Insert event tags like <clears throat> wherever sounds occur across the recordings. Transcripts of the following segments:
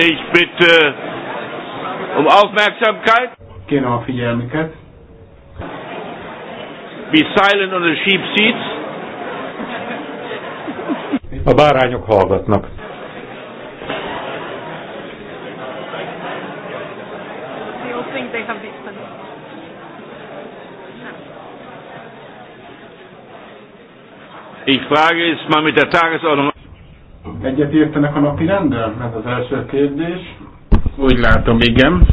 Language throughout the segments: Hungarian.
Ich bitte um Aufmerksamkeit. Kérem a figyelmüket. Be silent on the sheep seats. A bárányok hallgatnak. Ich frage, ist man mit der Tagesordnung Egyet értenek a napi rendel? Ez az első kérdés. Úgy látom, igen.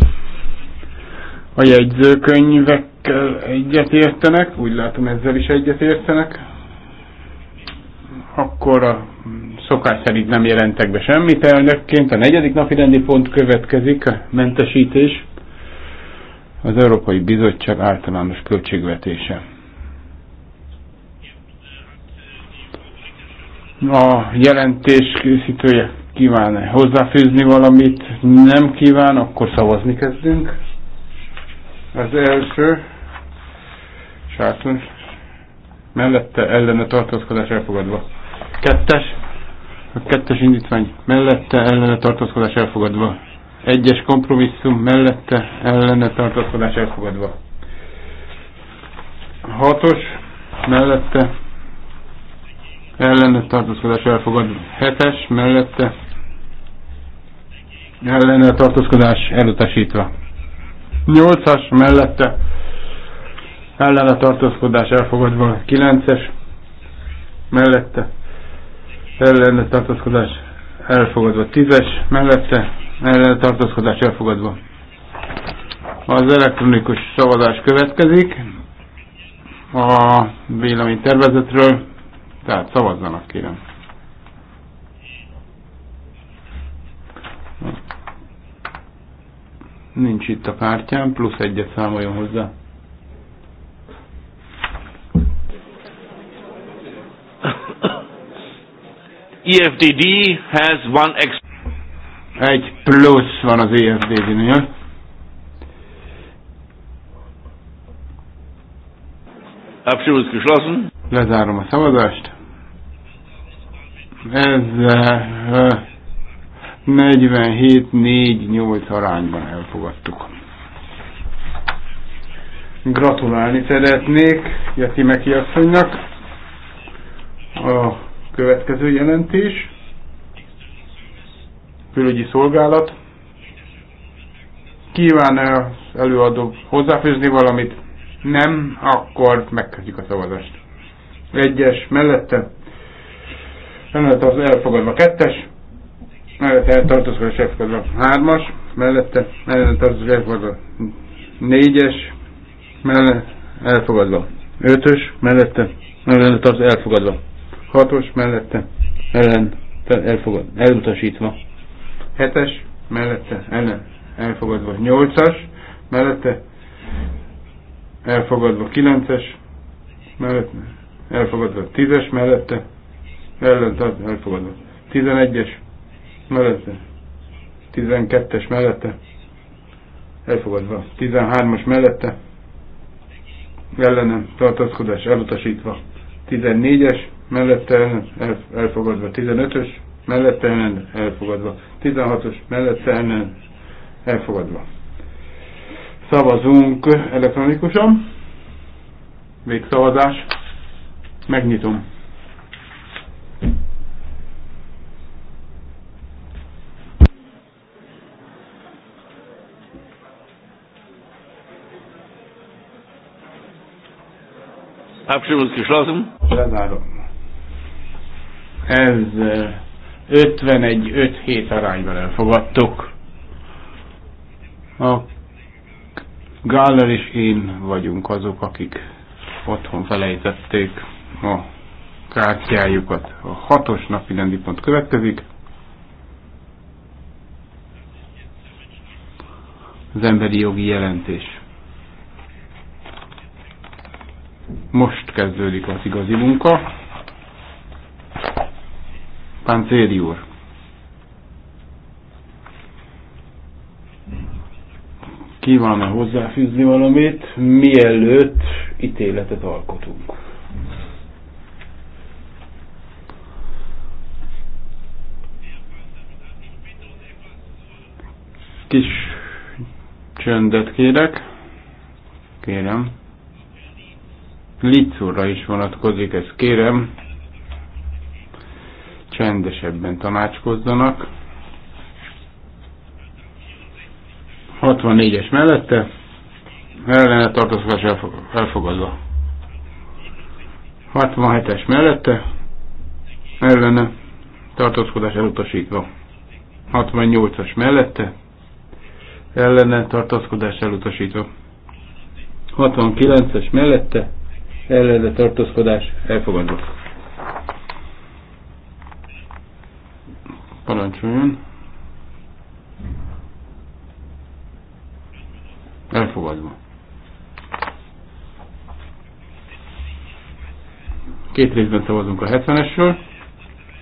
A jegyzőkönyvekkel egyet értenek, úgy látom ezzel is egyet értenek. Akkor a szokás szerint nem jelentek be semmit elnökként. A negyedik napi rendi pont következik, a mentesítés, az Európai Bizottság általános költségvetése. a jelentés készítője kíván-e hozzáfűzni valamit, nem kíván, akkor szavazni kezdünk. Az első, Sártlen, mellette ellene tartózkodás elfogadva. Kettes, a kettes indítvány mellette ellene tartózkodás elfogadva. Egyes kompromisszum mellette ellene tartózkodás elfogadva. Hatos mellette ellene tartózkodás elfogadva. Hetes mellette ellene tartózkodás elutasítva. Nyolcas mellette ellene tartózkodás elfogadva. Kilences mellette ellene tartózkodás elfogadva. Tízes mellette ellene tartózkodás elfogadva. Az elektronikus szavazás következik a véleménytervezetről. Tehát szavazzanak, kérem. Nincs itt a pártyám, plusz egyet számoljon hozzá. EFDD has one ex Egy plusz van az EFDD-nél. Lezárom a szavazást ezzel 47-4-8 eh, arányban elfogadtuk. Gratulálni szeretnék Jeti Meki asszonynak. A következő jelentés. Külügyi szolgálat. Kíván -e az előadó hozzáfőzni valamit? Nem, akkor megkezdjük a szavazást. Egyes mellette mellett az elfogadva kettes, mellette tartózkodás elfogadva hármas, mellette mellett tartózkodás elfogadva négyes, mellette elfogadva ötös, mellette ellen az elfogadva hatos, mellette ellen elfogad, elutasítva hetes, mellette ellen elfogadva nyolcas, mellette elfogadva kilences, mellette elfogadva tízes, mellette ellentart, elfogadva. 11-es mellette, 12-es mellette, elfogadva. 13-as mellette, ellenem tartózkodás elutasítva. 14-es mellette ellen elfogadva. 15-ös mellette ellen elfogadva. 16-os mellette ellen elfogadva. Szavazunk elektronikusan. Végszavazás. Megnyitom. Abstimmung ist geschlossen. Lezárom. Ez 51 eh, 57 arányban elfogadtuk. A Gáller és én vagyunk azok, akik otthon felejtették a kártyájukat. A hatos napi rendi pont következik. Az emberi jogi jelentés. Most kezdődik az igazi munka. Páncéri úr. Kívánna hozzáfűzni valamit, mielőtt ítéletet alkotunk. Kis csöndet kérek. Kérem. Licóra is vonatkozik, ezt kérem, csendesebben tanácskozzanak. 64-es mellette, ellene tartozás elfogadva. 67-es mellette, ellene tartózkodás elutasítva. 68-as mellette, ellene tartózkodás elutasítva. 69-es mellette, ellene tartózkodás elfogadva. Parancsoljon. Elfogadva. Két részben szavazunk a 70-esről.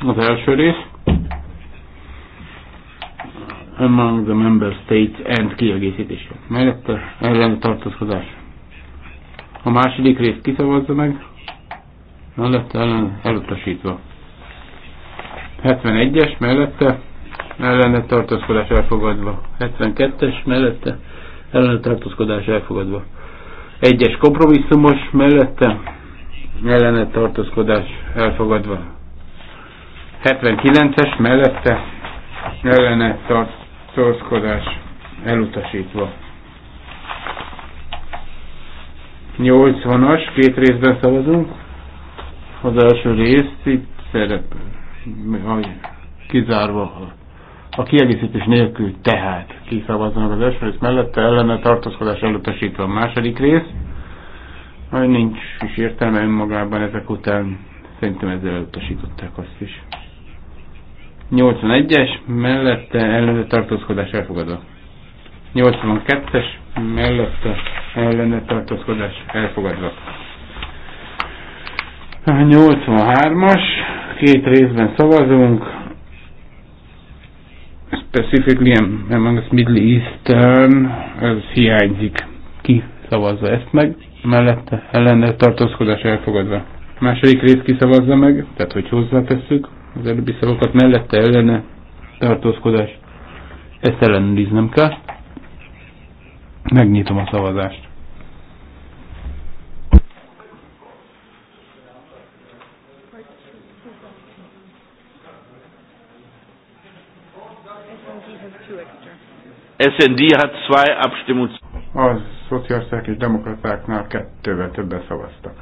Az első rész. Among the member states and kiegészítése. Mellette ellen tartózkodás a második részt kiszavazza meg. Mellette ellen elutasítva. 71-es mellette ellene tartózkodás elfogadva. 72-es mellette ellene tartózkodás elfogadva. Egyes kompromisszumos mellette ellene tartózkodás elfogadva. 79-es mellette ellene tartózkodás elutasítva. 80-as, két részben szavazunk. Az első rész itt szerepel, kizárva a kiegészítés nélkül, tehát kiszavaznak az első rész mellette, ellene tartózkodás elutasítva a második rész. Majd nincs is értelme önmagában ezek után. Szerintem ezzel elutasították azt is. 81-es, mellette ellene tartózkodás elfogadott. 82-es mellette ellene tartózkodás elfogadva. 83-as, két részben szavazunk, specifically among Middle Eastern, ez hiányzik. Ki szavazza ezt meg? Mellette ellene tartózkodás elfogadva. Második rész kiszavazza meg, tehát hogy hozzátesszük az előbbi szavakat mellette ellene tartózkodás. Ezt ellenőriznem kell. Megnyitom a szavazást. SND hat zwei Abstimmungs... A szocialisták és demokratáknál kettővel többen szavaztak.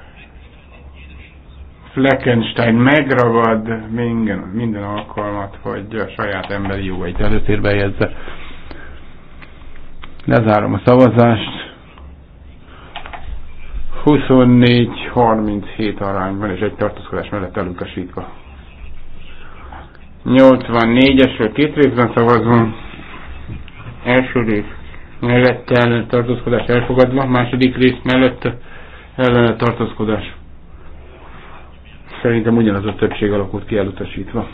Fleckenstein megragad minden, minden alkalmat, hogy a saját emberi jogait előtérbe jezze. Lezárom a szavazást. 24-37 arányban, és egy tartózkodás mellett elutasítva. 84-esről két részben szavazom. Első rész mellett ellen tartózkodás elfogadva, második rész mellett ellen tartózkodás. Szerintem ugyanaz a többség alakult ki elutasítva.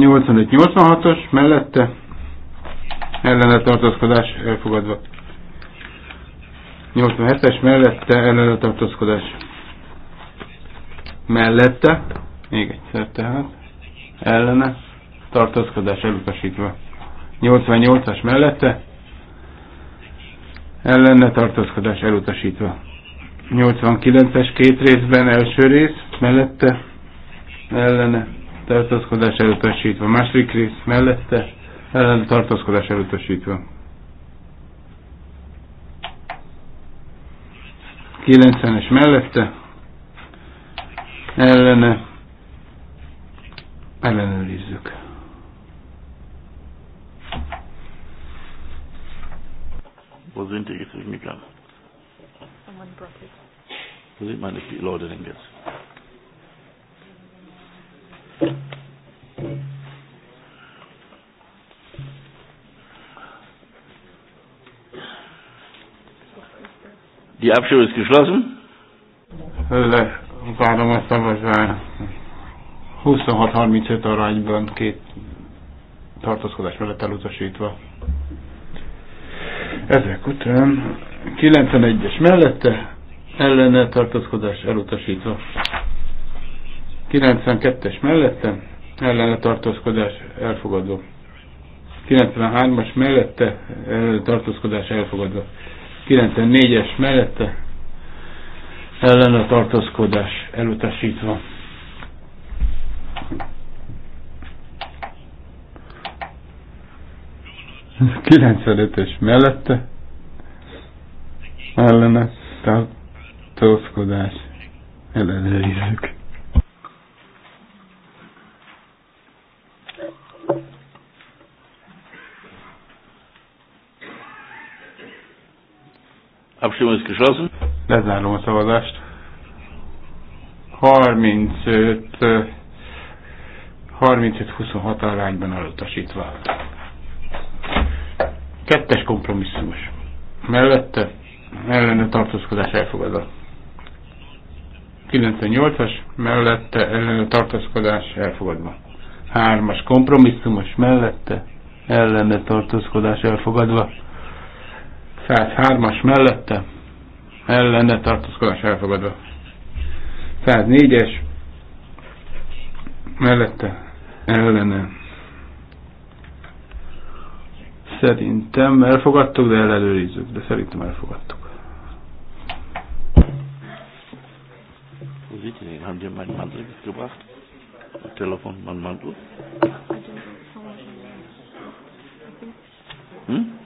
85-86-os mellette ellene tartózkodás elfogadva. 87-es mellette ellene tartózkodás mellette, még egyszer tehát, ellene tartózkodás elutasítva. 88-as mellette ellene tartózkodás elutasítva. 89-es két részben első rész mellette ellene tartózkodás elutasítva. Második rész mellette ellen tartózkodás elutasítva. 90-es mellette ellene ellenőrizzük. Wo sind die jetzt? Ich mich an. Wo sind meine Leute denn jetzt? Die Abstimmung ist geschlossen. Lezárom a szavazást. 26-35 arányban két tartózkodás mellett elutasítva. Ezek után 91-es mellette ellene tartózkodás elutasítva. 92-es mellette ellene tartózkodás elfogadva. 93-as mellette ellene tartózkodás elfogadva. 94-es mellette ellene tartózkodás elutasítva. Kilencvenötös mellette ellene tartózkodás ellenőrizzük. Abstimmung ist geschlossen. Lezárom a szavazást. 35 35-26 arányban elutasítva. Kettes kompromisszumos. Mellette ellene tartózkodás elfogadva. 98-as, mellette ellene tartózkodás elfogadva. 3-as kompromisszumos, mellette ellene tartózkodás elfogadva. 103-as mellette ellene tartózkodás elfogadva. 104-es mellette ellene. Szerintem elfogadtuk, de ellenőrizzük, de szerintem elfogadtuk. Wo ihr Haben die meinen Mantel mitgebracht? Telefon, mein Mantel? Hm?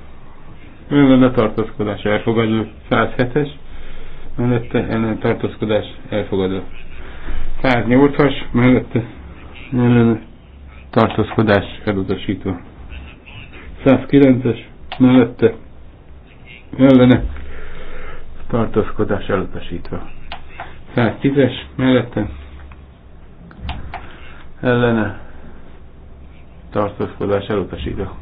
a tartózkodás elfogadó. 107-es mellette ellen tartózkodás elfogadó. 108-as mellette ellen tartózkodás elutasító. 109-es mellette ellene tartózkodás elutasítva. 110-es mellette ellene tartózkodás elutasítva.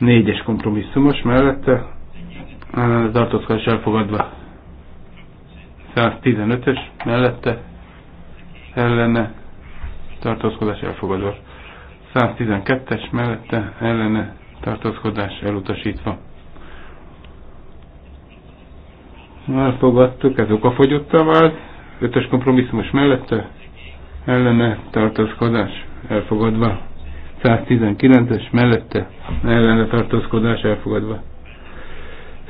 Négyes kompromisszumos mellette e, tartózkodás elfogadva. 115-ös mellette ellene tartózkodás elfogadva. 112-es mellette ellene tartózkodás elutasítva. Elfogadtuk, ez okafogyottá vált. Ötös kompromisszumos mellette ellene tartózkodás elfogadva. 119-es mellette ellene tartózkodás elfogadva.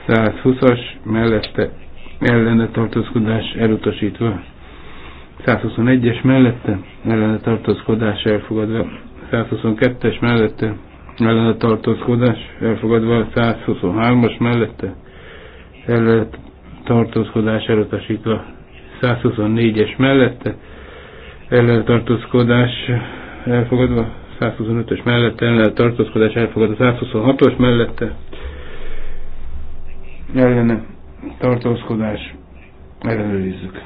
120-as mellette ellene tartózkodás elutasítva. 121-es mellette ellene tartózkodás elfogadva. 122-es mellette ellene tartózkodás elfogadva. 123-as mellette ellene tartózkodás elutasítva. 124-es mellette ellene tartózkodás elfogadva. 125-ös mellette ellene tartózkodás elfogad a 126-os mellette ellene tartózkodás ellenőrizzük.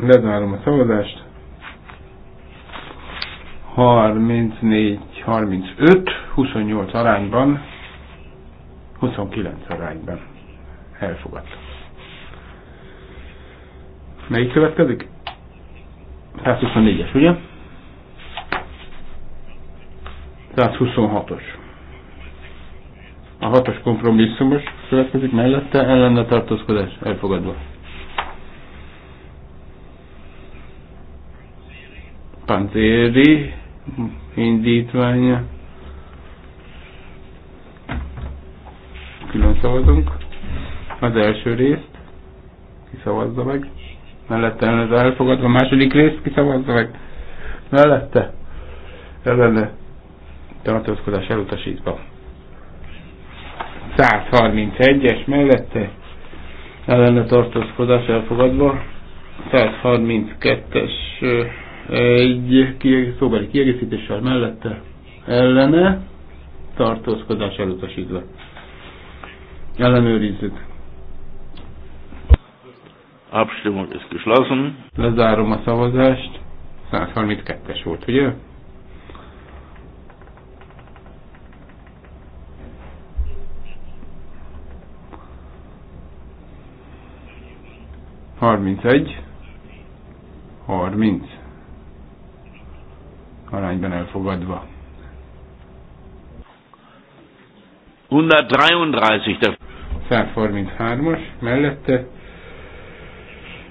Lezárom a szavazást. 34-35, 28 arányban, 29 arányban elfogadtam. Melyik következik? 124-es, ugye? 126-os. A hatos kompromisszumos következik mellette, ellenne tartózkodás elfogadva. Pantéri indítványa. Külön szavazunk. Az első részt kiszavazza meg mellette az elfogadva, a második rész kiszavazza meg, mellette ellene tartózkodás elutasítva. 131-es mellette ellene tartózkodás elfogadva, 132-es egy szóbeli kiegészítéssel mellette ellene tartózkodás elutasítva. Ellenőrizzük. Abstimmung ist geschlossen. Lezárom a szavazást. 132-es volt, ugye? Harminc egy. Harminc. Arányban elfogadva. 133-as. 133-as mellette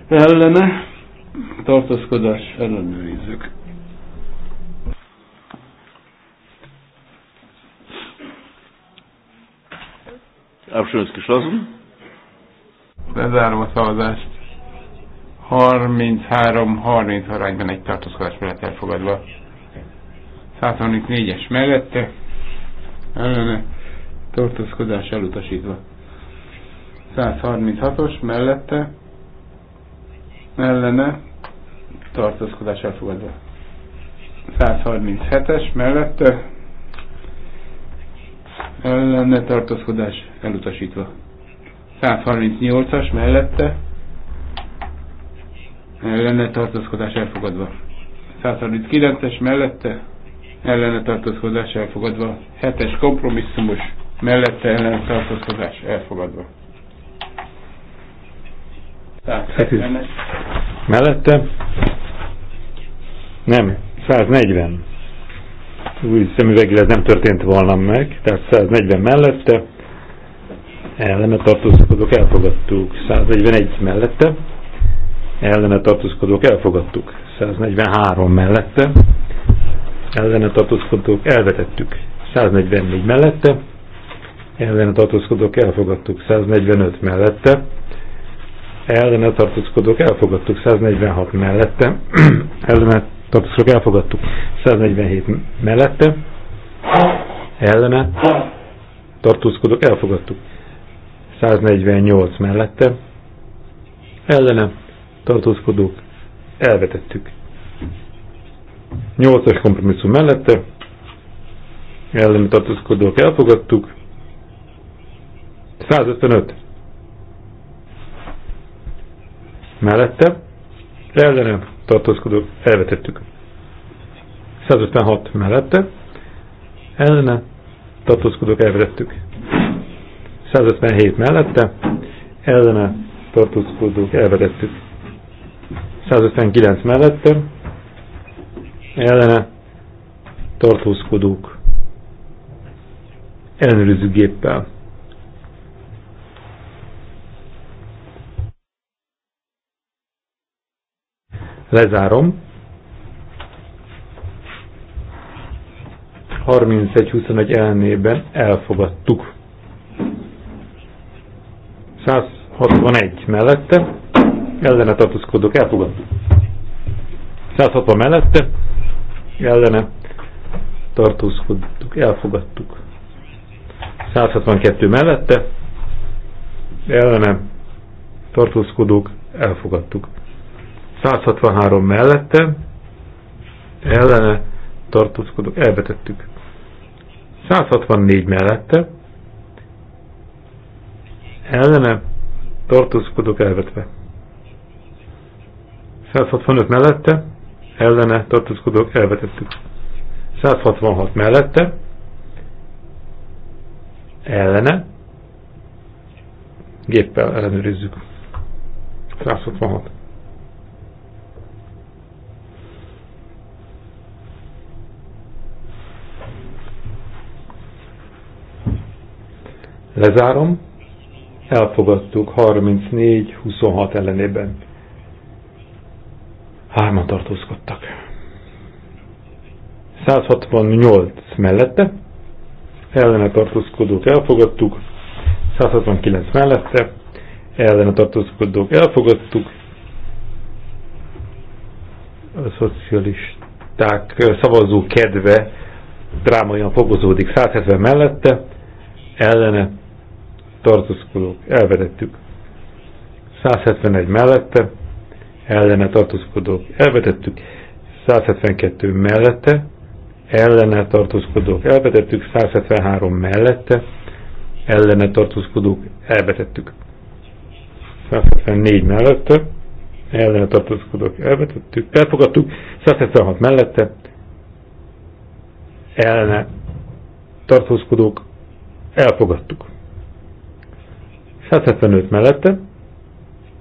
ellene tartózkodás ellenőrizzük. Abszolút lazom. Lezárom a szavazást. 33-30 arányban egy tartózkodás mellett elfogadva. 134-es mellette ellene tartózkodás elutasítva. 136-os mellette ellene tartózkodás elfogadva. 137-es mellette ellene tartózkodás elutasítva. 138-as mellette ellene tartózkodás elfogadva. 139-es mellette ellene tartózkodás elfogadva. 7-es kompromisszumos mellette ellene tartózkodás elfogadva. Tehát Feküdt. Hát mellette? Nem, 140. Új szemüvegére ez nem történt volna meg, tehát 140 mellette. Ellene tartózkodók elfogadtuk. 141 mellette. Ellene tartózkodók elfogadtuk. 143 mellette. Ellene tartózkodók elvetettük. 144 mellette. Ellene tartózkodók elfogadtuk. 145 mellette ellene tartózkodók elfogadtuk 146 <clears throat> mellette, ellene tartózkodók elfogadtuk 147 mellette, ellene tartózkodók elfogadtuk 148 mellette, ellene tartózkodók elvetettük 8-as kompromisszum mellette, ellene tartózkodók elfogadtuk 155 mellette, ellenem tartózkodó elvetettük. 156 mellette, ellene tartózkodók elvetettük. 157 mellette, ellene tartózkodók elvetettük. 159 mellette, ellene tartózkodók ellenőrző géppel. Lezárom. 31-21 ellenében elfogadtuk. 161 mellette, ellene tartózkodok, elfogadtuk. 160 mellette, ellene tartózkodtuk, elfogadtuk. 162 mellette, ellene tartózkodók elfogadtuk. 163 mellette ellene tartózkodok, elvetettük. 164 mellette ellene tartózkodok elvetve. 165 mellette ellene tartózkodok elvetettük. 166 mellette ellene géppel ellenőrizzük. 166. Lezárom. Elfogadtuk 34-26 ellenében. Hárman tartózkodtak. 168 mellette. Ellene tartózkodók elfogadtuk. 169 mellette. Ellene tartózkodók elfogadtuk. A szocialisták szavazó kedve drámaian fokozódik 170 mellette, ellene tartózkodók, elvetettük. 171 mellette, ellene tartózkodók, elvetettük. 172 mellette, ellene tartózkodók, elvetettük. 173 mellette, ellene tartózkodók, elvetettük. 174 mellette, ellene tartózkodók, elvetettük, elfogadtuk. 176 mellette, ellene tartózkodók, elfogadtuk. 175 mellette,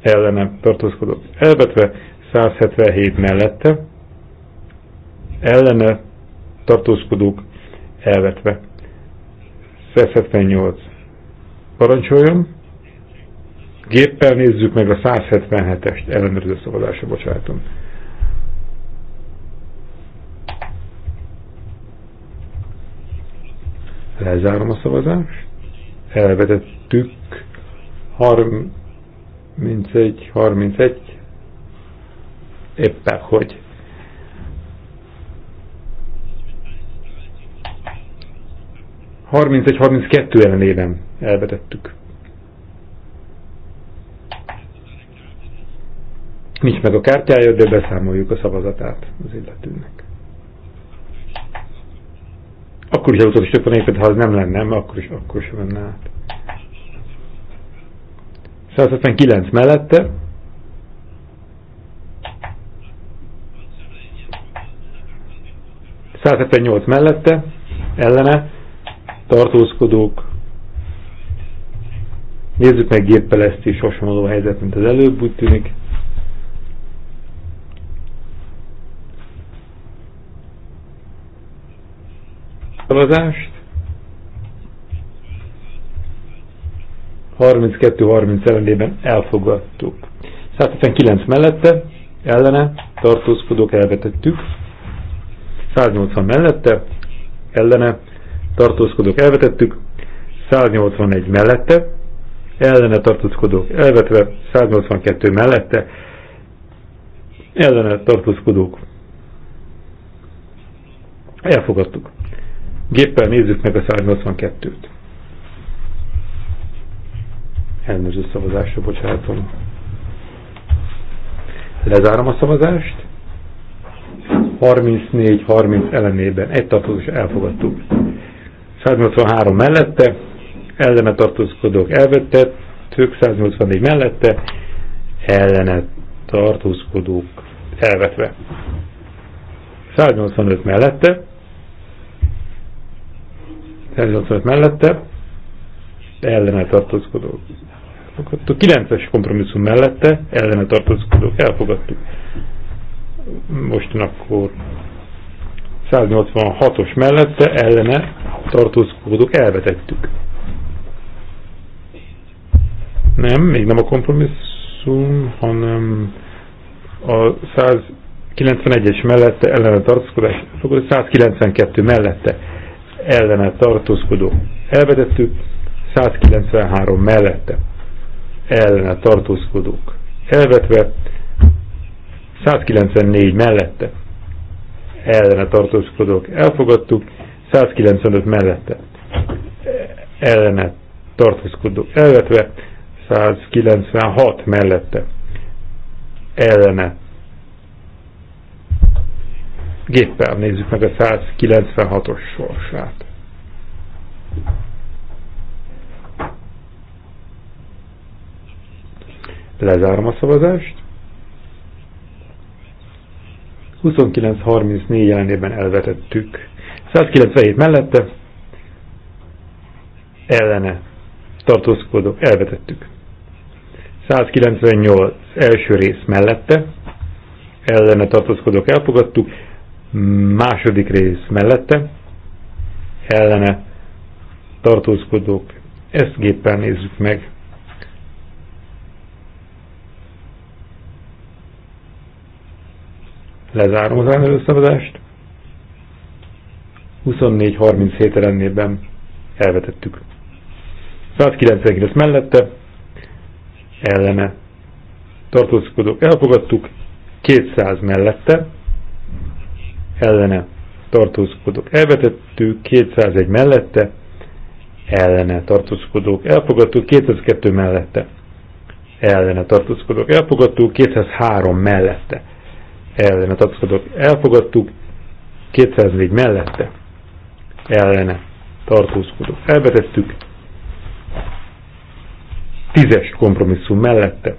ellene tartózkodók elvetve, 177 mellette, ellene tartózkodók elvetve. 178. Parancsoljon! Géppel nézzük meg a 177-est ellenőrző szabadásra, bocsánatom. Lezárom a szavazást. Elvetettük 31, 31, éppen hogy. harminc egy harminc kettő ellenében elvetettük. Nincs meg a kártyája, de beszámoljuk a szavazatát az illetőnek. Akkor is elutasítottak volna, ha az nem lenne, akkor is, akkor sem menne át. 179 mellette, nyolc mellette, ellene, tartózkodók. Nézzük meg géppel ezt is, hasonló helyzet, mint az előbb, úgy tűnik. Szavazást. 32-30 ellenében elfogadtuk. 179 mellette, ellene, tartózkodók elvetettük. 180 mellette, ellene, tartózkodók elvetettük. 181 mellette, ellene tartózkodók elvetve, 182 mellette, ellene tartózkodók elfogadtuk. Géppel nézzük meg a 182-t elnöző szavazásra bocsátom. Lezárom a szavazást. 34-30 ellenében egy tartozás elfogadtuk. 183 mellette, ellene tartózkodók tök 184 mellette, ellene tartózkodók elvetve. 185 mellette, 185 mellette, ellene tartózkodók elfogadtuk. 9-es kompromisszum mellette ellene tartózkodók elfogadtuk. Mostanakkor 186-os mellette ellene tartózkodók elvetettük. Nem, még nem a kompromisszum, hanem a 191-es mellette ellene tartózkodás, 192 mellette ellene tartózkodó elvetettük, 193 mellette ellene tartózkodók elvetve, 194 mellette ellene tartózkodók elfogadtuk, 195 mellette ellene tartózkodók elvetve, 196 mellette ellene géppel nézzük meg a 196-os sorsát. Lezárom a szavazást. 29-34 jelenében elvetettük. 197 mellette ellene tartózkodok, elvetettük. 198 első rész mellette ellene tartózkodok, elfogadtuk, második rész mellette ellene tartózkodók. Ezt géppel nézzük meg. Lezárom az elnöző 24-37 rendében elvetettük. 199 mellette, ellene tartózkodók elfogadtuk, 200 mellette, ellene tartózkodók elvetettük, 201 mellette, ellene tartózkodók elfogadtuk, 202 mellette, ellene tartózkodók elfogadtuk, 203 mellette, ellene tartózkodók elfogadtuk, 204 mellette ellene tartózkodók elvetettük, 10-es kompromisszum mellette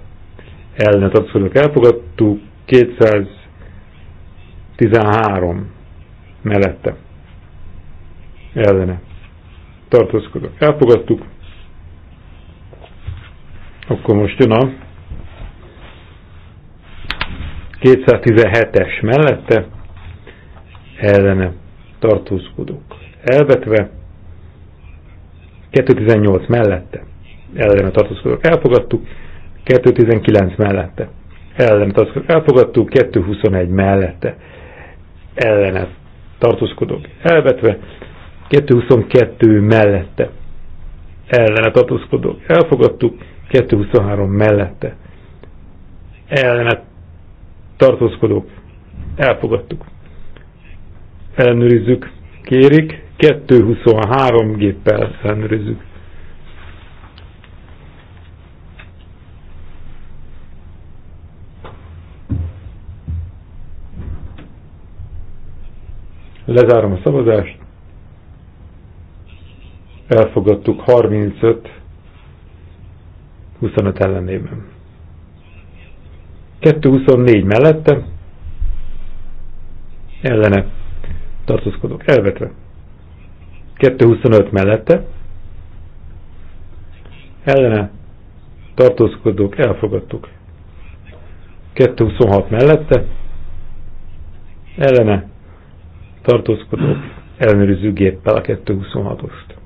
ellene tartózkodók elfogadtuk, 213 mellette ellene tartózkodók elfogadtuk, akkor most jön a 217-es mellette ellene tartózkodók elvetve, 218 mellette ellene tartózkodók elfogadtuk, 219 mellette ellene tartózkodók elfogadtuk, 221 mellette ellene tartózkodók elvetve, 222 mellette ellene tartózkodók elfogadtuk, 223 mellette ellene tartózkodók, elfogadtuk. Ellenőrizzük, kérik, 223 géppel ellenőrizzük. Lezárom a szavazást. Elfogadtuk 35 25 ellenében. 224 mellette ellene tartózkodok elvetve. 225 mellette ellene tartózkodók elfogadtuk. 226 mellette ellene tartózkodók ellenőrző géppel a 226-ost.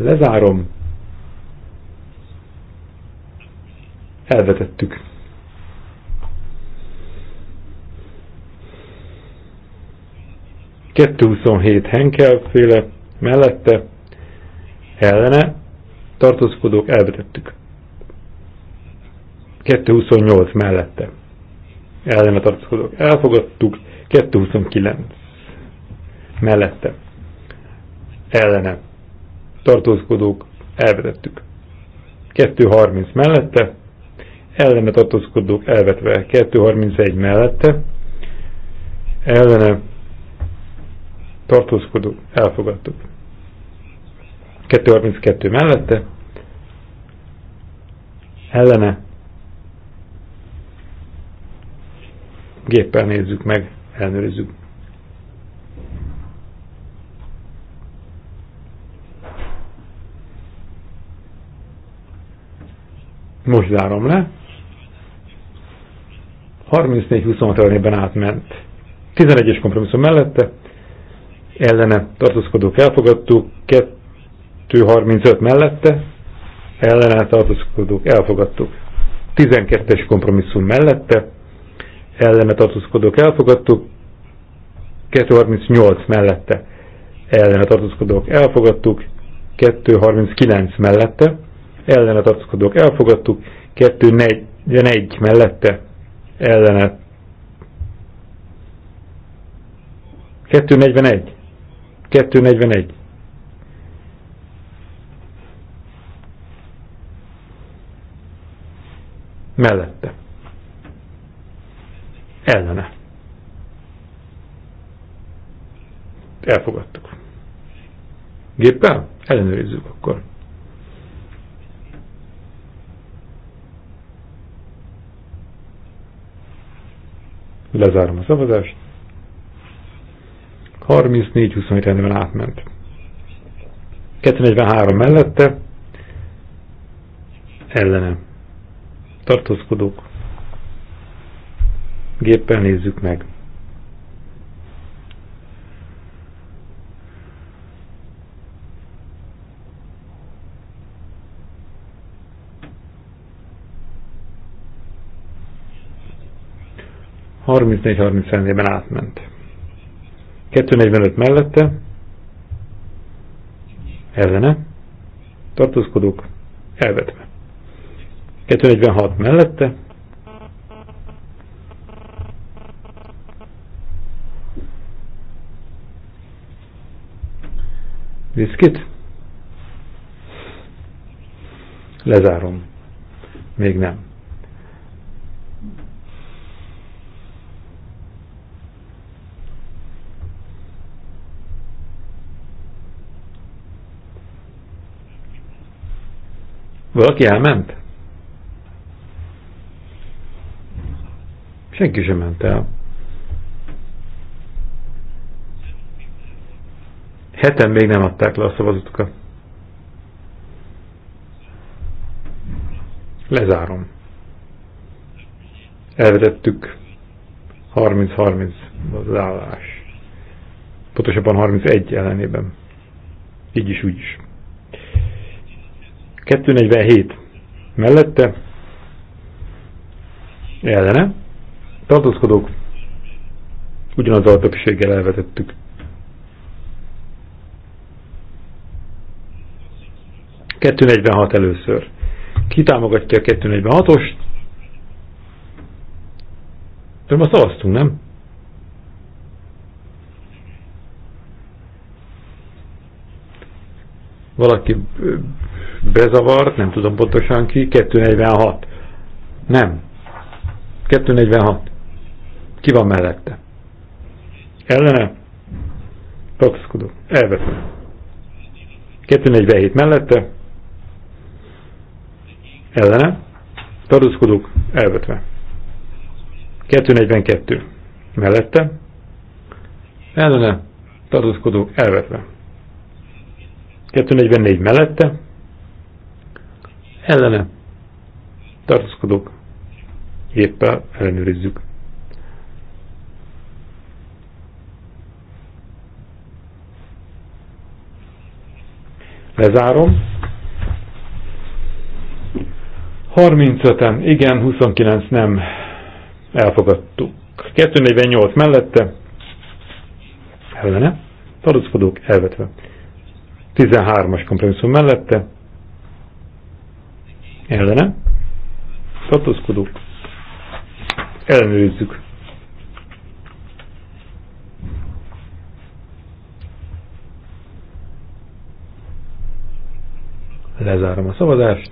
Lezárom. Elvetettük. 27 Henkel féle mellette ellene tartózkodók elvetettük. 228 mellette ellene tartózkodók elfogadtuk, 229 mellette ellene tartózkodók elvetettük. 2.30 mellette, ellene tartózkodók elvetve 2.31 mellette, ellene tartózkodók elfogadtuk. 2.32 mellette, ellene géppel nézzük meg, elnőrizzük. Most zárom le. 34-26 ellenében átment. 11-es kompromisszum mellette, ellene tartózkodók elfogadtuk, 2-35 mellette, ellene tartózkodók elfogadtuk. 12-es kompromisszum mellette, ellene tartózkodók elfogadtuk, 238 mellette, ellene tartózkodók elfogadtuk, 239 mellette, ellene tartózkodók elfogadtuk, 241 mellette ellene 241 241 mellette ellene elfogadtuk géppel ellenőrizzük akkor Lezárom a szavazást. 34-27 rendben átment. 243 mellette ellene tartózkodók. Géppel nézzük meg. 34-30 ben átment. 245 mellette, ellene, tartózkodók, elvetve. 246 mellette, Viszkit? Lezárom. Még nem. Valaki elment? Senki sem ment el. Heten még nem adták le a szavazatokat. Lezárom. Elvetettük 30-30 az állás. Pontosabban 31 ellenében. Így is, úgy is. 247 mellette ellene tartózkodók ugyanaz a többséggel elvetettük. 246 először. Ki támogatja a 246-ost? De ma szavaztunk, nem? Valaki bezavart, nem tudom pontosan ki, 246. Nem. 246. Ki van mellette? Ellene? Kapaszkodok. Elveszem. 247 mellette. Ellene. Tartózkodók elvetve. 242 mellette. Ellene. Tartózkodók elvetve. 244 mellette ellene tartózkodók éppen ellenőrizzük. Lezárom. 35-en, igen, 29 nem. Elfogadtuk. 248 mellette, ellene, tartózkodók elvetve. 13-as kompromisszum mellette, ellene tartózkodók ellenőrizzük. Lezárom a szavazást.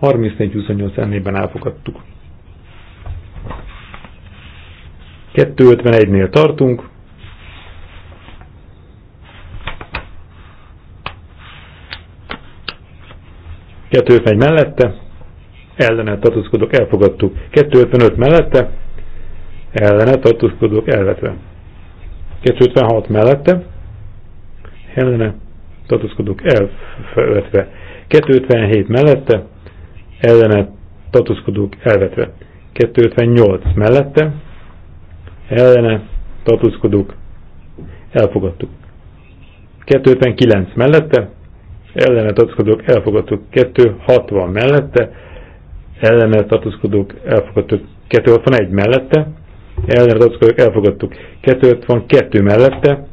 34-28 ennében elfogadtuk. 251-nél tartunk. 251 mellette, ellene tartózkodok, elfogadtuk. 255 mellette, ellene tartózkodok, elvetve. 256 mellette, ellene tartózkodok, elvetve. 257 mellette, ellene tartózkodok, elvetve. 258 mellette, ellene tartózkodók elfogadtuk. 259 mellette, ellene tartózkodók elfogadtuk 260 mellette, ellene tartózkodók elfogadtuk 261 mellette, ellene tartózkodók elfogadtuk 252 mellette,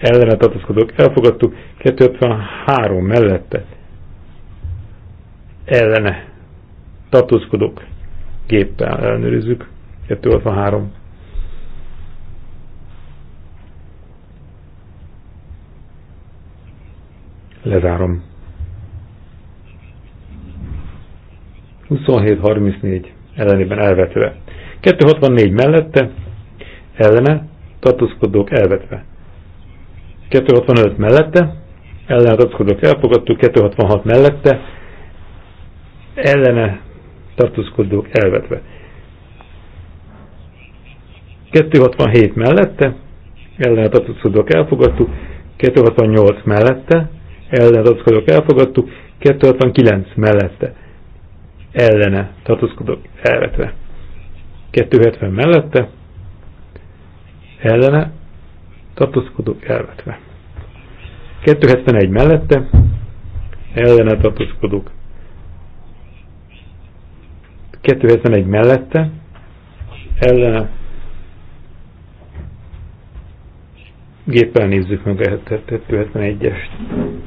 ellene tartózkodók elfogadtuk 253 mellette, ellene tartózkodók géppel ellenőrizzük 263 mellette. Lezárom. 27 ellenében elvetve. 264 mellette, ellene, tartózkodók elvetve. 265 mellette, ellene tartózkodók elfogadtuk, 266 mellette, ellene tartózkodók elvetve. 267 mellette, ellene tartózkodók elfogadtuk, 268 mellette, ellen tartózkodók elfogadtuk, 269 mellette ellene tartózkodók elvetve. 270 mellette ellene tartózkodók elvetve. 271 mellette ellene tartózkodók 271 mellette ellene géppel nézzük meg a 271-est.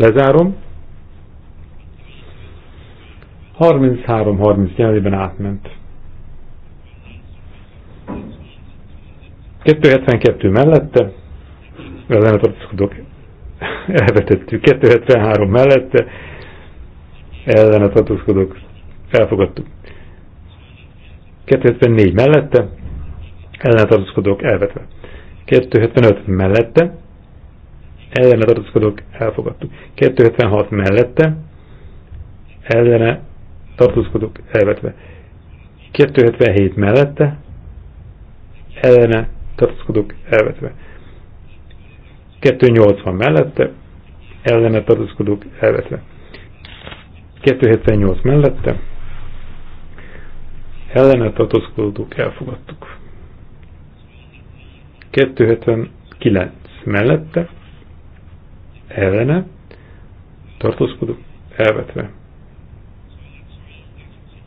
Lezárom. 33-30 nyelvében átment. 272 mellette, nem tartózkodok, <laughs> elvetettük. 273 mellette, ellene tartózkodok, elfogadtuk. 274 mellette, ellene tartózkodok, elvetve. 275 mellette, ellene tartózkodók elfogadtuk. 276 mellette ellene tartózkodók elvetve. 277 mellette ellene tartózkodók elvetve. 280 mellette ellene tartózkodók elvetve. 278 mellette ellene tartózkodók elfogadtuk. 279 mellette ellene tartózkodó, elvetve.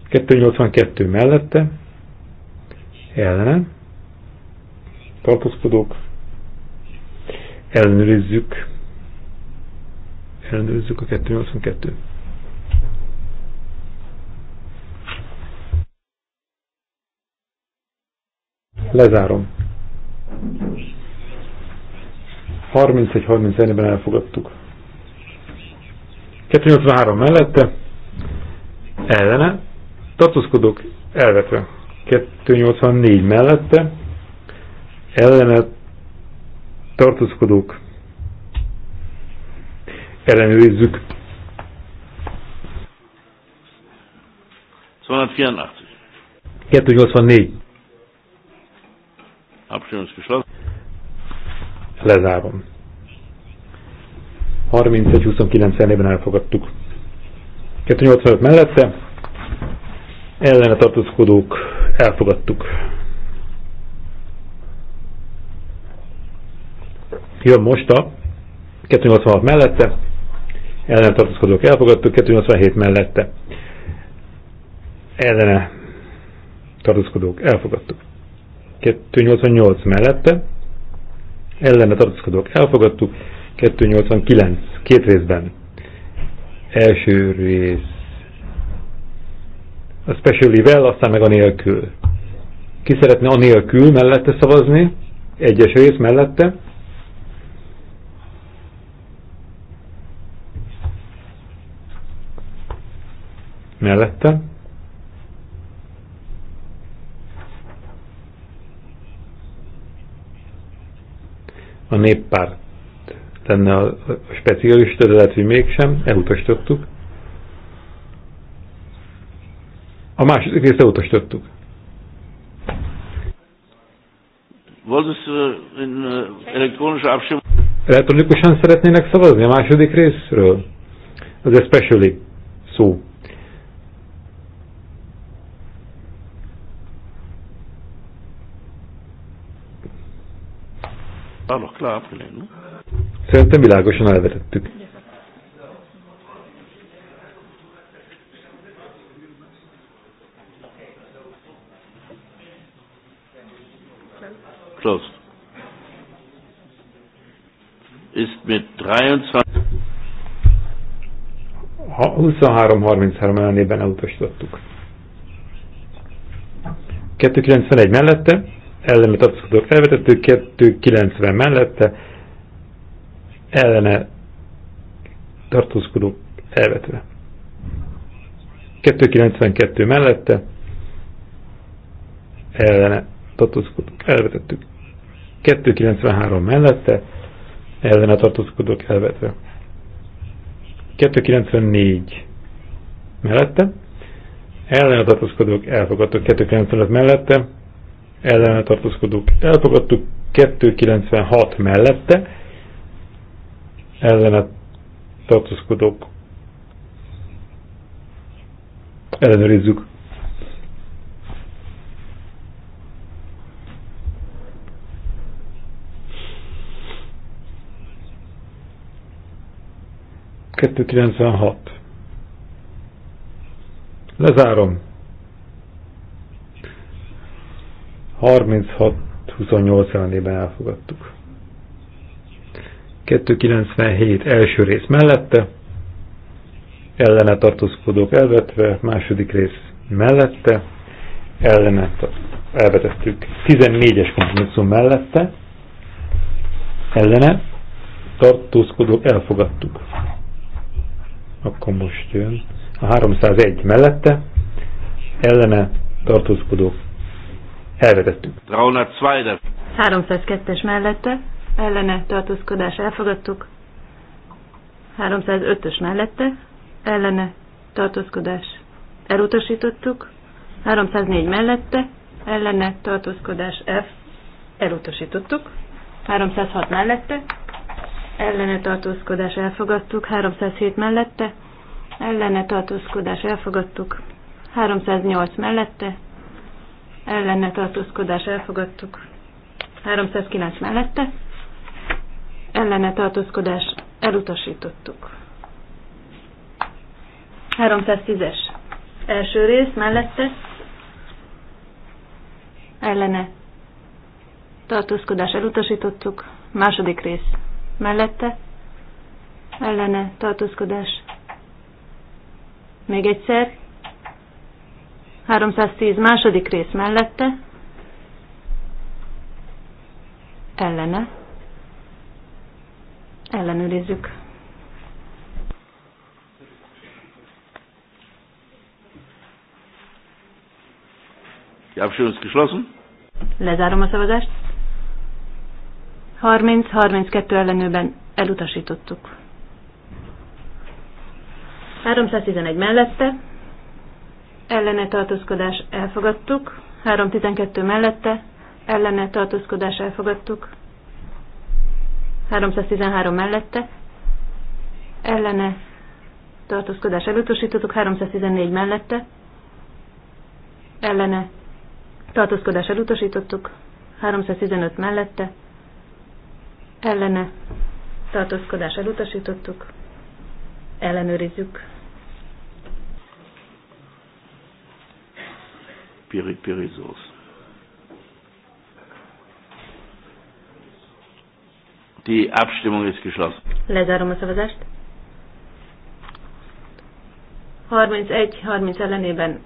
282 mellette ellene tartózkodók ellenőrizzük ellenőrizzük a 282 lezárom 31-31-ben elfogadtuk. 283 mellette, ellene, tartózkodók elvetve. 284 mellette, ellene, tartózkodók ellenőrizzük. Szóval 284. 284. Abstimmungsgeschlossen. Lezárom. 31-29 ellenében elfogadtuk. 285 mellette ellene tartózkodók elfogadtuk. Jön most a 286 mellette, ellene tartózkodók elfogadtuk, 287 mellette, ellene tartózkodók elfogadtuk. 288 mellette, ellene tartózkodók elfogadtuk, 289, két részben. Első rész a specially well, aztán meg a nélkül. Ki szeretne a nélkül mellette szavazni? Egyes rész mellette. Mellette. a néppárt lenne a speciális de hogy mégsem, elutasítottuk. A második részt elutasítottuk. Äh, Elektronikusan szeretnének szavazni a második részről? Az especially szó. Alors, klar abgelehnt. Szerintem világosan elvetettük. Closed. Ist mit 23... 23-33 ellenében elutasítottuk. 291 mellette ellenmi tartózkodók felvetettük, 290 mellette ellene tartózkodók elvetve. 292 mellette ellene tartózkodók elvetettük. 293 mellette ellene tartózkodók elvetve. 294 mellette ellene tartózkodók elfogadtak 295 mellette ellene tartózkodók elfogadtuk, 296 mellette ellene tartózkodók ellenőrizzük. Kettő kilencvenhat. Lezárom. 36-28 ellenében elfogadtuk. 297 első rész mellette, ellene tartózkodók elvetve, második rész mellette, ellene elvetettük 14-es kompromisszum mellette, ellene tartózkodók elfogadtuk. Akkor most jön a 301 mellette, ellene tartózkodók elvetettük. 302-es mellette, ellene tartózkodás elfogadtuk. 305-ös mellette, ellene tartózkodás elutasítottuk. 304 mellette, ellene tartózkodás F elutasítottuk. 306 mellette, ellene tartózkodás elfogadtuk. 307 mellette, ellene tartózkodás elfogadtuk. 308 mellette, ellene tartózkodás elfogadtuk 309 mellette, ellene tartózkodás elutasítottuk. 310-es első rész mellette, ellene tartózkodás elutasítottuk, második rész mellette, ellene tartózkodás még egyszer, 310 második rész mellette, ellene, ellenőrizzük. Lezárom a szavazást. 30-32 ellenőben elutasítottuk. 311 mellette, ellene tartózkodás elfogadtuk, 312 mellette, ellene tartózkodás elfogadtuk, 313 mellette, ellene tartózkodás elutasítottuk, 314 mellette, ellene tartózkodás elutasítottuk, 315 mellette, ellene tartózkodás elutasítottuk, ellenőrizzük. Pirisos. Die Abstimmung ist geschlossen. Lezárom a szavazást. 31-30 ellenében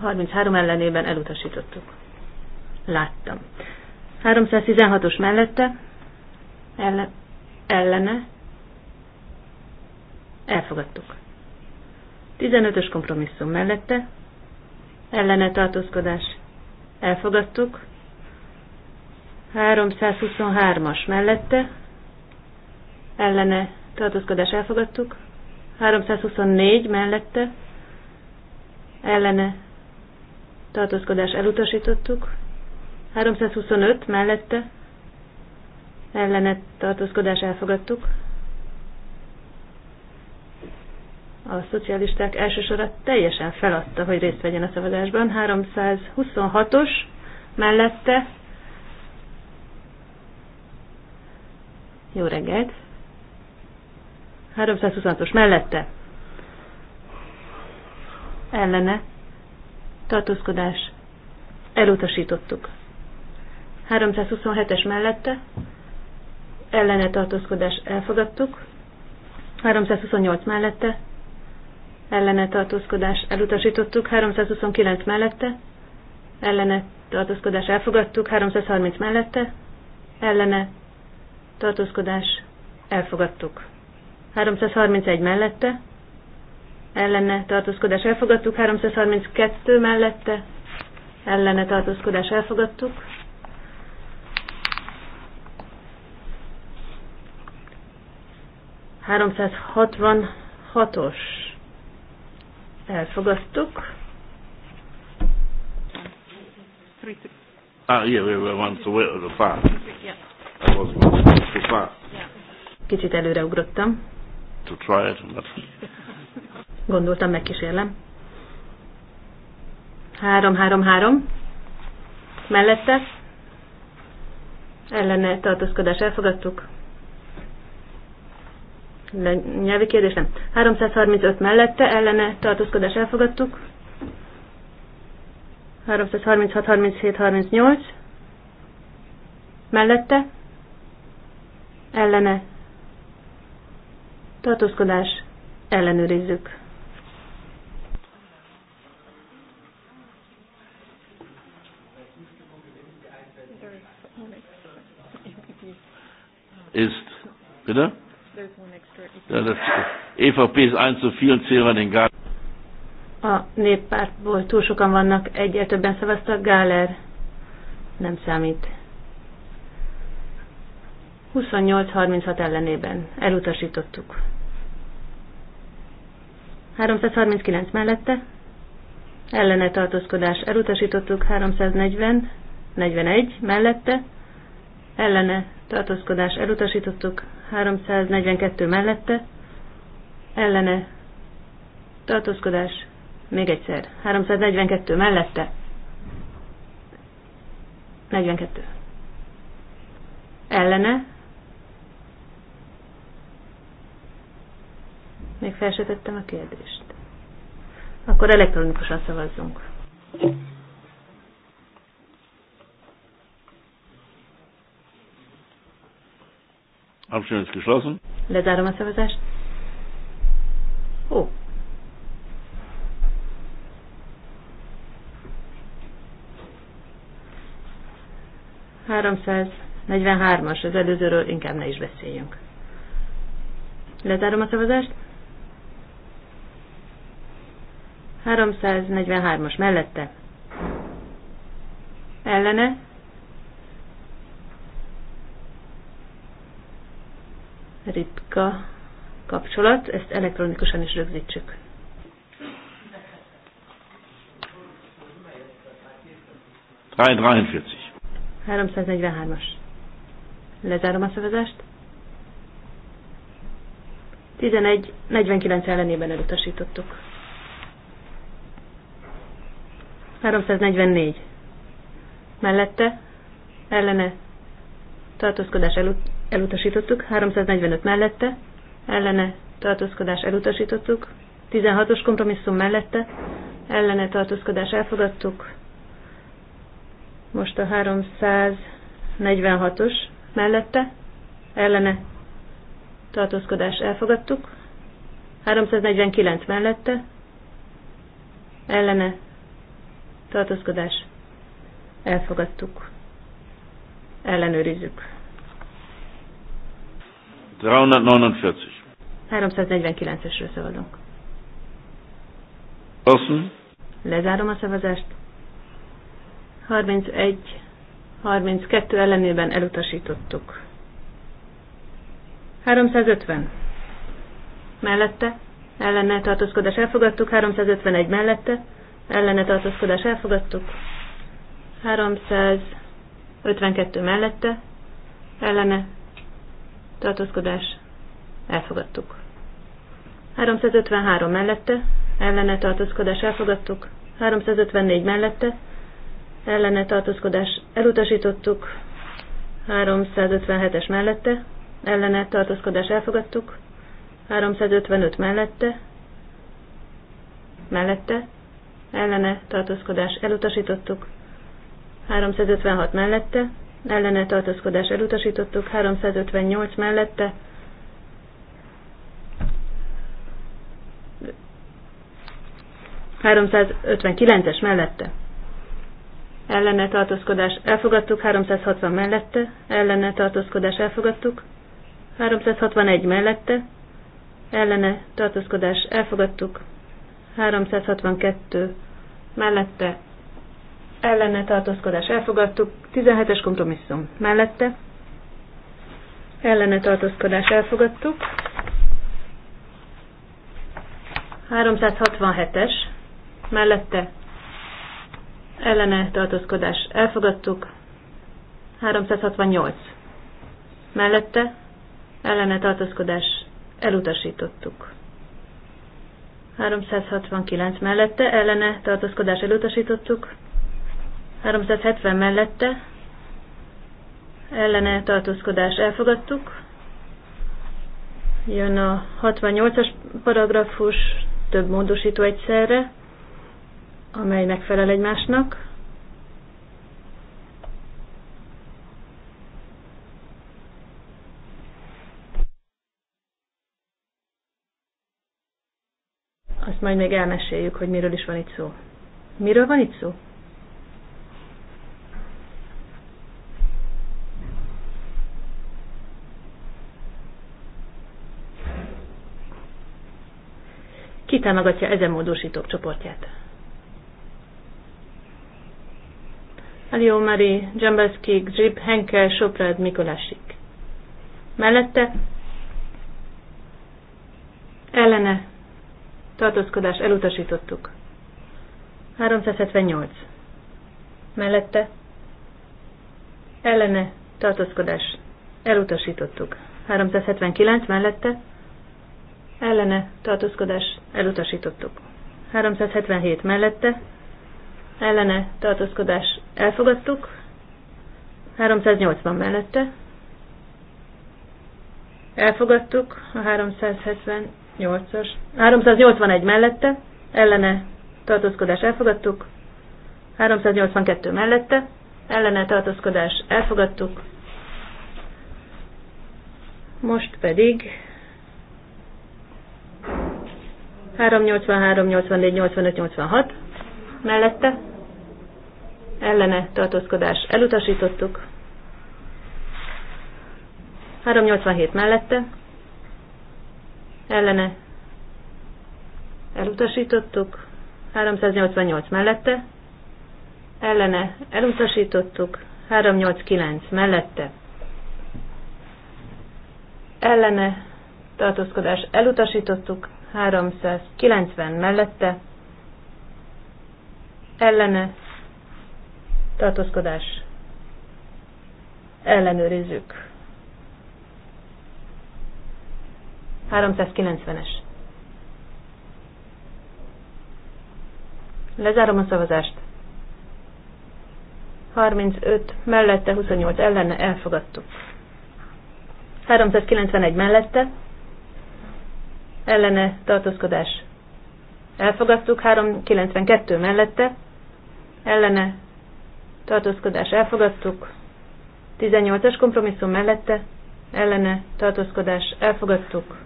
33 ellenében elutasítottuk. Láttam. 316-os mellette ellen, ellene elfogadtuk. 15-ös kompromisszum mellette, ellene tartózkodás elfogadtuk, 323-as mellette, ellene tartózkodás elfogadtuk, 324 mellette, ellene tartózkodás elutasítottuk, 325 mellette, ellene tartózkodás elfogadtuk, a szocialisták elsősorban teljesen feladta, hogy részt vegyen a szavazásban. 326-os mellette. Jó reggelt! 326-os mellette. Ellene. Tartózkodás. Elutasítottuk. 327-es mellette. Ellene tartózkodás elfogadtuk. 328 mellette ellene tartózkodás elutasítottuk, 329 mellette, ellene tartózkodás elfogadtuk, 330 mellette, ellene tartózkodás elfogadtuk. 331 mellette, ellene tartózkodás elfogadtuk, 332 mellette, ellene tartózkodás elfogadtuk. hatos Elfogadtuk. Ah, yeah, we Kicsit előre To try it, but... Gondoltam, megkísérlem. Három, három, három. Mellette. Ellene tartózkodás elfogadtuk nyelvi kérdés nem. 335 mellette ellene tartózkodás elfogadtuk. 336, 37, 38 mellette ellene tartózkodás ellenőrizzük. Ist, bitte? Das EVP ist zu vielen Zählern in Gáler. A néppártból túl sokan vannak, egyre többen szavaztak, Gáler nem számít. 28-36 ellenében elutasítottuk. 339 mellette ellene tartózkodás elutasítottuk 340, 41 mellette, ellene tartózkodás elutasítottuk 342 mellette, ellene, tartózkodás, még egyszer, 342 mellette, 42. Ellene, még felsetettem a kérdést. Akkor elektronikusan szavazzunk. Abstimmung ist geschlossen. Lezárom a szavazást. Ó. Háromszáz. 43-as, az előzőről inkább ne is beszéljünk. Lezárom a szavazást. 343-as mellette. Ellene ritka kapcsolat, ezt elektronikusan is rögzítsük. 343-as. Lezárom a szavazást. 49 ellenében elutasítottuk. 344. Mellette, ellene, tartózkodás elut- elutasítottuk, 345 mellette, ellene tartózkodás elutasítottuk, 16-os kompromisszum mellette, ellene tartózkodás elfogadtuk, most a 346-os mellette, ellene tartózkodás elfogadtuk, 349 mellette, ellene tartózkodás elfogadtuk, ellenőrizzük. 349. 349-esről szavazunk. Oszn. Lezárom a szavazást. 31, 32 ellenében elutasítottuk. 350. Mellette, ellene tartózkodás elfogadtuk, 351 mellette, ellene tartózkodás elfogadtuk, 352 mellette, ellene tartózkodás, elfogadtuk. 353 mellette, ellene tartózkodás, elfogadtuk. 354 mellette, ellene tartózkodás, elutasítottuk. 357-es mellette, ellene tartózkodás, elfogadtuk. 355 mellette, mellette, ellene tartózkodás, elutasítottuk. 356 mellette, ellene tartózkodás elutasítottuk, 358 mellette ...359-es mellette ellene tartózkodás elfogadtuk, 360 mellette ellene tartózkodás elfogadtuk, 361 mellette ellene tartózkodás elfogadtuk, 362 mellette ellene tartózkodás elfogadtuk, 17-es kompromisszum mellette, ellene tartózkodás elfogadtuk, 367-es mellette, ellene tartózkodás elfogadtuk, 368 mellette, ellene tartózkodás elutasítottuk. 369 mellette ellene tartózkodás elutasítottuk, 370 mellette ellene tartózkodás elfogadtuk. Jön a 68-as paragrafus, több módosító egyszerre, amely megfelel egymásnak. Azt majd még elmeséljük, hogy miről is van itt szó. Miről van itt szó? támogatja ezen módosítók csoportját? Alió Mari, Dzsambeszki, Grip, Henkel, Soprád, Mikolásik. Mellette ellene tartózkodás elutasítottuk. 378. Mellette ellene tartózkodás elutasítottuk. 379 mellette ellene tartózkodás elutasítottuk. 377 mellette ellene tartózkodás elfogadtuk, 380 mellette elfogadtuk, a 378-as, 381 mellette ellene tartózkodás elfogadtuk, 382 mellette ellene tartózkodás elfogadtuk, most pedig 383, 84, 85, 86 mellette ellene tartózkodás elutasítottuk. 387 mellette ellene elutasítottuk. 388 mellette ellene elutasítottuk. 389 mellette ellene tartózkodás elutasítottuk. 390 mellette, ellene, tartózkodás, ellenőrizzük. 390-es. Lezárom a szavazást. 35 mellette, 28 ellene elfogadtuk. 391 mellette, ellene tartózkodás elfogadtuk, 392 mellette ellene tartózkodás elfogadtuk, 18-as kompromisszum mellette ellene tartózkodás elfogadtuk,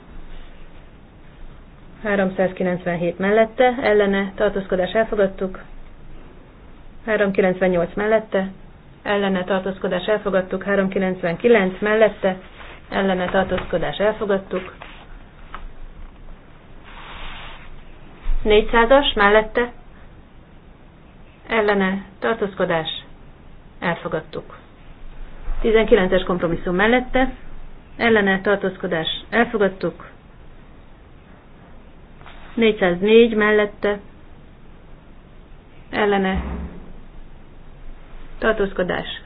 397 mellette ellene tartózkodás elfogadtuk, 398 mellette ellene tartózkodás elfogadtuk, 399 mellette ellene tartózkodás elfogadtuk, 400-as mellette ellene tartózkodás elfogadtuk. 19-es kompromisszum mellette ellene tartózkodás elfogadtuk. 404 mellette ellene tartózkodás.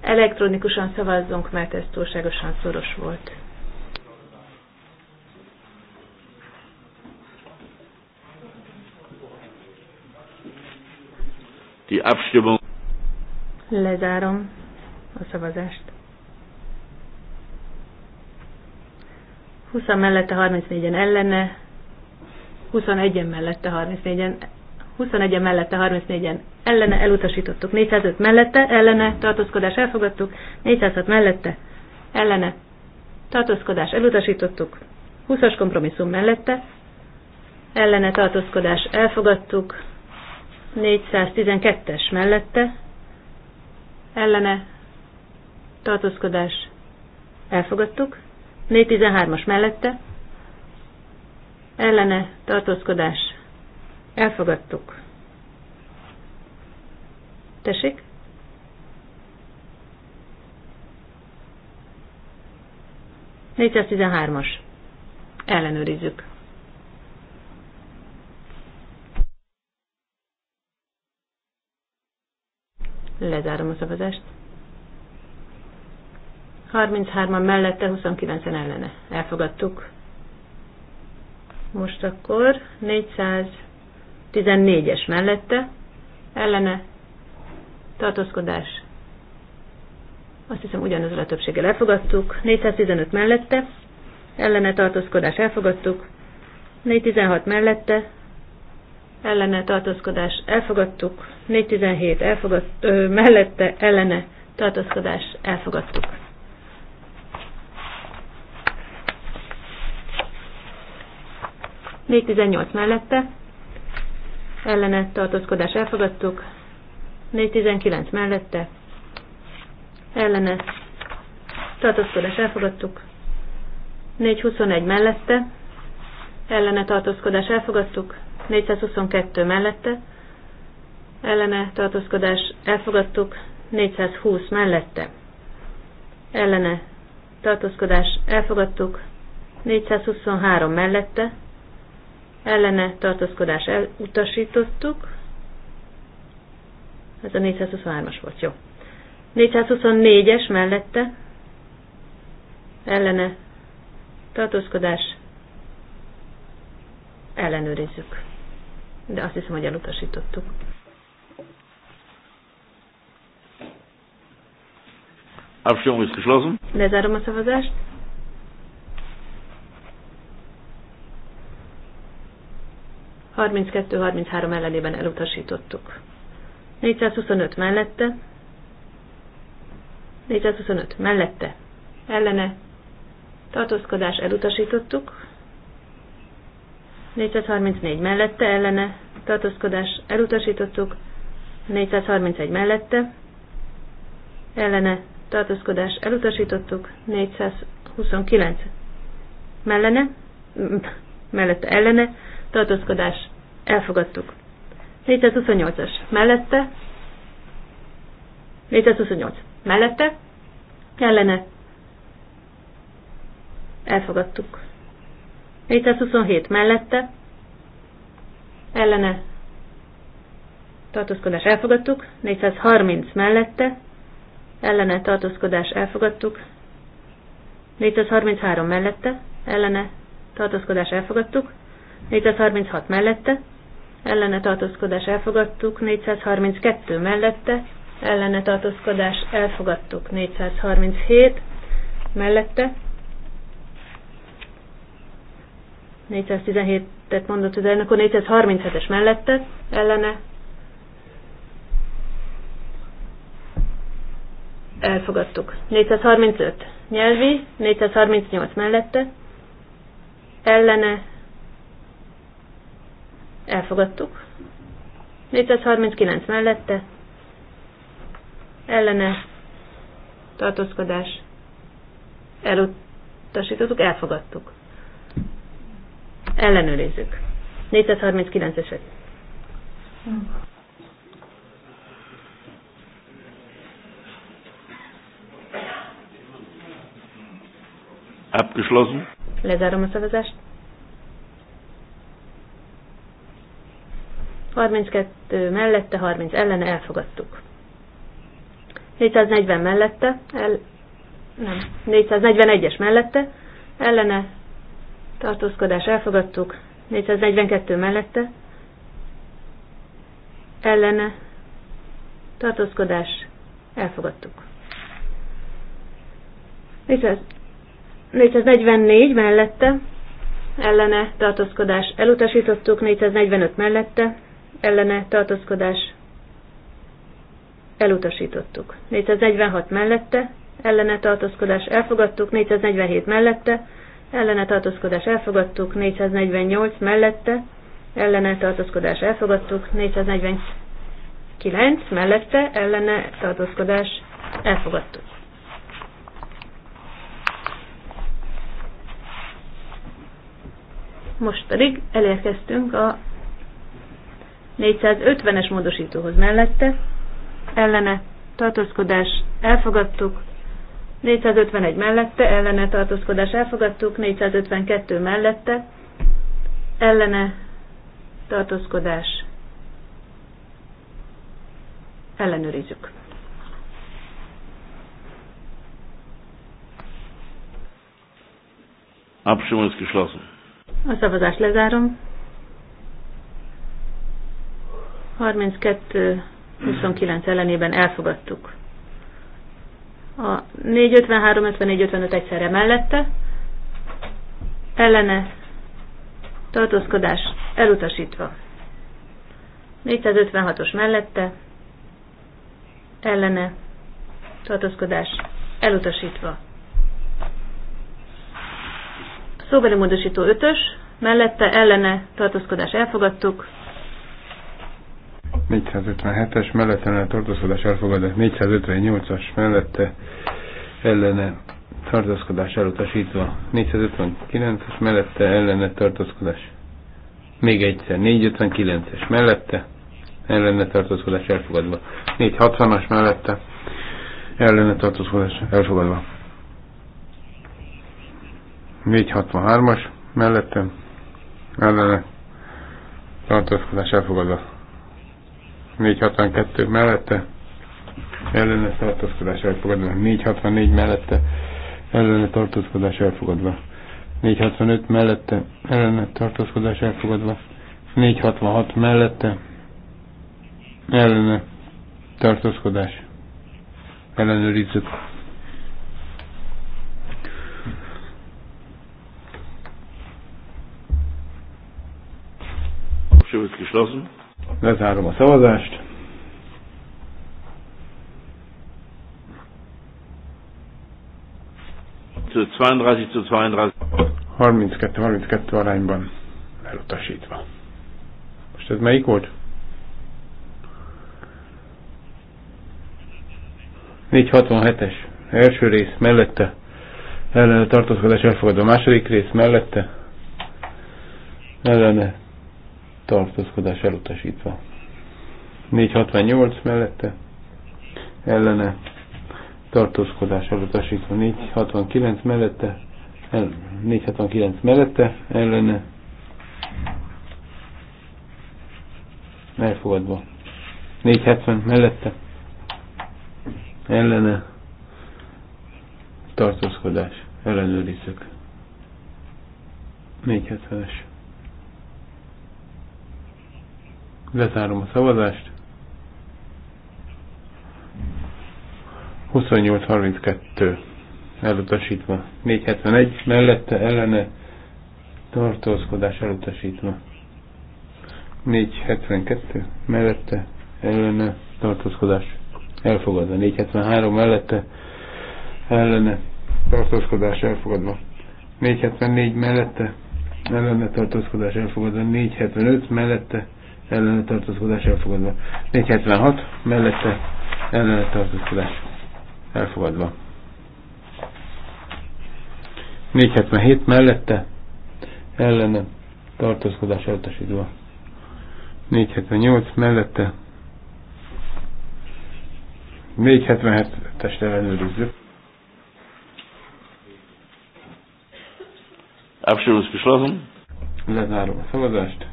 Elektronikusan szavazzunk, mert ez túlságosan szoros volt. Die Abstimmung. Lezárom a szavazást. 20 mellette 34-en ellene, 21-en mellette 34-en 21 mellette 34-en ellene elutasítottuk, 405 mellette ellene tartózkodás elfogadtuk, 406 mellette ellene tartózkodás elutasítottuk, 20-as kompromisszum mellette ellene tartózkodás elfogadtuk, 412-es mellette ellene tartózkodás elfogadtuk, 413-as mellette ellene tartózkodás elfogadtuk. Tessék? Négyszáztizenhármas. Ellenőrizzük. Lezárom a szavazást. 33-an mellette, 29-en ellene. Elfogadtuk. Most akkor 414-es mellette, ellene, tartózkodás. Azt hiszem ugyanaz a többséggel elfogadtuk. 415 mellette, ellene tartózkodás elfogadtuk. 416 mellette, ellene tartózkodás elfogadtuk, 417 elfogad, ö, mellette ellene tartózkodás elfogadtuk. Négy tizennyolc mellette, ellene tartózkodás elfogadtuk, 419 mellette, ellene tartózkodás elfogadtuk, 421 mellette, ellene tartózkodás elfogadtuk, 422 mellette, ellene tartózkodás elfogadtuk, 420 mellette, ellene tartózkodás elfogadtuk, 423 mellette, ellene tartózkodás elutasítottuk, ez a 423-as volt, jó. 424-es mellette, ellene tartózkodás ellenőrizzük de azt hiszem, hogy elutasítottuk. Abstimmung ist geschlossen. Lezárom a szavazást. Harminckettő-harminchárom ellenében elutasítottuk. 425 mellette. 425 mellette. Ellene. Tartózkodás elutasítottuk. 434 mellette ellene tartózkodás elutasítottuk, 431 mellette ellene tartózkodás elutasítottuk, 429 mellene, <laughs> mellette ellene tartózkodás elfogadtuk. 428-as mellette, 428 mellette ellene elfogadtuk. 427 mellette, ellene tartózkodás elfogadtuk, 430 mellette, ellene tartózkodás elfogadtuk, 433 mellette, ellene tartózkodás elfogadtuk, 436 mellette, ellene tartózkodás elfogadtuk, 432 mellette, ellene tartózkodás elfogadtuk, 437 mellette, 417-et mondott az elnök, 437-es mellette ellene elfogadtuk. 435 nyelvi, 438 mellette ellene elfogadtuk. 439 mellette ellene tartózkodás elutasítottuk, elfogadtuk. Ellenőrizzük. 439-eset. Abgeschlossen. Lezárom a szavazást. 32 mellette, 30 ellene elfogadtuk. 440 mellette, el, nem, 441-es mellette, ellene tartózkodás elfogadtuk, 442 mellette, ellene, tartózkodás elfogadtuk. 444 mellette, ellene, tartózkodás elutasítottuk, 445 mellette, ellene, tartózkodás elutasítottuk. 446 mellette, ellene tartózkodás elfogadtuk, 447 mellette, ellene tartózkodás elfogadtuk, 448 mellette, ellene tartózkodás elfogadtuk, 449 mellette, ellene tartózkodás elfogadtuk. Most pedig elérkeztünk a 450-es módosítóhoz mellette, ellene tartózkodás elfogadtuk, 451 mellette, ellene tartózkodás elfogadtuk, 452 mellette, ellene tartózkodás ellenőrizzük. A szavazást lezárom. 32-29 ellenében elfogadtuk a 453, 54, 55 egyszerre mellette, ellene tartózkodás elutasítva. 456-os mellette, ellene tartózkodás elutasítva. Szóbeli módosító 5-ös, mellette ellene tartózkodás elfogadtuk, 457-es mellette ellene tartózkodás elfogadott, 458-as mellette ellene tartózkodás elutasítva, 459-es mellette ellene tartózkodás. Még egyszer, 459-es mellette ellene tartózkodás elfogadva, 460-as mellette ellene tartózkodás elfogadva. 463-as mellette ellene tartózkodás elfogadva. 462 mellette ellene tartózkodás elfogadva. 464 mellette ellene tartózkodás elfogadva. 465 mellette ellene tartózkodás elfogadva. 466 mellette ellene tartózkodás ellenőrizzük. Köszönöm, hogy Lezárom a szavazást. zu 32 zu 32. 32-32 arányban elutasítva. Most ez melyik volt? 467-es első rész mellette ellene tartózkodás elfogadva, második rész mellette ellene tartózkodás elutasítva. 468 mellette ellene tartózkodás elutasítva. 469 mellette el, 469 mellette ellene elfogadva. 470 mellette ellene tartózkodás ellenőrizzük. 470-es. Lezárom a szavazást. 28-32 elutasítva. 471 mellette ellene tartózkodás elutasítva. 472 mellette ellene tartózkodás elfogadva. 473 mellette ellene tartózkodás elfogadva. 474 mellette ellene tartózkodás elfogadva. 475 mellette ellene tartózkodás elfogadva. 476 mellette ellene tartózkodás elfogadva. 477 mellette ellene tartózkodás elutasítva. 478 mellette 477-est ellenőrizzük. Abszolút kislazom. Lezárom a szavazást.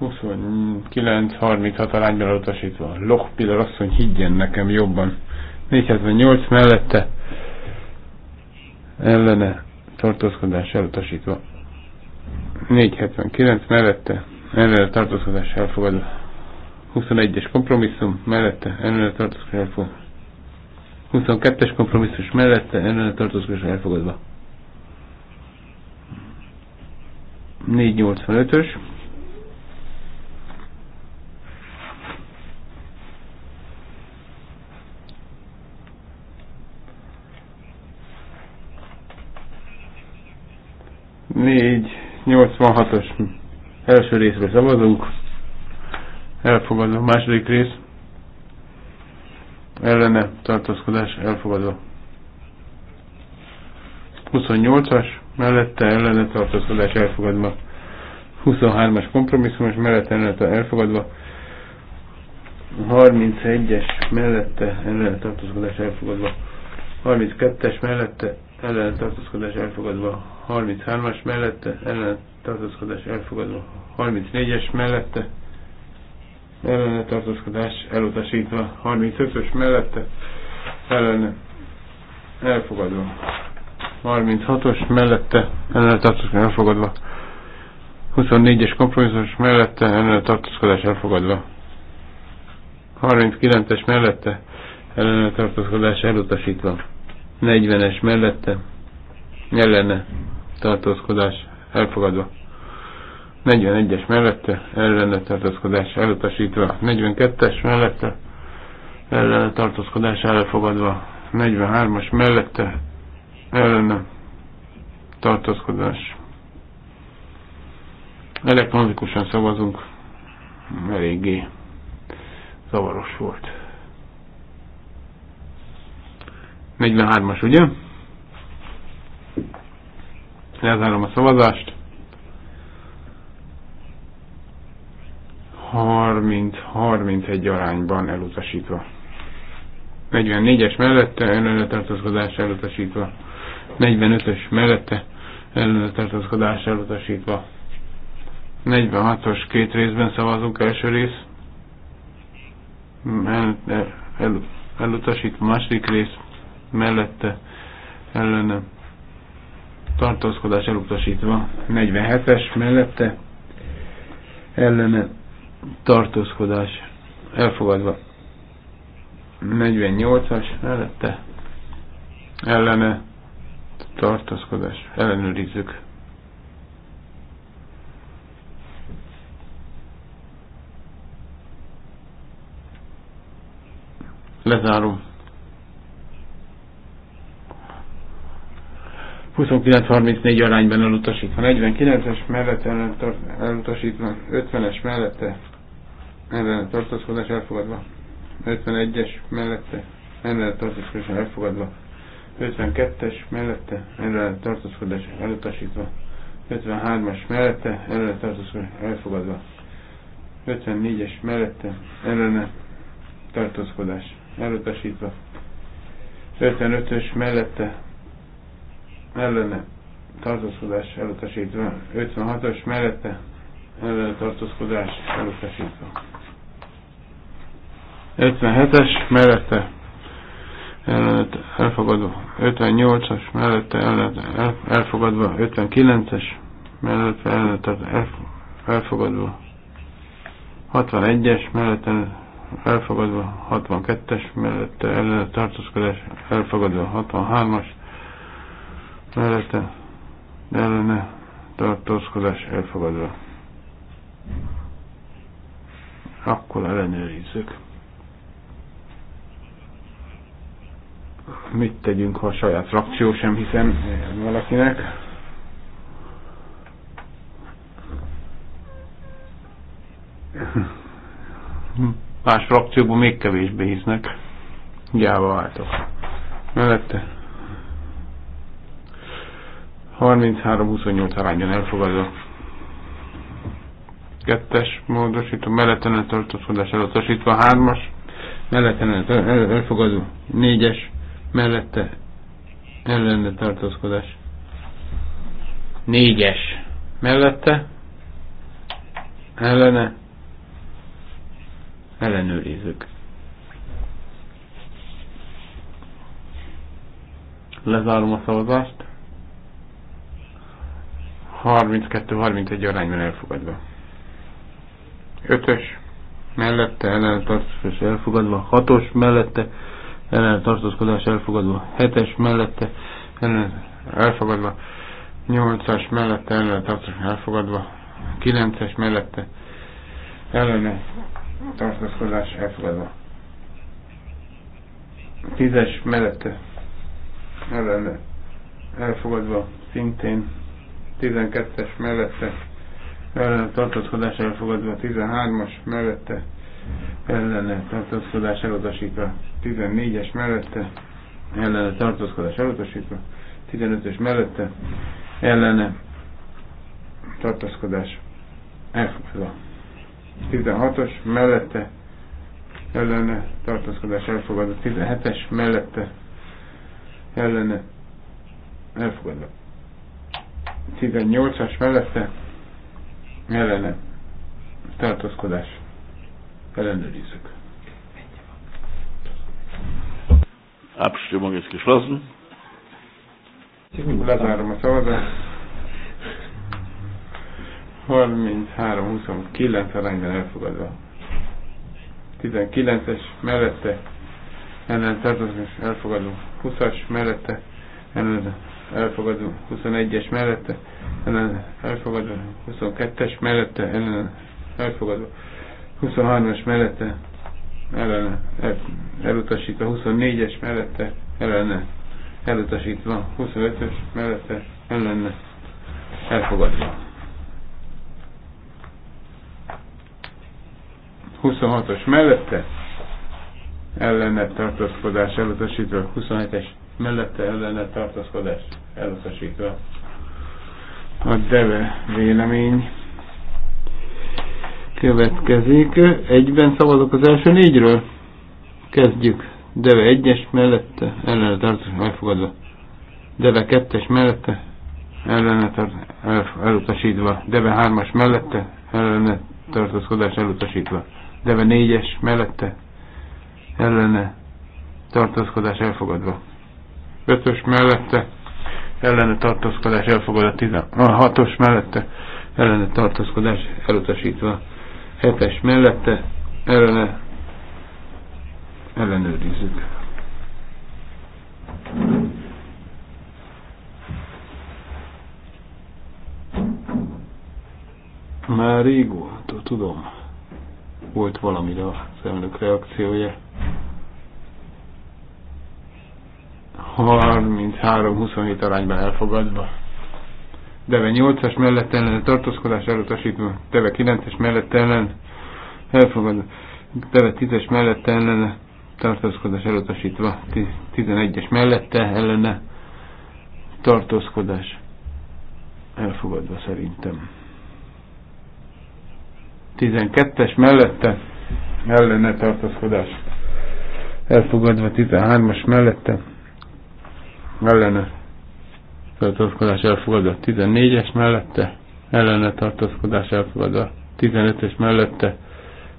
29-36 arányban utasítva. Lochpiller asszony higgyen nekem jobban. 478 mellette ellene tartózkodás elutasítva. 479 mellette ellene tartózkodás elfogadva. 21-es kompromisszum mellette ellene tartózkodás elfogadva. 22-es kompromisszus mellette ellene tartózkodás elfogadva. 485-ös 486 os első részre szavazunk. Elfogadó Második rész. Ellene tartózkodás elfogadó. 28-as mellette ellene tartózkodás elfogadva. 23-as kompromisszumos mellette ellene elfogadva. 31-es mellette ellene tartózkodás elfogadva. 32-es mellette ellene tartózkodás elfogadva. 33-as mellette ellene tartózkodás elfogadva. 34-es mellette ellene tartózkodás elutasítva. 35-ös mellette ellene elfogadva. 36-os mellette ellene tartózkodás elfogadva. 24-es kompromisszus mellette ellene tartózkodás elfogadva. 39-es mellette ellene tartózkodás elutasítva. 40-es mellette ellene tartózkodás elfogadva. 41-es mellette ellene tartózkodás elutasítva. 42-es mellette ellene tartózkodás elfogadva. 43-as mellette ellene tartózkodás. Elektronikusan szavazunk. Eléggé zavaros volt. 43-as, ugye? Lezárom a szavazást. 30-31 arányban elutasítva. 44-es mellette ellene tartózkodás elutasítva. 45-ös mellette ellene tartózkodás elutasítva. 46-os két részben szavazunk első rész. El, el, el, elutasítva második rész mellette ellene tartózkodás elutasítva. 47-es mellette ellene tartózkodás elfogadva. 48-as mellette ellene tartózkodás ellenőrizzük. Lezárom. 29-34 arányban elutasítva, 49-es mellette elutasítva, 50-es mellette ellen tartózkodás elfogadva, 51-es mellette ellen tartózkodás elfogadva, 52-es mellette ellen tartózkodás elutasítva, 53-as mellette ellen tartózkodás elfogadva, 54-es mellette ellen tartózkodás elutasítva, 55-ös mellette ellene tartózkodás elutasítva, 56-os mellette ellene tartózkodás elutasítva. 57-es mellette ellenet elfogadva, 58-as mellette ellenet elfogadva, 59-es mellette ellenet elfogadva, 61-es mellette elfogadva, 62-es mellette ellenet tartózkodás elfogadva, 63-as de ellene tartózkodás elfogadva. Akkor ellenőrizzük. Mit tegyünk, ha a saját frakció sem hiszem valakinek? Más frakcióban még kevésbé hisznek. Gyáva váltok. Mellette 33-28 arányon elfogadva. Kettes módosító mellettelen tartózkodás elutasítva. Hármas mellettelen elfogadó. Négyes mellette ellene tartózkodás. Négyes mellette ellene ellenőrizzük. Lezárom a szavazást. 32-31 arányban elfogadva. 5-ös mellette ellentartozkodás elfogadva, 6-os mellette ellentartozkodás elfogadva, 7-es mellette ellen elfogadva, 8-as mellette ellentartozkodás elfogadva, 9-es mellette ellene tartózkodás elfogadva. 10-es mellette ellene elfogadva szintén 12-es mellette ellene tartózkodás elfogadva, 13-as mellette ellene tartózkodás elutasítva, 14-es mellette ellene tartózkodás elutasítva, 15-ös mellette ellene tartózkodás elfogadva. 16-os mellette ellene tartózkodás elfogadva, 17-es mellette ellene elfogadva. 18-as mellette ellene tartózkodás ellenőrizzük. Abstimmung ist geschlossen. Lezárom a szavazást. 33-29 arányban elfogadva. 19-es mellette ellen tartozás elfogadó. 20-as mellette ellen elfogadó 21-es mellette, ellen elfogadó 22-es mellette, ellen elfogadó 23-as mellette, ellen el, elutasítva 24-es mellette, ellen elutasítva 25-ös mellette, ellen elfogadva. 26-os mellette, ellenet tartózkodás elutasítva 27-es mellette ellene tartaszkodás elutasítva. A deve vélemény következik. Egyben szavazok az első négyről. Kezdjük. Deve egyes mellette ellene tartaszkodás elfogadva. Deve kettes mellette ellene tart, elutasítva. Deve hármas mellette ellene tartaszkodás elutasítva. Deve négyes mellette ellene tartózkodás elfogadva. 5-ös mellette ellene tartózkodás elfogadott, 6-os mellette ellene tartózkodás elutasítva, 7-es mellette ellene ellenőrizzük. Már régóta tudom, volt valamire a szemlők reakciója. 33-27 arányban elfogadva. Deve 8-as mellett ellen tartózkodás elutasítva, Deve 9-es mellett ellen elfogadva, Deve 10-es mellett ellen tartózkodás elutasítva, 11-es mellette ellene tartózkodás elfogadva szerintem. 12-es mellette ellene tartózkodás elfogadva, 13-as mellette ellene tartózkodás elfogadva 14-es mellette, ellene tartózkodás elfogadva 15-es mellette,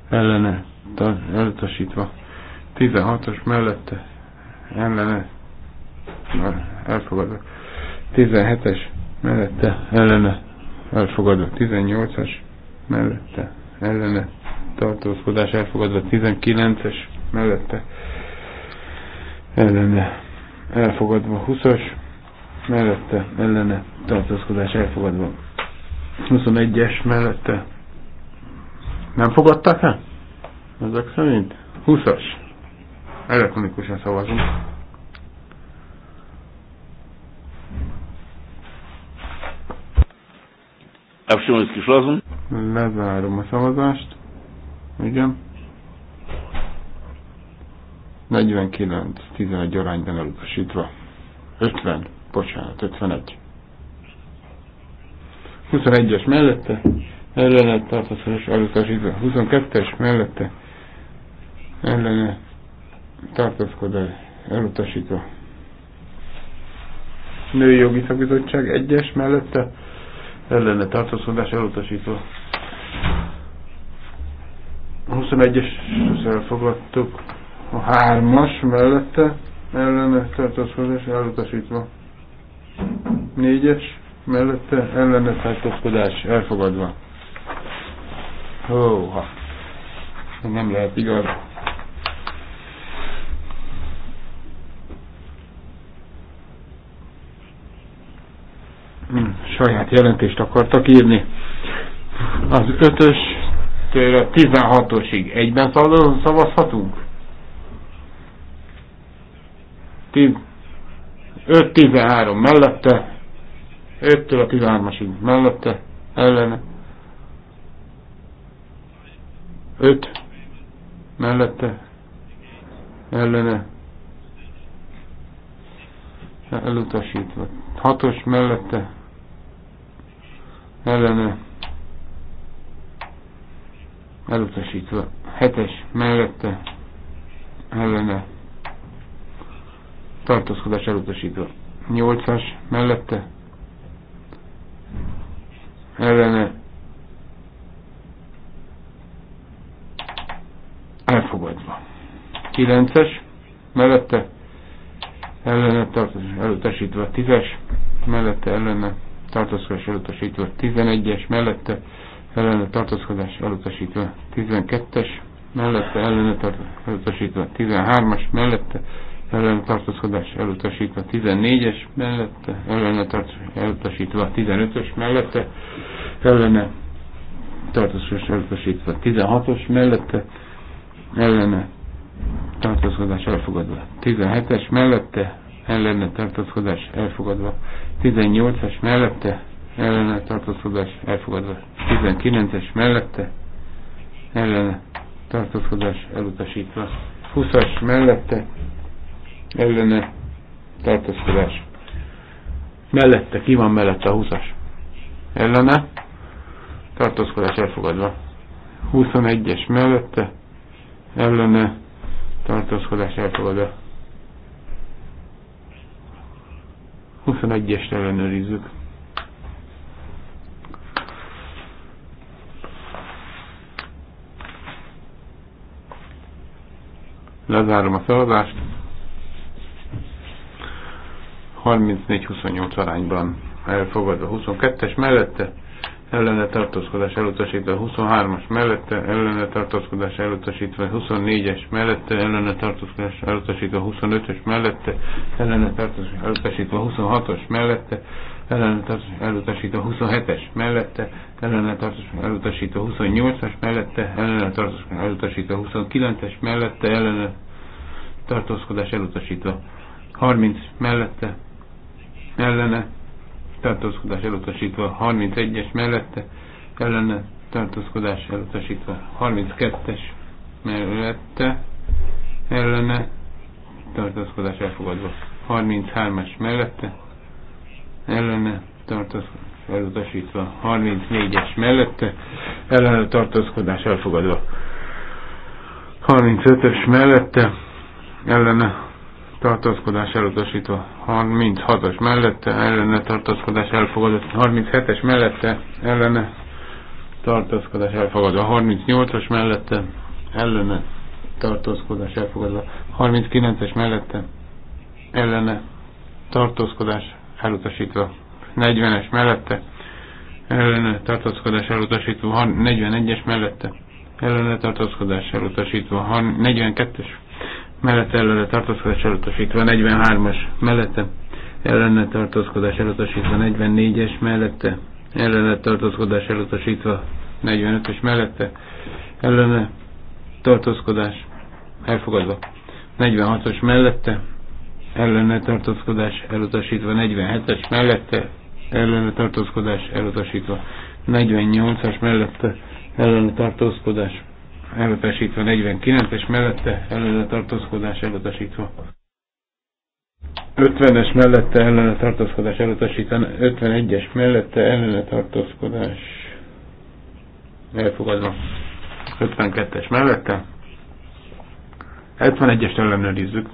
ellene elutasítva 16-os mellette, ellene elfogadva 17-es mellette, ellene elfogadva 18-as mellette, ellene tartózkodás elfogadva 19-es mellette, ellene elfogadva 20-as, mellette ellene tartózkodás elfogadva 21-es mellette nem fogadták el? Ezek szerint 20-as. Elektronikusan szavazunk. Abstimmung ist geschlossen. Lezárom a szavazást. Igen. 49, 11 arányban elutasítva. 50, bocsánat, 51. 21-es mellette, ellene tartozás elutasítva. 22-es mellette, ellene tartózkodás elutasítva. Női jogi szakbizottság egyes mellette ellene tartózkodás elutasítva. 21-es elfogadtuk. A hármas mellette ellene tartózkodás elutasítva. Négyes mellette ellene tartózkodás elfogadva. Hóha. Nem lehet igaz. Hmm, saját jelentést akartak írni. Az ötös, tőle 16-osig egyben szavazhatunk? 5-13 mellette, 5-től a 13-asig mellette, ellene, 5 mellette, ellene, elutasítva. 6-os mellette, ellene, elutasítva. 7-es mellette, ellene, tartózkodás elutasítva. 8-as mellette ellene elfogadva. 9-es mellette ellene tartózkodás elutasítva. 10-es mellette ellene tartózkodás elutasítva. 11-es mellette ellene tartózkodás elutasítva. 12-es mellette ellene tartózkodás elutasítva. 13-as mellette ellen tartózkodás elutasítva 14-es mellette, ellene tartózkodás elutasítva 15-ös mellette, ellene tartózkodás elutasítva 16-os mellette, ellene tartózkodás elfogadva 17-es mellette, ellene tartózkodás elfogadva 18 es mellette, ellene tartózkodás elfogadva 19-es mellette, ellene tartózkodás elutasítva 20-as mellette, ellene tartózkodás. Mellette, ki van mellette a 20-as? Ellene tartózkodás elfogadva. 21-es mellette ellene tartózkodás elfogadva. 21 es ellenőrizzük. Lezárom a feladást. 34-28 arányban elfogadva. 22-es mellette ellene tartózkodás elutasítva, 23-as mellette ellene tartózkodás elutasítva, 24-es mellette ellene tartózkodás elutasítva, 25-ös mellette ellene tartózkodás elutasítva, 26-os mellette ellene tartózkodás elutasítva, 27-es mellette ellene tartózkodás elutasítva, 28-as mellette ellene tartózkodás elutasítva, 29-es mellette ellene tartózkodás elutasítva, 30 mellette ellene tartózkodás elutasítva 31-es mellette ellene tartózkodás elutasítva 32-es mellette ellene tartózkodás elfogadva 33 es mellette ellene tartózkodás elutasítva 34-es mellette ellene tartózkodás elfogadva 35-ös mellette ellene tartózkodás elutasítva 36-as mellette, ellene tartózkodás elfogadott 37-es mellette, ellene tartózkodás elfogadva 38-as mellette, ellene tartózkodás elfogadva 39-es mellette, ellene tartózkodás elutasítva 40-es mellette, ellene tartózkodás elutasítva 41-es mellette, ellene tartózkodás elutasítva 42-es mellette ellene tartózkodás elutasítva 43-as mellette ellene tartózkodás elutasítva 44-es mellette ellene tartózkodás elutasítva 45 es mellette ellene tartózkodás elfogadva 46-os mellette ellene tartózkodás elutasítva 47-es mellette ellene tartózkodás elutasítva 48-as mellette ellene tartózkodás elutasítva 49-es mellette ellene tartózkodás elutasítva. 50-es mellette ellene tartózkodás elutasítva, 51-es mellette ellene tartózkodás elfogadva. 52-es mellette. 71-est ellenőrizzük.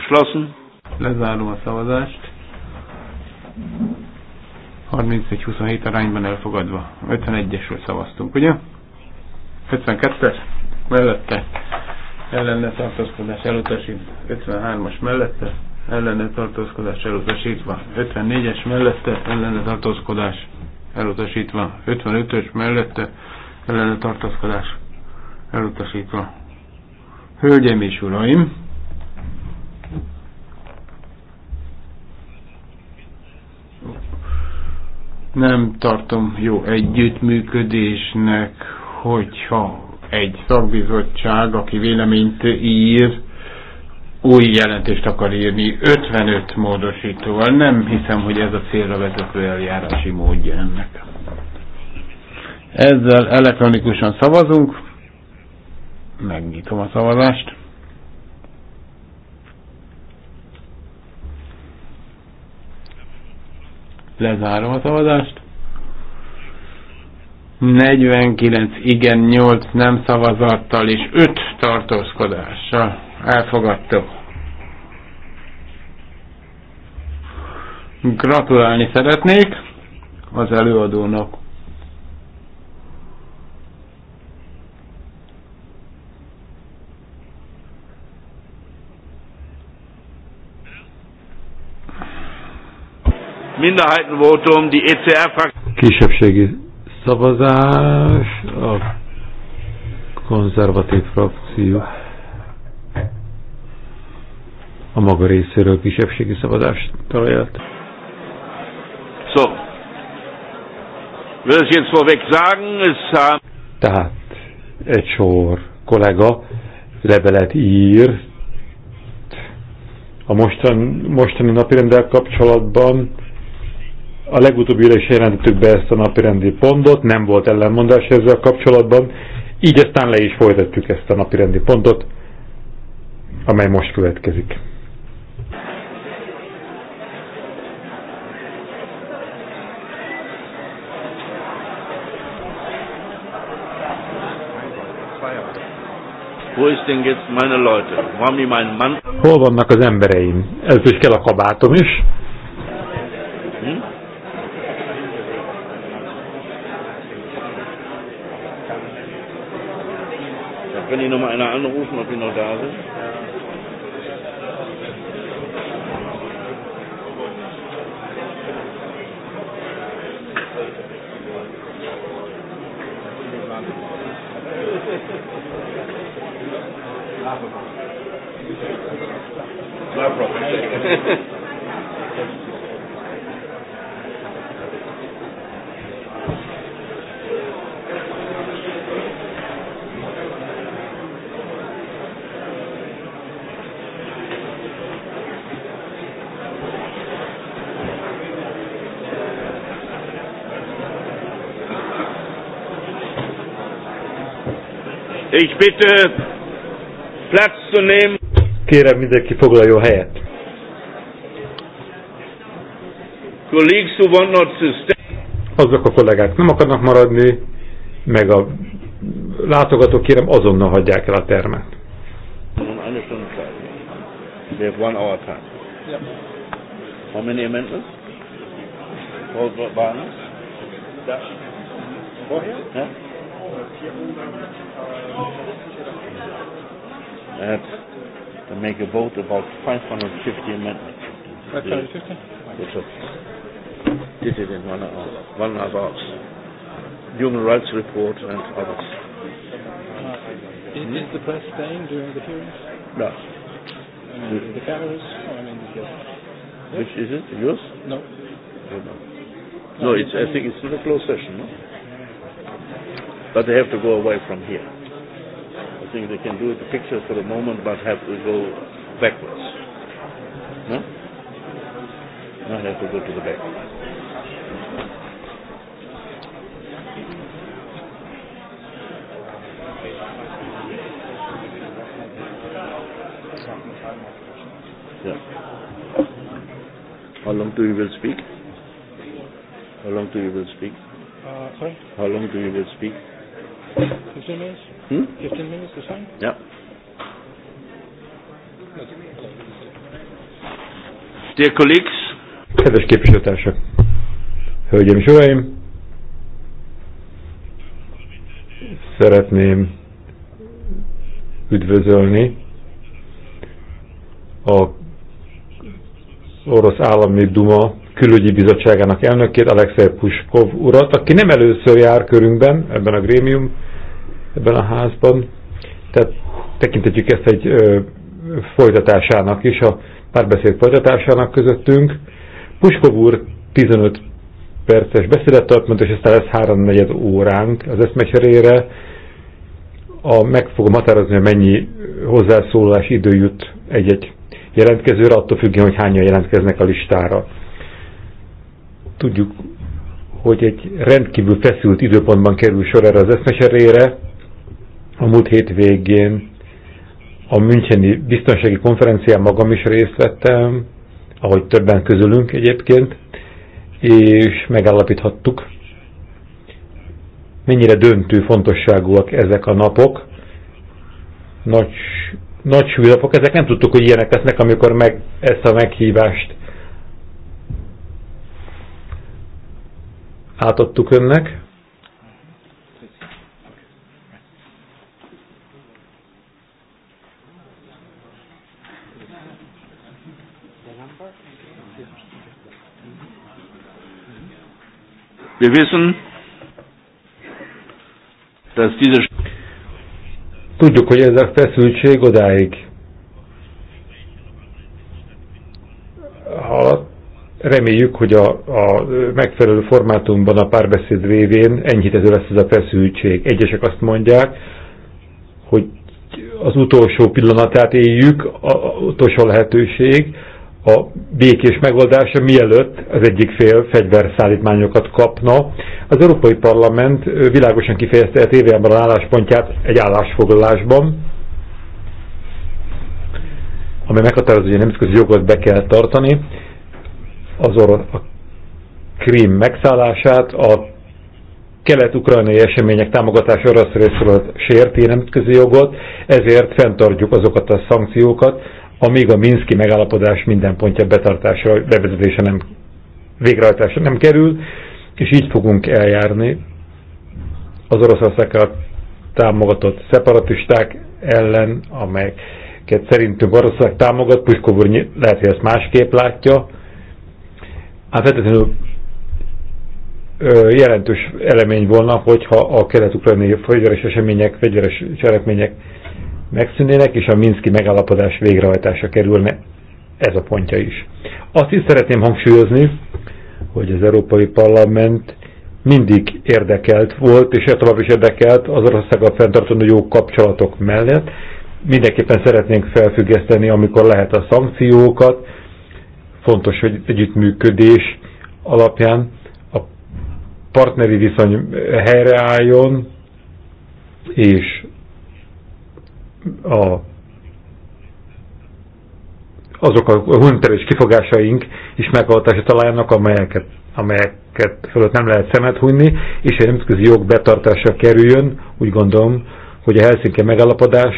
Schlossen. Lezárom a szavazást. 31-27 arányban elfogadva. 51-esről szavaztunk, ugye? 52-es mellette ellenne tartózkodás elutasítva. 53-as mellette ellenne tartózkodás elutasítva. 54-es mellette ellenne tartózkodás elutasítva. 55-ös mellette ellenne tartózkodás elutasítva. Hölgyeim és uraim! Nem tartom jó együttműködésnek, hogyha egy szakbizottság, aki véleményt ír, új jelentést akar írni 55 módosítóval. Nem hiszem, hogy ez a célra vezető eljárási módja ennek. Ezzel elektronikusan szavazunk. Megnyitom a szavazást. Lezárom a szavazást. 49 igen, 8 nem szavazattal és 5 tartózkodással elfogadtuk. Gratulálni szeretnék az előadónak. Minderheitenvotum, die ECR-Fraktion. Kisebbségi szavazás, a konzervatív frakció a maga részéről kisebbségi szavazást talált. So. Will ich jetzt vorweg sagen, es Tehát egy sor kollega levelet ír a mostani, mostani napirendel kapcsolatban a legutóbbi ülés jelentettük be ezt a rendi pontot, nem volt ellenmondás ezzel kapcsolatban, így aztán le is folytatjuk ezt a napirendi pontot, amely most következik. Hol vannak az embereim? Ez is kell a kabátom is. Wenn die nochmal einer anrufen, ob die noch da sind. No problem. <laughs> Ich bitte Platz zu nehmen. Kérem mindenki foglaljon helyet. Colleagues who want not to stay. Azok a kollégák nem akarnak maradni, meg a látogatók kérem azonnal hagyják el a termet. We have one hour time. Yep. How many amendments? Paul Barnes? Vorher? Yeah. Uh, to make a vote about 550 amendments. 550? Did it in one hour. One hour box. Human rights report and others. is, the press staying during the hearings? No. I mean, the cameras? Or, I mean, the, yes. Which is it? Yours? No. No, no. know. No, it's, I think it's still a closed session, no? but they have to go away from here. I think they can do the pictures for the moment, but have to go backwards. No? Now they have to go to the back. Yeah. How long do you will speak? How long do you will speak? Uh, sorry? How long do you will speak? 15 hmm? minutes? Hmm? 15 minutes Dear colleagues. Kedves képviselőtársak, hölgyeim és uraim, szeretném üdvözölni a orosz állami duma külügyi bizottságának elnökét, Alexei Puskov urat, aki nem először jár körünkben, ebben a grémium, ebben a házban. Tehát tekintetjük ezt egy ö, folytatásának is, a párbeszéd folytatásának közöttünk. Puskov úr 15 perces beszédet tartment, és aztán lesz 3-4 óránk az eszmecserére. A, meg fogom határozni, hogy mennyi hozzászólás idő jut egy-egy jelentkezőre, attól függően, hogy hányan jelentkeznek a listára. Tudjuk, hogy egy rendkívül feszült időpontban kerül sor erre az eszmeserére. A múlt végén a Müncheni Biztonsági Konferencián magam is részt vettem, ahogy többen közülünk egyébként, és megállapíthattuk, mennyire döntő fontosságúak ezek a napok, nagy, nagy súlynapok, ezek nem tudtuk, hogy ilyenek lesznek, amikor meg, ezt a meghívást átadtuk önnek. Wir wissen, dass diese Tudjuk, hogy ez a feszültség odáig haladt, Reméljük, hogy a, a megfelelő formátumban a párbeszéd révén enyhítető lesz ez a feszültség. Egyesek azt mondják, hogy az utolsó pillanatát éljük, a, a utolsó lehetőség, a békés megoldása, mielőtt az egyik fél fegyverszállítmányokat kapna. Az Európai Parlament világosan kifejezte a tévében álláspontját egy állásfoglalásban, amely meghatározó, hogy a nemzetközi jogot be kell tartani, az orosz a Krím megszállását, a kelet-ukrajnai események támogatása orosz részről sérti nemzetközi jogot, ezért fenntartjuk azokat a szankciókat, amíg a Minszki megállapodás minden pontja betartása, bevezetése nem, végrehajtása nem kerül, és így fogunk eljárni az Oroszországgal támogatott szeparatisták ellen, amelyeket szerintünk Oroszország támogat, Puskovúr lehet, hogy ezt másképp látja, Hát feltétlenül jelentős elemény volna, hogyha a kelet-ukrajnai fegyveres események, fegyveres cselekmények megszűnnének, és a Minszki megállapodás végrehajtása kerülne. Ez a pontja is. Azt is szeretném hangsúlyozni, hogy az Európai Parlament mindig érdekelt volt, és hát tovább is érdekelt az Oroszországgal fenntartó jó kapcsolatok mellett. Mindenképpen szeretnénk felfüggeszteni, amikor lehet a szankciókat, Fontos, hogy együttműködés alapján a partneri viszony helyreálljon, és a, azok a humanitárius kifogásaink is megoldást találjanak, amelyeket, amelyeket fölött nem lehet szemet hunyni, és egy nemzetközi jog betartása kerüljön, úgy gondolom, hogy a Helsinki megállapodás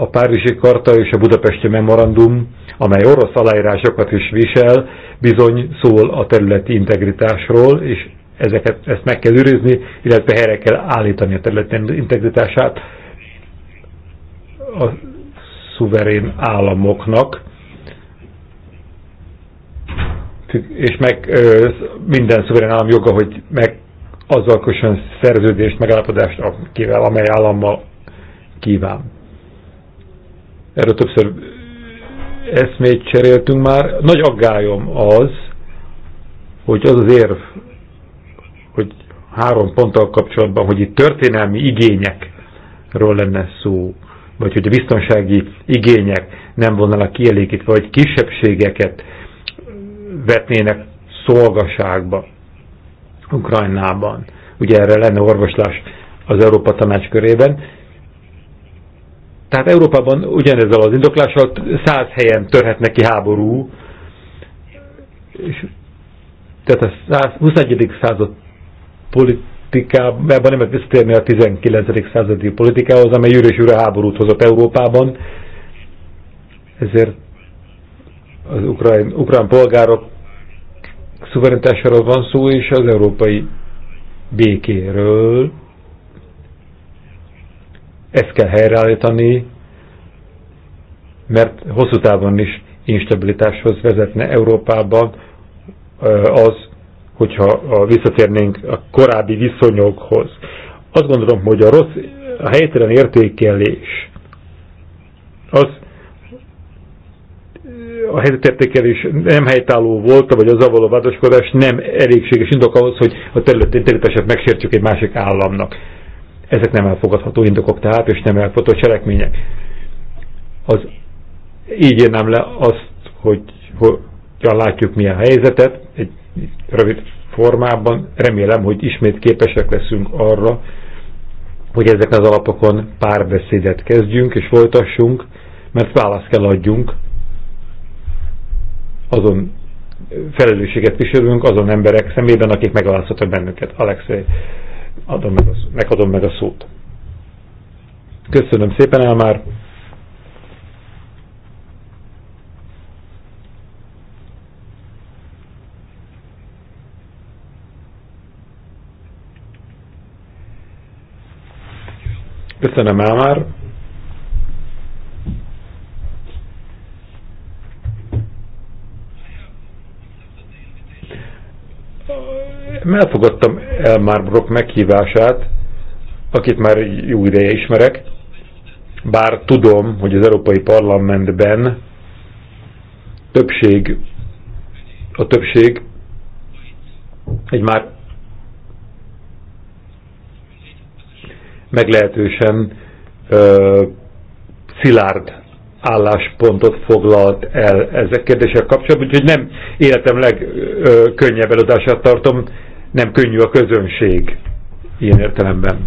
a Párizsi Karta és a Budapesti Memorandum, amely orosz aláírásokat is visel, bizony szól a területi integritásról, és ezeket, ezt meg kell őrizni, illetve helyre kell állítani a területi integritását a szuverén államoknak, és meg ö, minden szuverén állam joga, hogy meg azzal szerződést, megállapodást, amely állammal kíván erről többször eszmét cseréltünk már. Nagy aggályom az, hogy az az érv, hogy három ponttal kapcsolatban, hogy itt történelmi igényekről lenne szó, vagy hogy a biztonsági igények nem vonnának kielégítve, vagy kisebbségeket vetnének szolgaságba Ukrajnában. Ugye erre lenne orvoslás az Európa Tanács körében. Tehát Európában ugyanezzel az indoklással száz helyen törhetnek ki háború, és, tehát a 100, 21. század politikában, nem visszatérni a 19. századi politikához, amely jövős újra háborút hozott Európában, ezért az ukrán, ukrán polgárok szuverenitásáról van szó, és az európai békéről, ezt kell helyreállítani, mert hosszú távon is instabilitáshoz vezetne Európában az, hogyha visszatérnénk a korábbi viszonyokhoz. Azt gondolom, hogy a rossz, a helytelen értékelés az a értékelés nem helytálló volt, vagy az avaló vádaskodás nem elégséges indok ahhoz, hogy a területén területeset megsértjük egy másik államnak. Ezek nem elfogadható indokok tehát, és nem elfogadható cselekmények. Az, így írnám le azt, hogy hogyan látjuk mi a helyzetet, egy rövid formában. Remélem, hogy ismét képesek leszünk arra, hogy ezeken az alapokon párbeszédet kezdjünk és folytassunk, mert választ kell adjunk azon felelősséget viselünk azon emberek szemében, akik megalázhatnak bennünket. Alexei adom meg a, megadom meg a szót. Köszönöm szépen, Elmár. Köszönöm, Elmár. elfogadtam Elmar Brock meghívását, akit már jó ideje ismerek, bár tudom, hogy az Európai Parlamentben többség, a többség egy már meglehetősen ö, szilárd álláspontot foglalt el ezek kérdések kapcsolatban, úgyhogy nem életem legkönnyebb előadását tartom nem könnyű a közönség ilyen értelemben.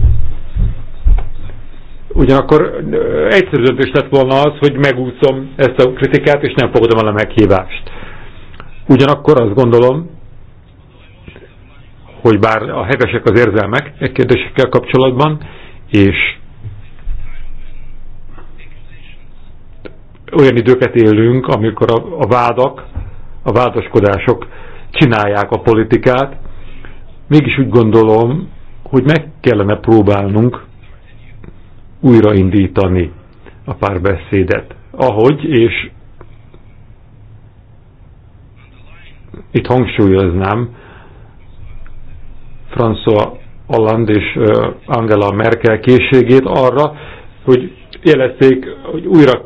Ugyanakkor egyszerű döntés lett volna az, hogy megúszom ezt a kritikát, és nem fogadom el a meghívást. Ugyanakkor azt gondolom, hogy bár a hevesek az érzelmek egy kérdésekkel kapcsolatban, és olyan időket élünk, amikor a, a vádak, a vádaskodások csinálják a politikát, mégis úgy gondolom, hogy meg kellene próbálnunk újraindítani a párbeszédet. Ahogy, és itt hangsúlyoznám, François Hollande és Angela Merkel készségét arra, hogy jelezték, hogy újra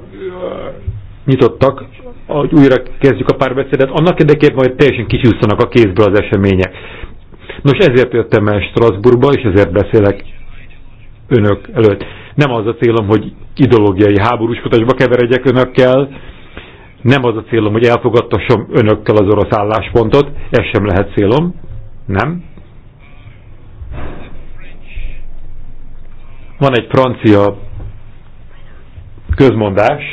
nyitottak, hogy újra kezdjük a párbeszédet, annak érdekében, hogy teljesen kicsúszanak a kézből az események. Nos, ezért jöttem el Strasbourgba, és ezért beszélek önök előtt. Nem az a célom, hogy ideológiai háborúskodásba keveredjek önökkel, nem az a célom, hogy elfogadtassam önökkel az orosz álláspontot, ez sem lehet célom, nem? Van egy francia közmondás,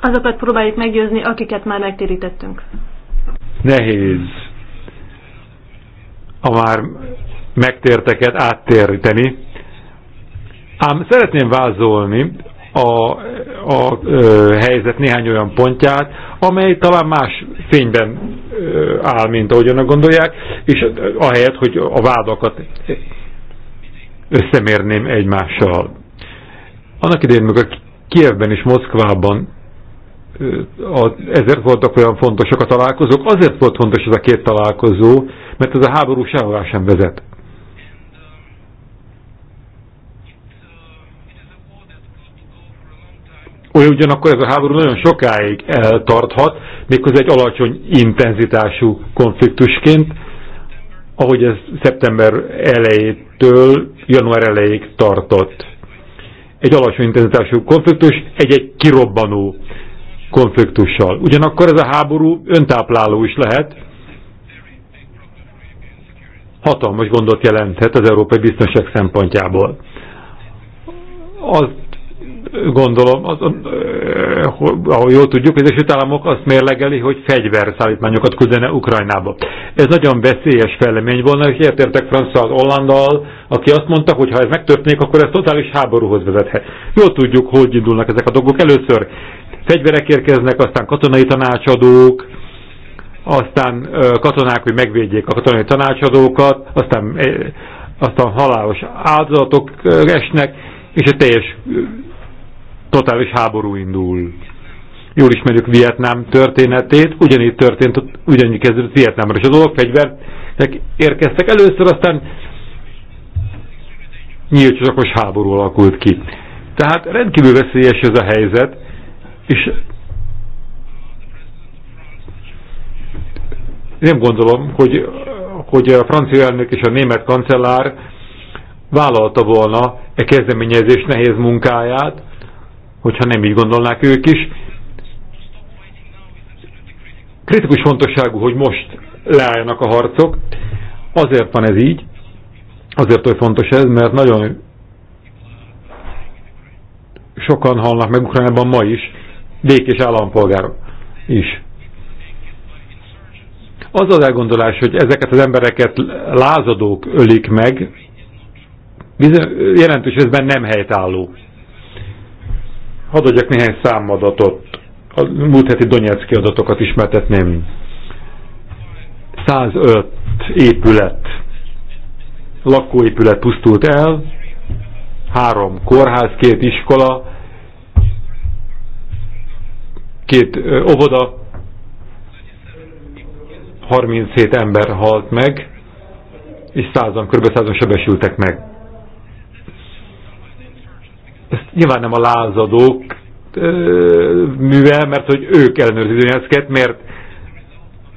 azokat próbáljuk meggyőzni, akiket már megtérítettünk. Nehéz a már megtérteket áttéríteni. Ám szeretném vázolni a, a a helyzet néhány olyan pontját, amely talán más fényben áll, mint ahogy önök gondolják, és ahelyett, hogy a vádakat összemérném egymással. Annak idején, amikor Kievben és Moszkvában a, ezért voltak olyan fontosak a találkozók, azért volt fontos ez a két találkozó, mert ez a háború sehová sem vezet. Olyan ugyanakkor ez a háború nagyon sokáig eltarthat, méghozzá egy alacsony intenzitású konfliktusként, ahogy ez szeptember elejétől január elejéig tartott. Egy alacsony intenzitású konfliktus, egy-egy kirobbanó konfliktussal. Ugyanakkor ez a háború öntápláló is lehet, hatalmas gondot jelenthet az európai biztonság szempontjából. Azt gondolom, az, eh, ahogy jól tudjuk, az Egyesült Államok azt mérlegeli, hogy fegyverszállítmányokat küldene Ukrajnába. Ez nagyon veszélyes fejlemény volna, és értértek François Hollandal, aki azt mondta, hogy ha ez megtörténik, akkor ez totális háborúhoz vezethet. Jól tudjuk, hogy indulnak ezek a dolgok. Először fegyverek érkeznek, aztán katonai tanácsadók, aztán katonák, hogy megvédjék a katonai tanácsadókat, aztán, aztán halálos áldozatok esnek, és egy teljes totális háború indul. Jól ismerjük Vietnám történetét, ugyanígy történt, ugyanígy kezdődött Vietnámra és a dolog, fegyverek érkeztek először, aztán nyílt csakos háború alakult ki. Tehát rendkívül veszélyes ez a helyzet, és nem gondolom, hogy, hogy a francia elnök és a német kancellár vállalta volna e kezdeményezés nehéz munkáját, hogyha nem így gondolnák ők is. Kritikus fontosságú, hogy most leálljanak a harcok. Azért van ez így, azért, hogy fontos ez, mert nagyon sokan halnak meg Ukrajnában ma is, békés állampolgárok is. Az az elgondolás, hogy ezeket az embereket lázadók ölik meg, bizony, jelentős részben nem helytálló. Hadd adjak néhány számadatot. A múlt heti Donetszki adatokat ismertetném. 105 épület, lakóépület pusztult el, három kórház, két iskola, két óvoda, 37 ember halt meg, és százan, kb. százan sebesültek meg. Ezt nyilván nem a lázadók műve, mert hogy ők ellenőrzik Donetsket, mert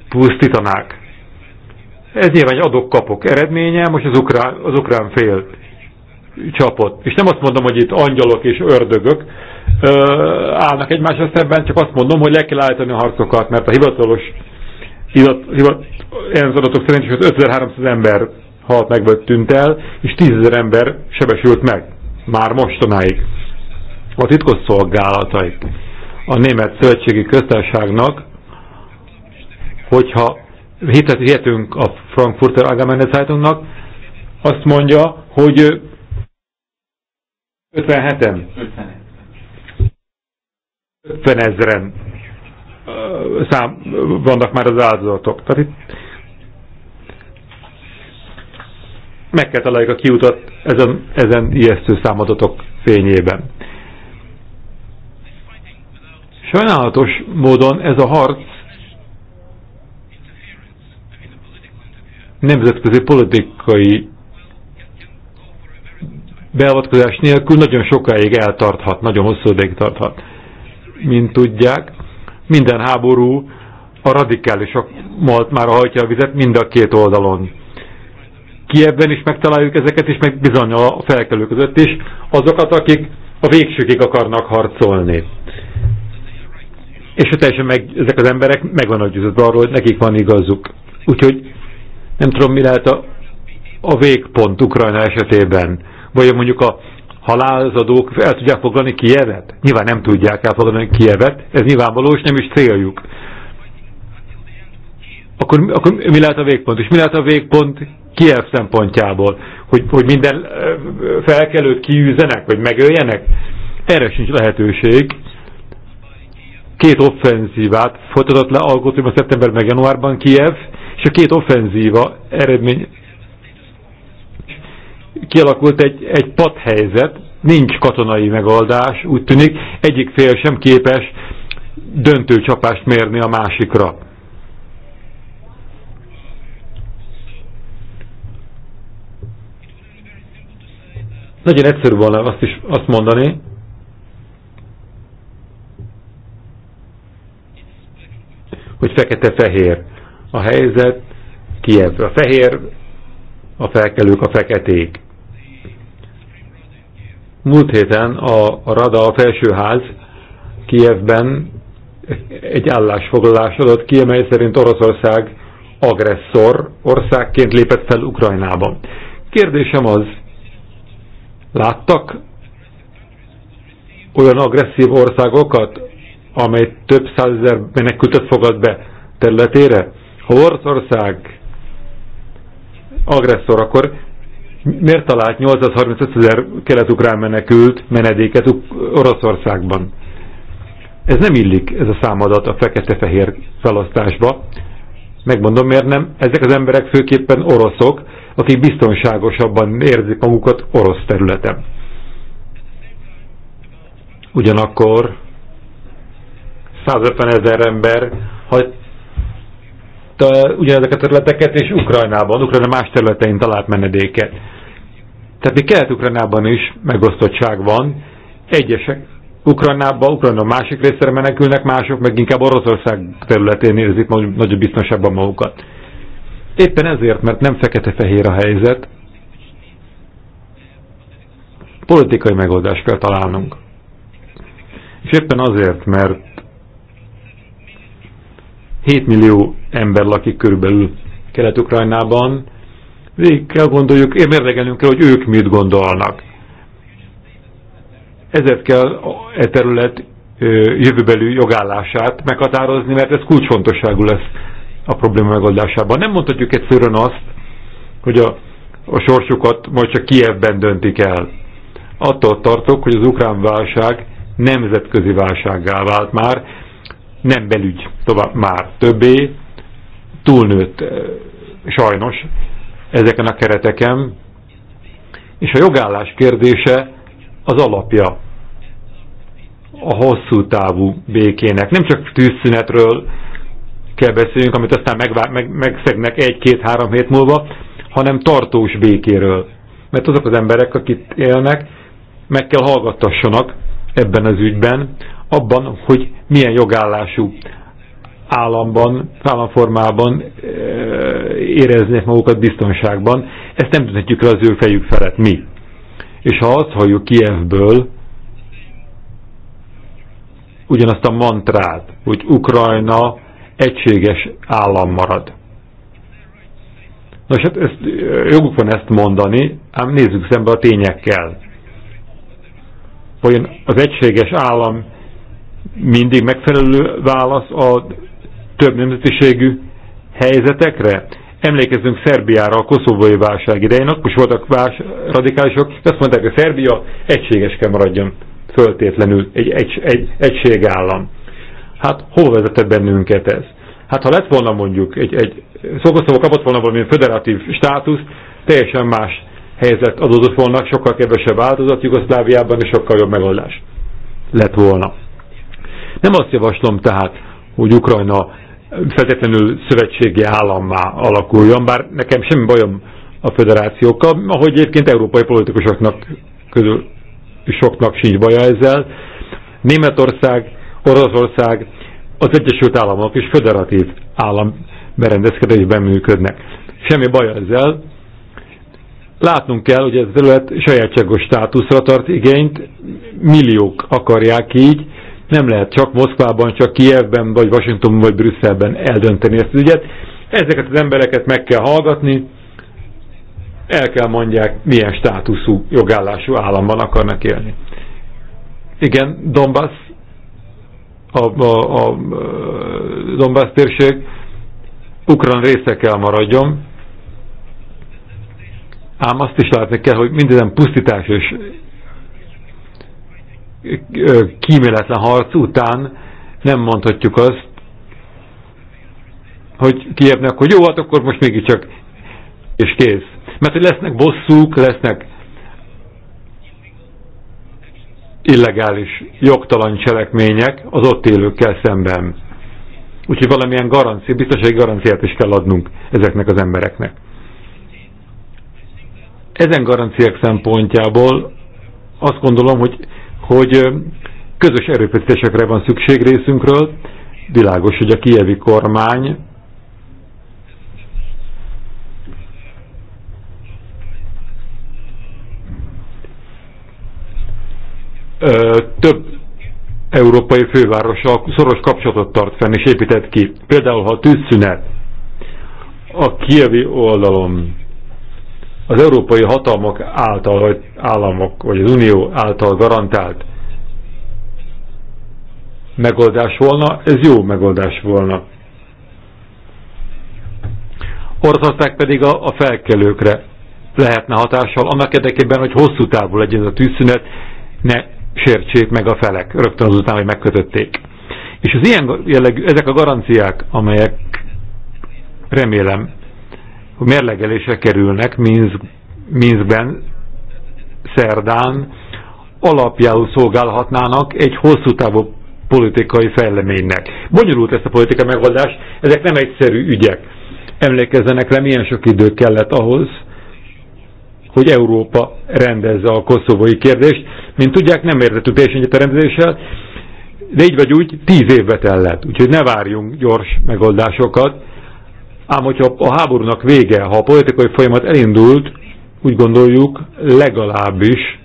pusztítanák. Ez nyilván egy adok-kapok eredménye, most az ukrán, az ukrán fél csapott. És nem azt mondom, hogy itt angyalok és ördögök ö, állnak egymásra szemben, csak azt mondom, hogy le kell állítani a harcokat, mert a hivatalos hivat, hivat, ENSZ adatok szerint is 5300 ember halt meg vagy tűnt el, és 10.000 ember sebesült meg. Már mostanáig. A titkos szolgálataik a Német Szövetségi Köztársaságnak, hogyha hitet hihetünk a Frankfurter Allgemeine Zeitungnak, azt mondja, hogy 57-en? 50 ezeren szám, vannak már az áldozatok. Tehát itt meg kell találjuk a kiutat ezen, ezen ijesztő számadatok fényében. Sajnálatos módon ez a harc nemzetközi politikai beavatkozás nélkül nagyon sokáig eltarthat, nagyon hosszú ideig tarthat. Mint tudják, minden háború a radikálisok malt már hajtja a vizet mind a két oldalon. Kievben is megtaláljuk ezeket, és meg bizony a felkelő között is, azokat, akik a végsőkig akarnak harcolni. És teljesen meg, ezek az emberek meg vannak győződve arról, hogy nekik van igazuk. Úgyhogy nem tudom, mi lehet a, a végpont Ukrajna esetében vagy mondjuk a halálzadók el tudják foglalni Kievet? Nyilván nem tudják elfoglalni Kievet, ez nyilvánvaló, és nem is céljuk. Akkor, akkor mi lehet a végpont? És mi lehet a végpont Kiev szempontjából? Hogy, hogy minden felkelőt kiűzenek, vagy megöljenek? Erre sincs lehetőség. Két offenzívát folytatott le alkotóban szeptemberben, meg januárban Kiev, és a két offenzíva eredmény kialakult egy, egy padhelyzet, nincs katonai megoldás, úgy tűnik, egyik fél sem képes döntő csapást mérni a másikra. Nagyon egyszerű volna azt is azt mondani, hogy fekete-fehér a helyzet, Kiev. A fehér a felkelők a feketék. Múlt héten a Rada, a felsőház Kievben egy állásfoglalás adott ki, amely szerint Oroszország agresszor országként lépett fel Ukrajnában. Kérdésem az, láttak olyan agresszív országokat, amely több százezer menekültet fogad be területére? Ha Oroszország agresszor, akkor miért talált 835 ezer kelet-ukrán menekült menedéket Oroszországban? Ez nem illik, ez a számadat a fekete-fehér felosztásba. Megmondom, miért nem. Ezek az emberek főképpen oroszok, akik biztonságosabban érzik magukat orosz területen. Ugyanakkor 150 ezer ember ha ugyanezeket a területeket, és Ukrajnában, Ukrajna más területein talált menedéket. Tehát még Kelet-Ukrajnában is megosztottság van. Egyesek Ukrajnában, Ukrajna másik részére menekülnek, mások meg inkább Oroszország területén érzik nagyobb biztonságban magukat. Éppen ezért, mert nem fekete-fehér a helyzet, politikai megoldást kell találnunk. És éppen azért, mert 7 millió ember lakik körülbelül Kelet-Ukrajnában. Végig kell gondoljuk, érdekelnünk kell, hogy ők mit gondolnak. Ezért kell e terület jövőbeli jogállását meghatározni, mert ez kulcsfontosságú lesz a probléma megoldásában. Nem mondhatjuk egyszerűen azt, hogy a, a sorsukat majd csak Kievben döntik el. Attól tartok, hogy az ukrán válság nemzetközi válsággá vált már, nem belügy tovább szóval már többé, túlnőtt sajnos ezeken a kereteken, és a jogállás kérdése az alapja a hosszú távú békének. Nem csak tűzszünetről kell beszéljünk, amit aztán megvá- meg- megszegnek egy-két-három hét múlva, hanem tartós békéről. Mert azok az emberek, akik élnek, meg kell hallgattassanak ebben az ügyben, abban, hogy milyen jogállású államban, államformában e, éreznék magukat biztonságban. Ezt nem tudhatjuk le az ő fejük felett mi. És ha azt halljuk Kievből, ugyanazt a mantrát, hogy Ukrajna egységes állam marad. Nos, hát ezt, e, joguk van ezt mondani, ám nézzük szembe a tényekkel. Vajon az egységes állam mindig megfelelő válasz a több nemzetiségű helyzetekre? Emlékezzünk Szerbiára a koszovói válság idején, akkor is voltak vás, radikálisok, azt mondták, hogy Szerbia egységes kell maradjon, föltétlenül egy, egy, egy egységállam. Hát hol vezetett bennünket ez? Hát ha lett volna mondjuk egy, egy szokoszóval kapott volna valamilyen federatív státusz, teljesen más helyzet adódott volna, sokkal kevesebb változat Jugoszláviában és sokkal jobb megoldás lett volna. Nem azt javaslom tehát, hogy Ukrajna feltétlenül szövetségi állammá alakuljon, bár nekem semmi bajom a föderációkkal, ahogy egyébként európai politikusoknak közül soknak sincs baja ezzel. Németország, Oroszország, az Egyesült Államok is föderatív állam berendezkedésben működnek. Semmi baj ezzel. Látnunk kell, hogy ez a terület sajátságos státuszra tart igényt, milliók akarják így, nem lehet csak Moszkvában, csak Kijevben, vagy Washingtonban, vagy Brüsszelben eldönteni ezt az ügyet. Ezeket az embereket meg kell hallgatni, el kell mondják, milyen státuszú jogállású államban akarnak élni. Igen, Donbass, a, a, a Donbass térség ukrán része kell maradjon, ám azt is látni kell, hogy mindezen pusztítás és kíméletlen harc után nem mondhatjuk azt, hogy Kievnek, hogy jó, hát akkor most mégiscsak és kész. Mert hogy lesznek bosszúk, lesznek illegális, jogtalan cselekmények az ott élőkkel szemben. Úgyhogy valamilyen garancia, biztonsági garanciát is kell adnunk ezeknek az embereknek. Ezen garanciák szempontjából azt gondolom, hogy hogy közös erőfeszítésekre van szükség részünkről. Világos, hogy a kievi kormány több európai fővárosa szoros kapcsolatot tart fenn és épített ki. Például, ha a tűzszünet a kievi oldalon az európai hatalmak által, vagy államok, vagy az unió által garantált megoldás volna, ez jó megoldás volna. Oroszország pedig a, a felkelőkre lehetne hatással, annak érdekében, hogy hosszú távú legyen a tűzszünet, ne sértsék meg a felek rögtön azután, hogy megkötötték. És az ilyen jellegű, ezek a garanciák, amelyek remélem mérlegelésre kerülnek Minsk, Minskben szerdán, alapjául szolgálhatnának egy hosszú távú politikai fejleménynek. Bonyolult ezt a politika megoldás, ezek nem egyszerű ügyek. Emlékezzenek le, milyen sok idő kellett ahhoz, hogy Európa rendezze a koszovói kérdést. Mint tudják, nem értettük teljesen egyet a rendezéssel, de így vagy úgy tíz évbe tellett. Úgyhogy ne várjunk gyors megoldásokat. Ám hogyha a háborúnak vége, ha a politikai folyamat elindult, úgy gondoljuk legalábbis,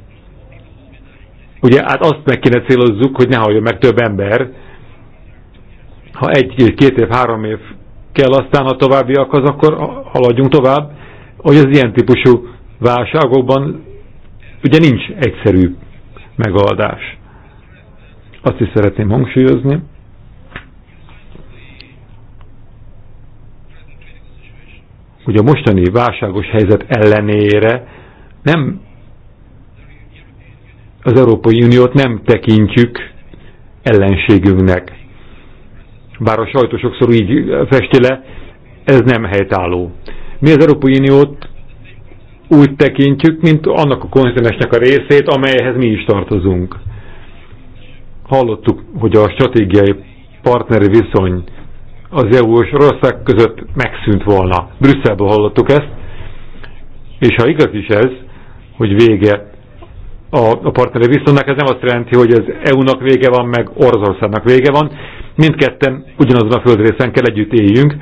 ugye hát azt meg kéne célozzuk, hogy ne halljon meg több ember, ha egy, két év, három év kell aztán a továbbiakhoz, akkor haladjunk tovább, hogy az ilyen típusú válságokban ugye nincs egyszerű megoldás. Azt is szeretném hangsúlyozni, hogy a mostani válságos helyzet ellenére nem az Európai Uniót nem tekintjük ellenségünknek. Bár a sajtó sokszor így festi le, ez nem helytálló. Mi az Európai Uniót úgy tekintjük, mint annak a kontinensnek a részét, amelyhez mi is tartozunk. Hallottuk, hogy a stratégiai partneri viszony az EU és Oroszország között megszűnt volna. Brüsszelből hallottuk ezt, és ha igaz is ez, hogy vége a, a partneri viszonynak, ez nem azt jelenti, hogy az EU-nak vége van, meg Oroszországnak vége van. Mindketten ugyanazon a földrészen kell együtt éljünk.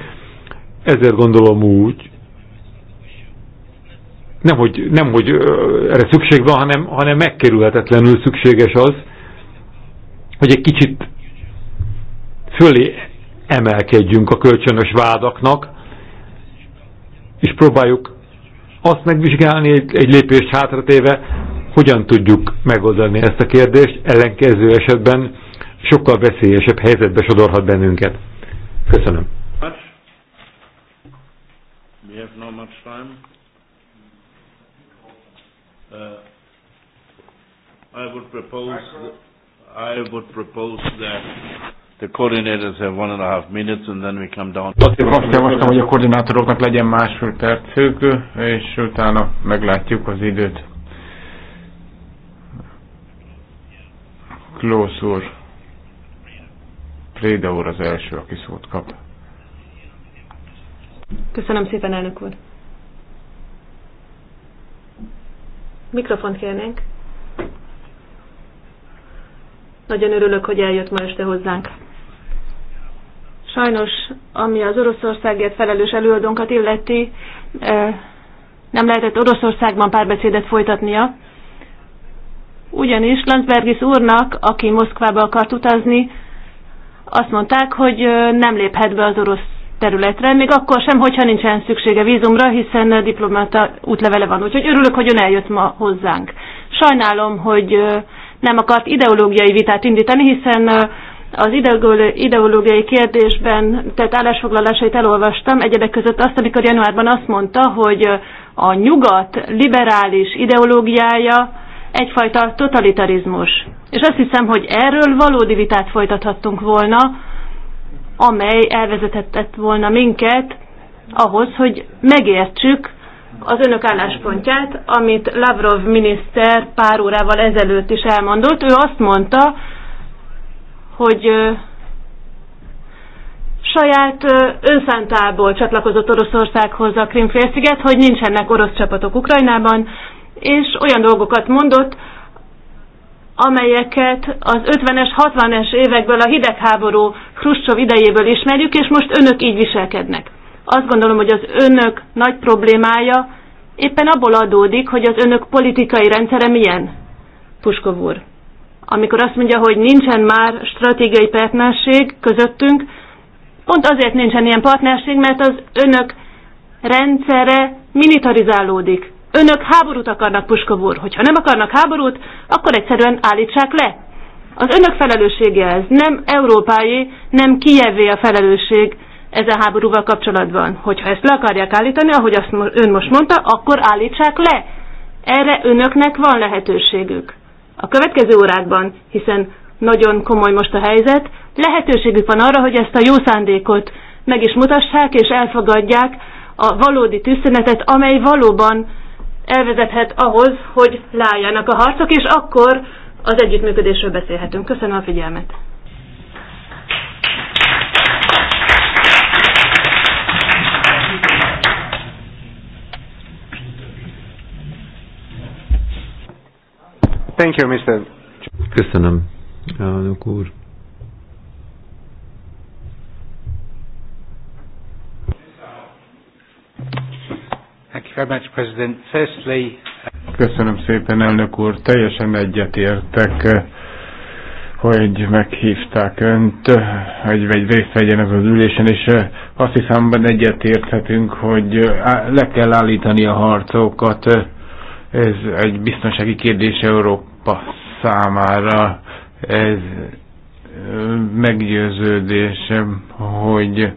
Ezért gondolom úgy, nem hogy, nem, hogy erre szükség van, hanem, hanem megkerülhetetlenül szükséges az, hogy egy kicsit fölé emelkedjünk a kölcsönös vádaknak, és próbáljuk azt megvizsgálni egy, egy lépést hátratéve, hogyan tudjuk megoldani ezt a kérdést, ellenkező esetben sokkal veszélyesebb helyzetbe sodorhat bennünket. Köszönöm. Uh, I would propose that The coordinators have one and a half minutes, and then we come down. Azt javaslom, hogy a koordinátoroknak legyen másfél percük, és utána meglátjuk az időt. Klósz úr. Préda úr az első, aki szót kap. Köszönöm szépen, elnök úr. Mikrofont kérnénk. Nagyon örülök, hogy eljött ma este hozzánk. Sajnos, ami az Oroszországért felelős előadónkat illeti, nem lehetett Oroszországban párbeszédet folytatnia, ugyanis Landsbergis úrnak, aki Moszkvába akart utazni, azt mondták, hogy nem léphet be az orosz területre, még akkor sem, hogyha nincsen szüksége vízumra, hiszen diplomata útlevele van. Úgyhogy örülök, hogy ön eljött ma hozzánk. Sajnálom, hogy nem akart ideológiai vitát indítani, hiszen az ideológiai kérdésben tett állásfoglalásait elolvastam, egyedek között azt, amikor januárban azt mondta, hogy a nyugat liberális ideológiája egyfajta totalitarizmus. És azt hiszem, hogy erről valódi vitát folytathattunk volna, amely elvezetett volna minket ahhoz, hogy megértsük az önök álláspontját, amit Lavrov miniszter pár órával ezelőtt is elmondott. Ő azt mondta, hogy saját önszántából csatlakozott Oroszországhoz a Krimfélsziget, hogy nincsenek orosz csapatok Ukrajnában, és olyan dolgokat mondott, amelyeket az 50-es, 60-es évekből a hidegháború Khrushchev idejéből ismerjük, és most önök így viselkednek. Azt gondolom, hogy az önök nagy problémája éppen abból adódik, hogy az önök politikai rendszere milyen. Puskov úr amikor azt mondja, hogy nincsen már stratégiai partnerség közöttünk, pont azért nincsen ilyen partnerség, mert az önök rendszere militarizálódik. Önök háborút akarnak, Puskov úr. Hogyha nem akarnak háborút, akkor egyszerűen állítsák le. Az önök felelőssége ez. Nem európai, nem kijevé a felelősség ez a háborúval kapcsolatban. Hogyha ezt le akarják állítani, ahogy azt ön most mondta, akkor állítsák le. Erre önöknek van lehetőségük a következő órákban, hiszen nagyon komoly most a helyzet, lehetőségük van arra, hogy ezt a jó szándékot meg is mutassák és elfogadják a valódi tűzszünetet, amely valóban elvezethet ahhoz, hogy lájjanak a harcok, és akkor az együttműködésről beszélhetünk. Köszönöm a figyelmet! Thank you, Mr. Köszönöm, elnök úr. Thank you very much, President. Firstly, Köszönöm szépen, elnök úr. Teljesen egyetértek, hogy meghívták önt, hogy egy részt vegyen ez az ülésen, és azt hiszem, hogy egyetérthetünk, hogy le kell állítani a harcokat, ez egy biztonsági kérdés Európa számára. Ez meggyőződésem, hogy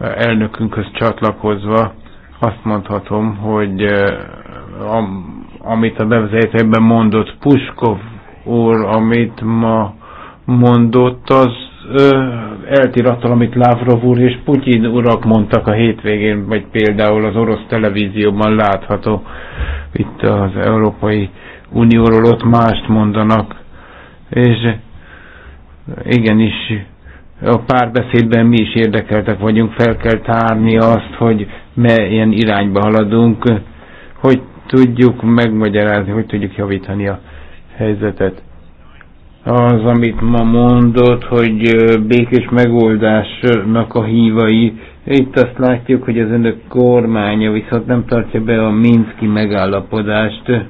elnökünkhöz csatlakozva azt mondhatom, hogy amit a bevezetőben mondott Puskov úr, amit ma mondott, az ö, attól, amit Lavrov úr és Putyin urak mondtak a hétvégén, vagy például az orosz televízióban látható itt az Európai Unióról, ott mást mondanak, és igenis a párbeszédben mi is érdekeltek vagyunk, fel kell tárni azt, hogy milyen irányba haladunk, hogy tudjuk megmagyarázni, hogy tudjuk javítani a helyzetet az, amit ma mondott, hogy békés megoldásnak a hívai. Itt azt látjuk, hogy az önök kormánya viszont nem tartja be a Minszki megállapodást,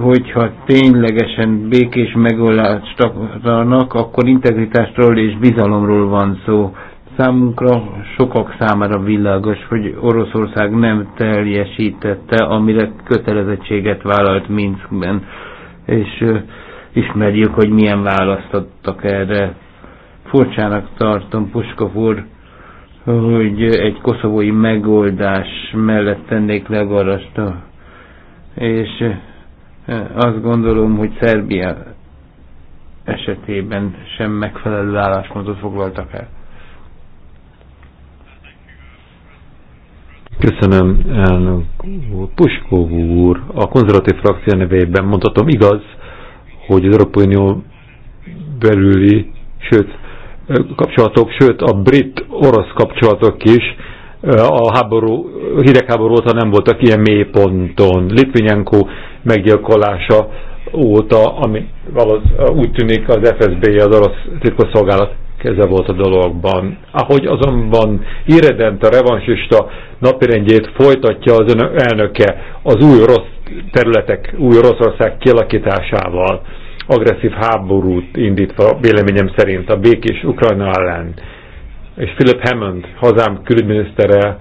hogyha ténylegesen békés megoldást akarnak, akkor integritásról és bizalomról van szó. Számunkra, sokak számára világos, hogy Oroszország nem teljesítette, amire kötelezettséget vállalt Minskben. És ismerjük, hogy milyen választ adtak erre. Furcsának tartom, Puskov úr, hogy egy koszovói megoldás mellett tennék le garast. És e, azt gondolom, hogy Szerbia esetében sem megfelelő álláspontot foglaltak el. Köszönöm, elnök úr. Puskó úr, a konzervatív frakció nevében mondhatom, igaz, hogy az Európai Unió belüli, sőt, kapcsolatok, sőt a brit-orosz kapcsolatok is a háború, hidegháború óta nem voltak ilyen mélyponton. Litvinenko meggyilkolása óta, ami valósz, úgy tűnik az FSB, az orosz titkosszolgálat keze volt a dologban. Ahogy azonban irredent a revansista napirendjét folytatja az elnöke az új rossz területek új Oroszország kialakításával agresszív háborút indítva, véleményem szerint, a békés Ukrajna ellen. És Philip Hammond, hazám külügyminisztere,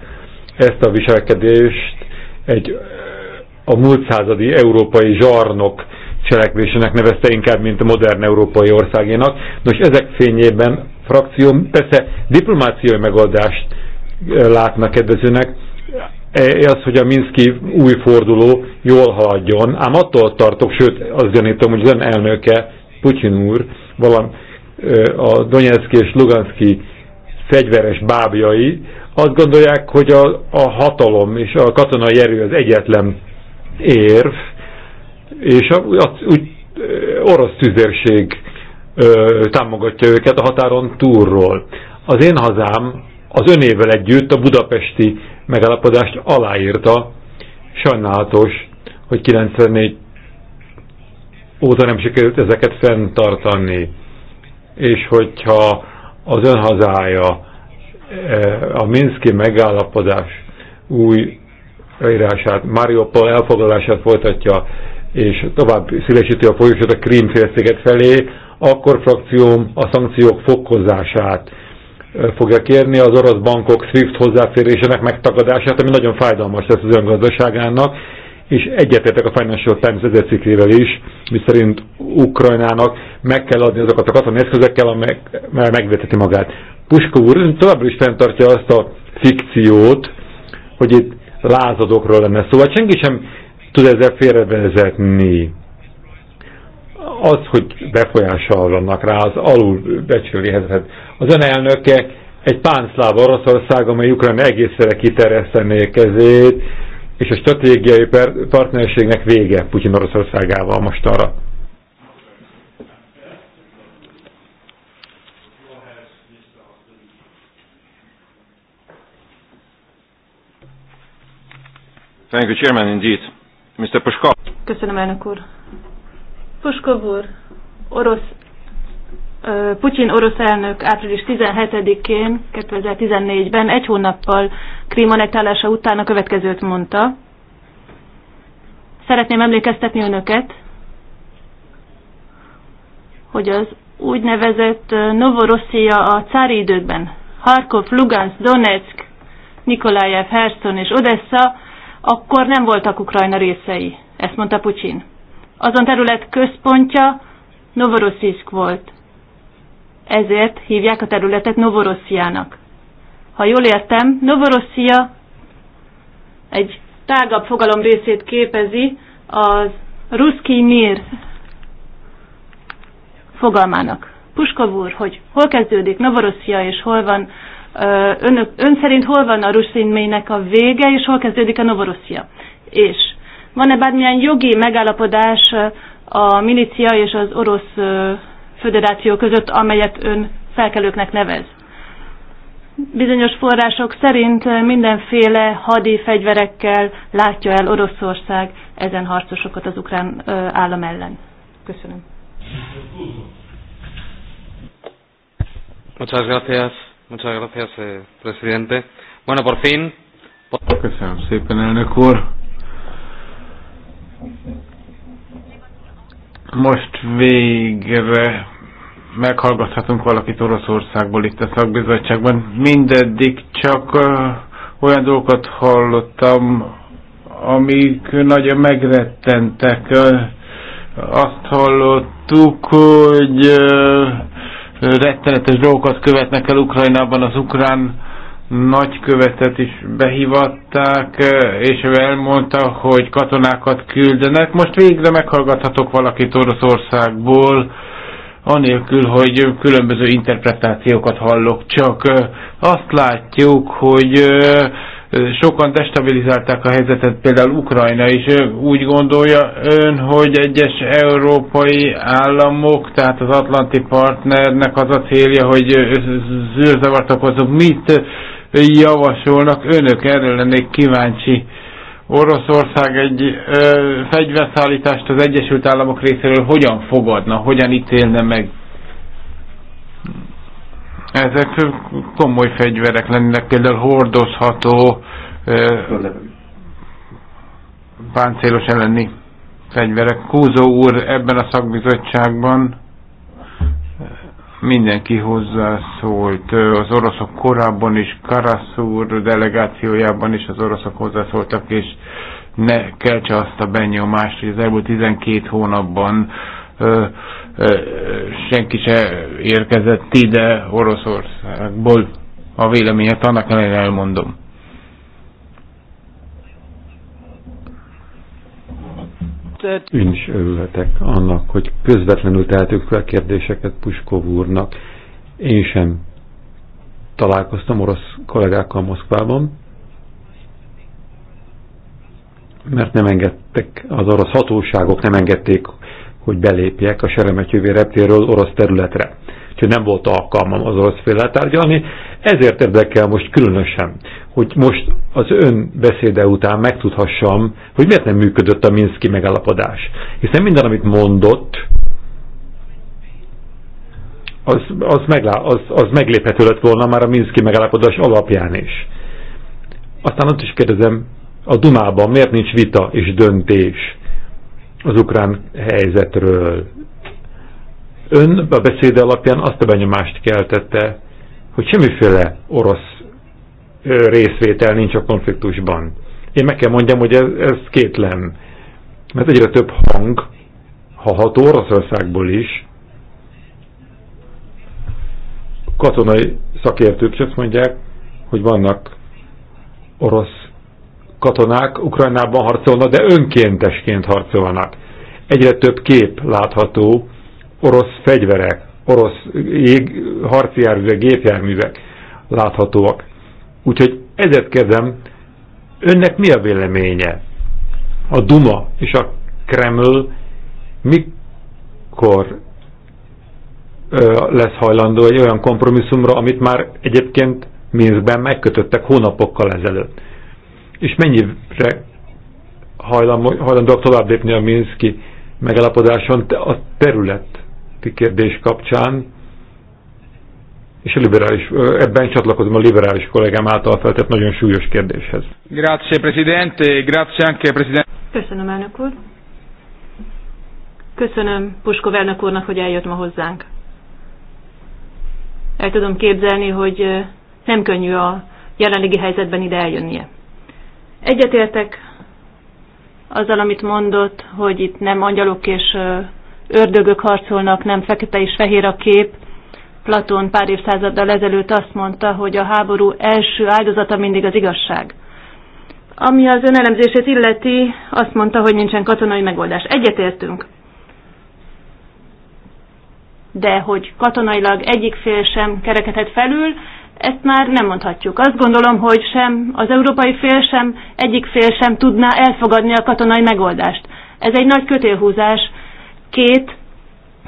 ezt a viselkedést egy a múlt századi európai zsarnok cselekvésének nevezte inkább, mint a modern európai országénak. Nos, ezek fényében frakcióm persze diplomáciai megoldást eh, látna kedvezőnek, E, e az, hogy a Minszki új forduló jól haladjon, ám attól tartok, sőt, azt gyanítom, hogy az ön elnöke, Putyin úr, valam, e, a Donetszki és Luganszki fegyveres bábjai azt gondolják, hogy a, a hatalom és a katonai erő az egyetlen érv, és a, a, úgy, orosz tüzérség ö, támogatja őket a határon túlról. Az én hazám az önével együtt a budapesti megállapodást aláírta. Sajnálatos, hogy 94 óta nem sikerült ezeket fenntartani, és hogyha az önhazája e, a Minszki megállapodás új írását, Mariupol elfoglalását folytatja, és tovább szélesíti a folyosót a Krím felé, akkor frakcióm a szankciók fokozását fogja kérni az orosz bankok SWIFT hozzáférésének megtagadását, ami nagyon fájdalmas lesz az öngazdaságának, és egyetértek a Financial Times ezercikkével is, miszerint Ukrajnának meg kell adni azokat a katonai eszközekkel, amelyek megvédheti magát. Puska úr továbbra is fenntartja azt a fikciót, hogy itt lázadokról lenne szó, szóval senki sem tud ezzel félrevezetni az, hogy befolyással vannak rá, az alul becsüli helyzetet. Az ön elnöke egy pánszláv Oroszország, amely Ukrajna egészre kiterjesztené kezét, és a stratégiai partnerségnek vége Putyin Oroszországával arra. Thank you, Chairman, indeed. Mr. Pushkov. Köszönöm, elnök úr. Puskov úr, orosz, Putyin orosz elnök április 17-én, 2014-ben, egy hónappal Krím annektálása után a következőt mondta. Szeretném emlékeztetni önöket, hogy az úgynevezett Novorosszia a cári időkben, Harkov, Lugansk, Donetsk, Nikolajev, Herson és Odessa akkor nem voltak Ukrajna részei. Ezt mondta Putyin azon terület központja Novorossziszk volt. Ezért hívják a területet Novorossziának. Ha jól értem, Novorosszia egy tágabb fogalom részét képezi az Ruszki Mir fogalmának. Puskov úr, hogy hol kezdődik Novorosszia, és hol van, önök, ön szerint hol van a Ruszin a vége, és hol kezdődik a Novorosszia? És van-e bármilyen jogi megállapodás a milícia és az orosz föderáció között, amelyet ön felkelőknek nevez? Bizonyos források szerint mindenféle hadi fegyverekkel látja el Oroszország ezen harcosokat az ukrán állam ellen. Köszönöm. Muchas gracias, muchas gracias, eh, presidente. Bueno, por fin. Köszönöm szépen, elnök úr. Most végre meghallgathatunk valakit Oroszországból itt a szakbizottságban. Mindeddig csak olyan dolgokat hallottam, amik nagyon megrettentek. Azt hallottuk, hogy rettenetes dolgokat követnek el Ukrajnában az ukrán nagykövetet is behívatták, eh, és ő elmondta, hogy katonákat küldenek. Most végre meghallgathatok valakit Oroszországból, anélkül, hogy különböző interpretációkat hallok, csak eh, azt látjuk, hogy eh, sokan destabilizálták a helyzetet, például Ukrajna is úgy gondolja ön, hogy egyes európai államok, tehát az atlanti partnernek az a célja, hogy zűrzavart okozunk. Mit javasolnak. Önök erről lennék kíváncsi. Oroszország egy ö, fegyverszállítást az Egyesült Államok részéről hogyan fogadna, hogyan ítélne meg? Ezek komoly fegyverek lennének, például hordozható páncélos elleni fegyverek. Kúzó úr ebben a szakbizottságban mindenki hozzászólt, az oroszok korábban is, Karaszúr delegációjában is az oroszok hozzászóltak, és ne keltse azt a benyomást, hogy az elmúlt 12 hónapban ö, ö, senki se érkezett ide Oroszországból. A véleményet annak ellenére elmondom. that... Én is örülhetek annak, hogy közvetlenül tehetünk fel kérdéseket Puskov úrnak. Én sem találkoztam orosz kollégákkal Moszkvában, mert nem engedtek, az orosz hatóságok nem engedték, hogy belépjek a Seremetyővé reptéről orosz területre úgyhogy nem volt alkalmam az oroszféle tárgyalni. Ezért érdekel most különösen, hogy most az ön beszéde után megtudhassam, hogy miért nem működött a Minszki megállapodás. Hiszen minden, amit mondott, az, az, meglá, az, az megléphető lett volna már a Minszki megállapodás alapján is. Aztán ott is kérdezem, a Dunában miért nincs vita és döntés az ukrán helyzetről? Ön a beszéde alapján azt a benyomást keltette, hogy semmiféle orosz részvétel nincs a konfliktusban. Én meg kell mondjam, hogy ez, ez kétlen. Mert egyre több hang, ha hat Oroszországból is, katonai szakértők is azt mondják, hogy vannak orosz katonák Ukrajnában harcolnak, de önkéntesként harcolnak. Egyre több kép látható orosz fegyverek, orosz jég, harci járművek, gépjárművek láthatóak. Úgyhogy ezért kérdem, önnek mi a véleménye? A Duma és a Kreml mikor ö, lesz hajlandó egy olyan kompromisszumra, amit már egyébként Minskben megkötöttek hónapokkal ezelőtt? És mennyire hajlandóak tovább lépni a Minszki megalapodáson a terület kérdés kapcsán, és a liberális, ebben csatlakozom a liberális kollégám által feltett nagyon súlyos kérdéshez. Grazie, Presidente, grazie anche, Presidente. Köszönöm, elnök úr. Köszönöm Puskov elnök úrnak, hogy eljött ma hozzánk. El tudom képzelni, hogy nem könnyű a jelenlegi helyzetben ide eljönnie. Egyetértek azzal, amit mondott, hogy itt nem angyalok és ördögök harcolnak, nem fekete és fehér a kép. Platón pár évszázaddal ezelőtt azt mondta, hogy a háború első áldozata mindig az igazság. Ami az önelemzését illeti, azt mondta, hogy nincsen katonai megoldás. Egyetértünk. De hogy katonailag egyik fél sem kerekedhet felül, ezt már nem mondhatjuk. Azt gondolom, hogy sem az európai fél sem, egyik fél sem tudná elfogadni a katonai megoldást. Ez egy nagy kötélhúzás, két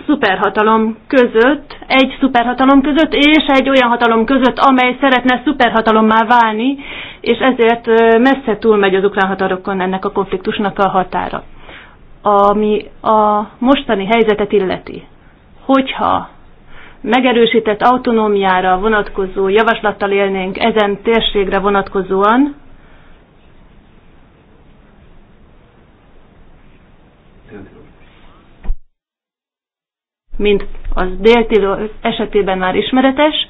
szuperhatalom között, egy szuperhatalom között, és egy olyan hatalom között, amely szeretne szuperhatalommá válni, és ezért messze túlmegy az ukrán határokon ennek a konfliktusnak a határa. Ami a mostani helyzetet illeti, hogyha megerősített autonómiára vonatkozó javaslattal élnénk ezen térségre vonatkozóan, mint az déltiló esetében már ismeretes.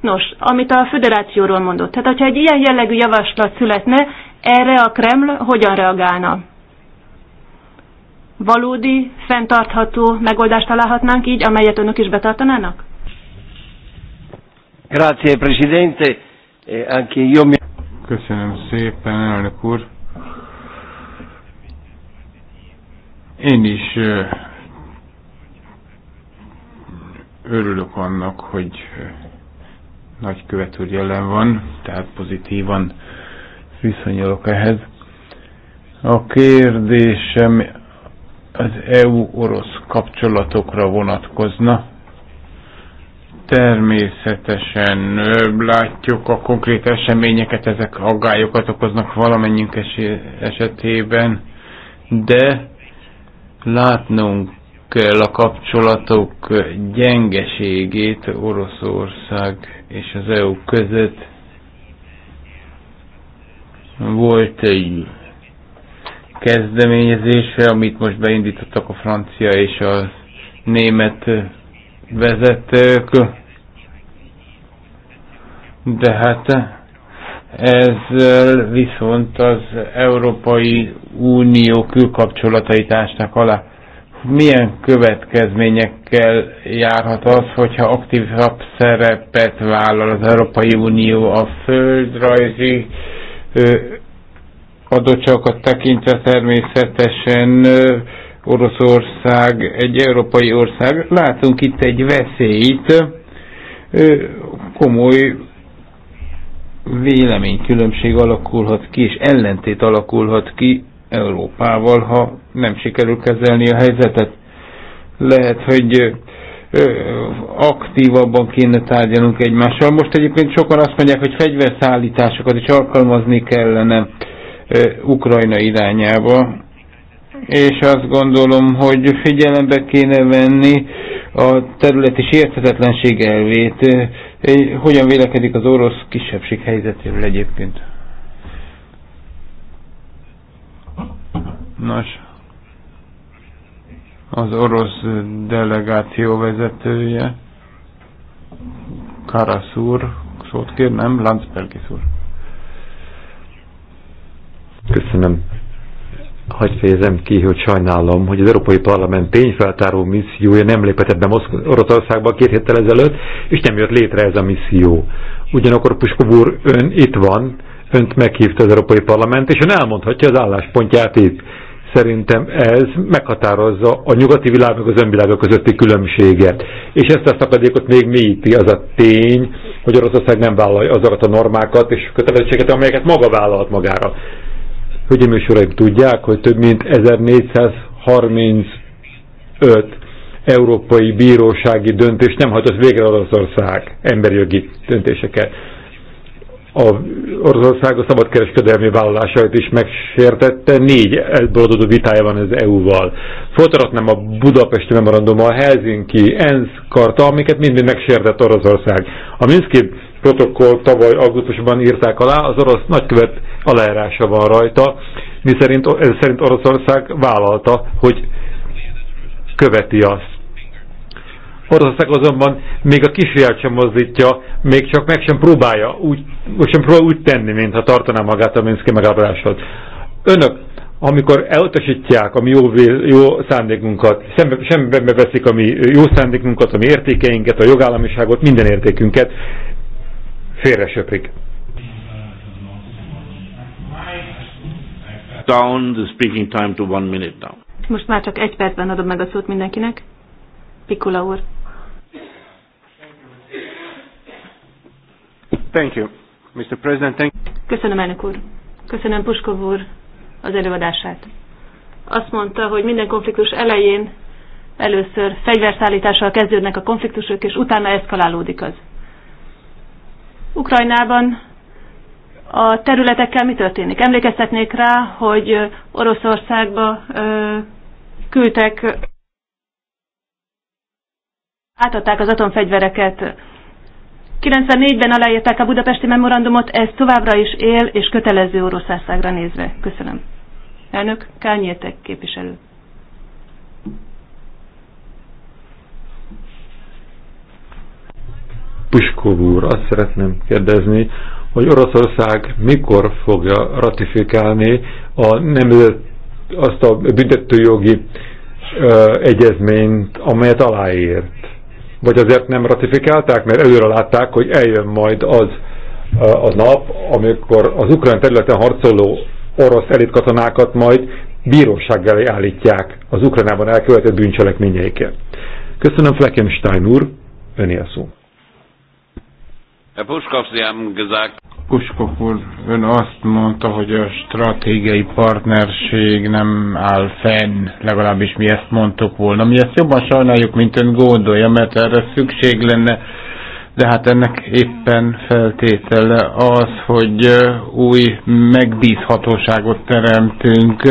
Nos, amit a föderációról mondott. Tehát, hogyha egy ilyen jellegű javaslat születne, erre a Kreml hogyan reagálna? Valódi, fenntartható megoldást találhatnánk így, amelyet önök is betartanának? Grazie, Presidente. E, anche io mi... Köszönöm szépen, elnök úr. Én is Örülök annak, hogy nagy követőr jelen van, tehát pozitívan viszonyulok ehhez. A kérdésem az EU-orosz kapcsolatokra vonatkozna. Természetesen látjuk a konkrét eseményeket, ezek aggályokat okoznak valamennyünk esetében, de látnunk Merkel a kapcsolatok gyengeségét Oroszország és az EU között. Volt egy kezdeményezése, amit most beindítottak a francia és a német vezetők, de hát ezzel viszont az Európai Unió külkapcsolataitásnak alá milyen következményekkel járhat az, hogyha aktívabb szerepet vállal az Európai Unió a földrajzi adottságokat tekintve természetesen Oroszország egy európai ország. Látunk itt egy veszélyt, komoly véleménykülönbség alakulhat ki, és ellentét alakulhat ki Európával, ha nem sikerül kezelni a helyzetet. Lehet, hogy aktívabban kéne tárgyalunk egymással. Most egyébként sokan azt mondják, hogy fegyverszállításokat is alkalmazni kellene Ukrajna irányába, és azt gondolom, hogy figyelembe kéne venni a területi sérthetetlenség elvét. Hogyan vélekedik az orosz kisebbség helyzetéről egyébként? Nos az orosz delegáció vezetője, Karasz úr, szót kér, nem? Landsbergis úr. Köszönöm. Hagy fejezem ki, hogy sajnálom, hogy az Európai Parlament tényfeltáró missziója nem lépett ebbe Oroszországba két héttel ezelőtt, és nem jött létre ez a misszió. Ugyanakkor Puskov úr, ön itt van, önt meghívta az Európai Parlament, és ön elmondhatja az álláspontját itt. Szerintem ez meghatározza a nyugati világ meg az önvilága közötti különbséget. És ezt a szakadékot még mélyíti az a tény, hogy Oroszország nem vállalja azokat a normákat és kötelezettségeket, amelyeket maga vállalt magára. Hölgyeim és uraim, tudják, hogy több mint 1435 európai bírósági döntés nem hajtott végre Oroszország emberi jogi döntéseket a Oroszország a szabadkereskedelmi vállalásait is megsértette, négy ebből vitája van az EU-val. Folytatnám a Budapesti memorandum, a Helsinki, ENSZ karta, amiket mindig mind megsértett Oroszország. A Minszki protokoll tavaly augusztusban írták alá, az orosz nagykövet aláírása van rajta, miszerint ez szerint Oroszország vállalta, hogy követi azt. Oroszország azonban még a kisfiát sem mozdítja, még csak meg sem próbálja úgy, sem próbál úgy tenni, mintha tartaná magát a Minszki megállapodáshoz. Önök, amikor elutasítják a mi jó, jó szándékunkat, semmibe veszik a mi jó szándékunkat, a mi értékeinket, a jogállamiságot, minden értékünket, félre söprik. Down the speaking time to one minute now. Most már csak egy percben adom meg a szót mindenkinek. Pikula úr. Thank you. Mr. President, thank Köszönöm, elnök úr. Köszönöm Puskov úr az előadását. Azt mondta, hogy minden konfliktus elején először fegyverszállítással kezdődnek a konfliktusok, és utána eszkalálódik az. Ukrajnában a területekkel mi történik? Emlékeztetnék rá, hogy Oroszországba küldtek, átadták az atomfegyvereket 94-ben aláírták a budapesti memorandumot, ez továbbra is él és kötelező Oroszországra nézve. Köszönöm. Elnök Kányértek képviselő. Puskov úr, azt szeretném kérdezni, hogy Oroszország mikor fogja ratifikálni a nem azt a büntetőjogi egyezményt, amelyet aláírt vagy azért nem ratifikálták, mert előre látták, hogy eljön majd az eh, a nap, amikor az ukrán területen harcoló orosz elitkatonákat majd bíróság elé állítják az Ukránában elkövetett bűncselekményeiket. Köszönöm Fleckenstein úr, öné a szó. Herr Puskov, Sie haben gesagt... Puskok úr, ön azt mondta, hogy a stratégiai partnerség nem áll fenn, legalábbis mi ezt mondtuk volna. Mi ezt jobban sajnáljuk, mint ön gondolja, mert erre szükség lenne de hát ennek éppen feltétele az, hogy új megbízhatóságot teremtünk,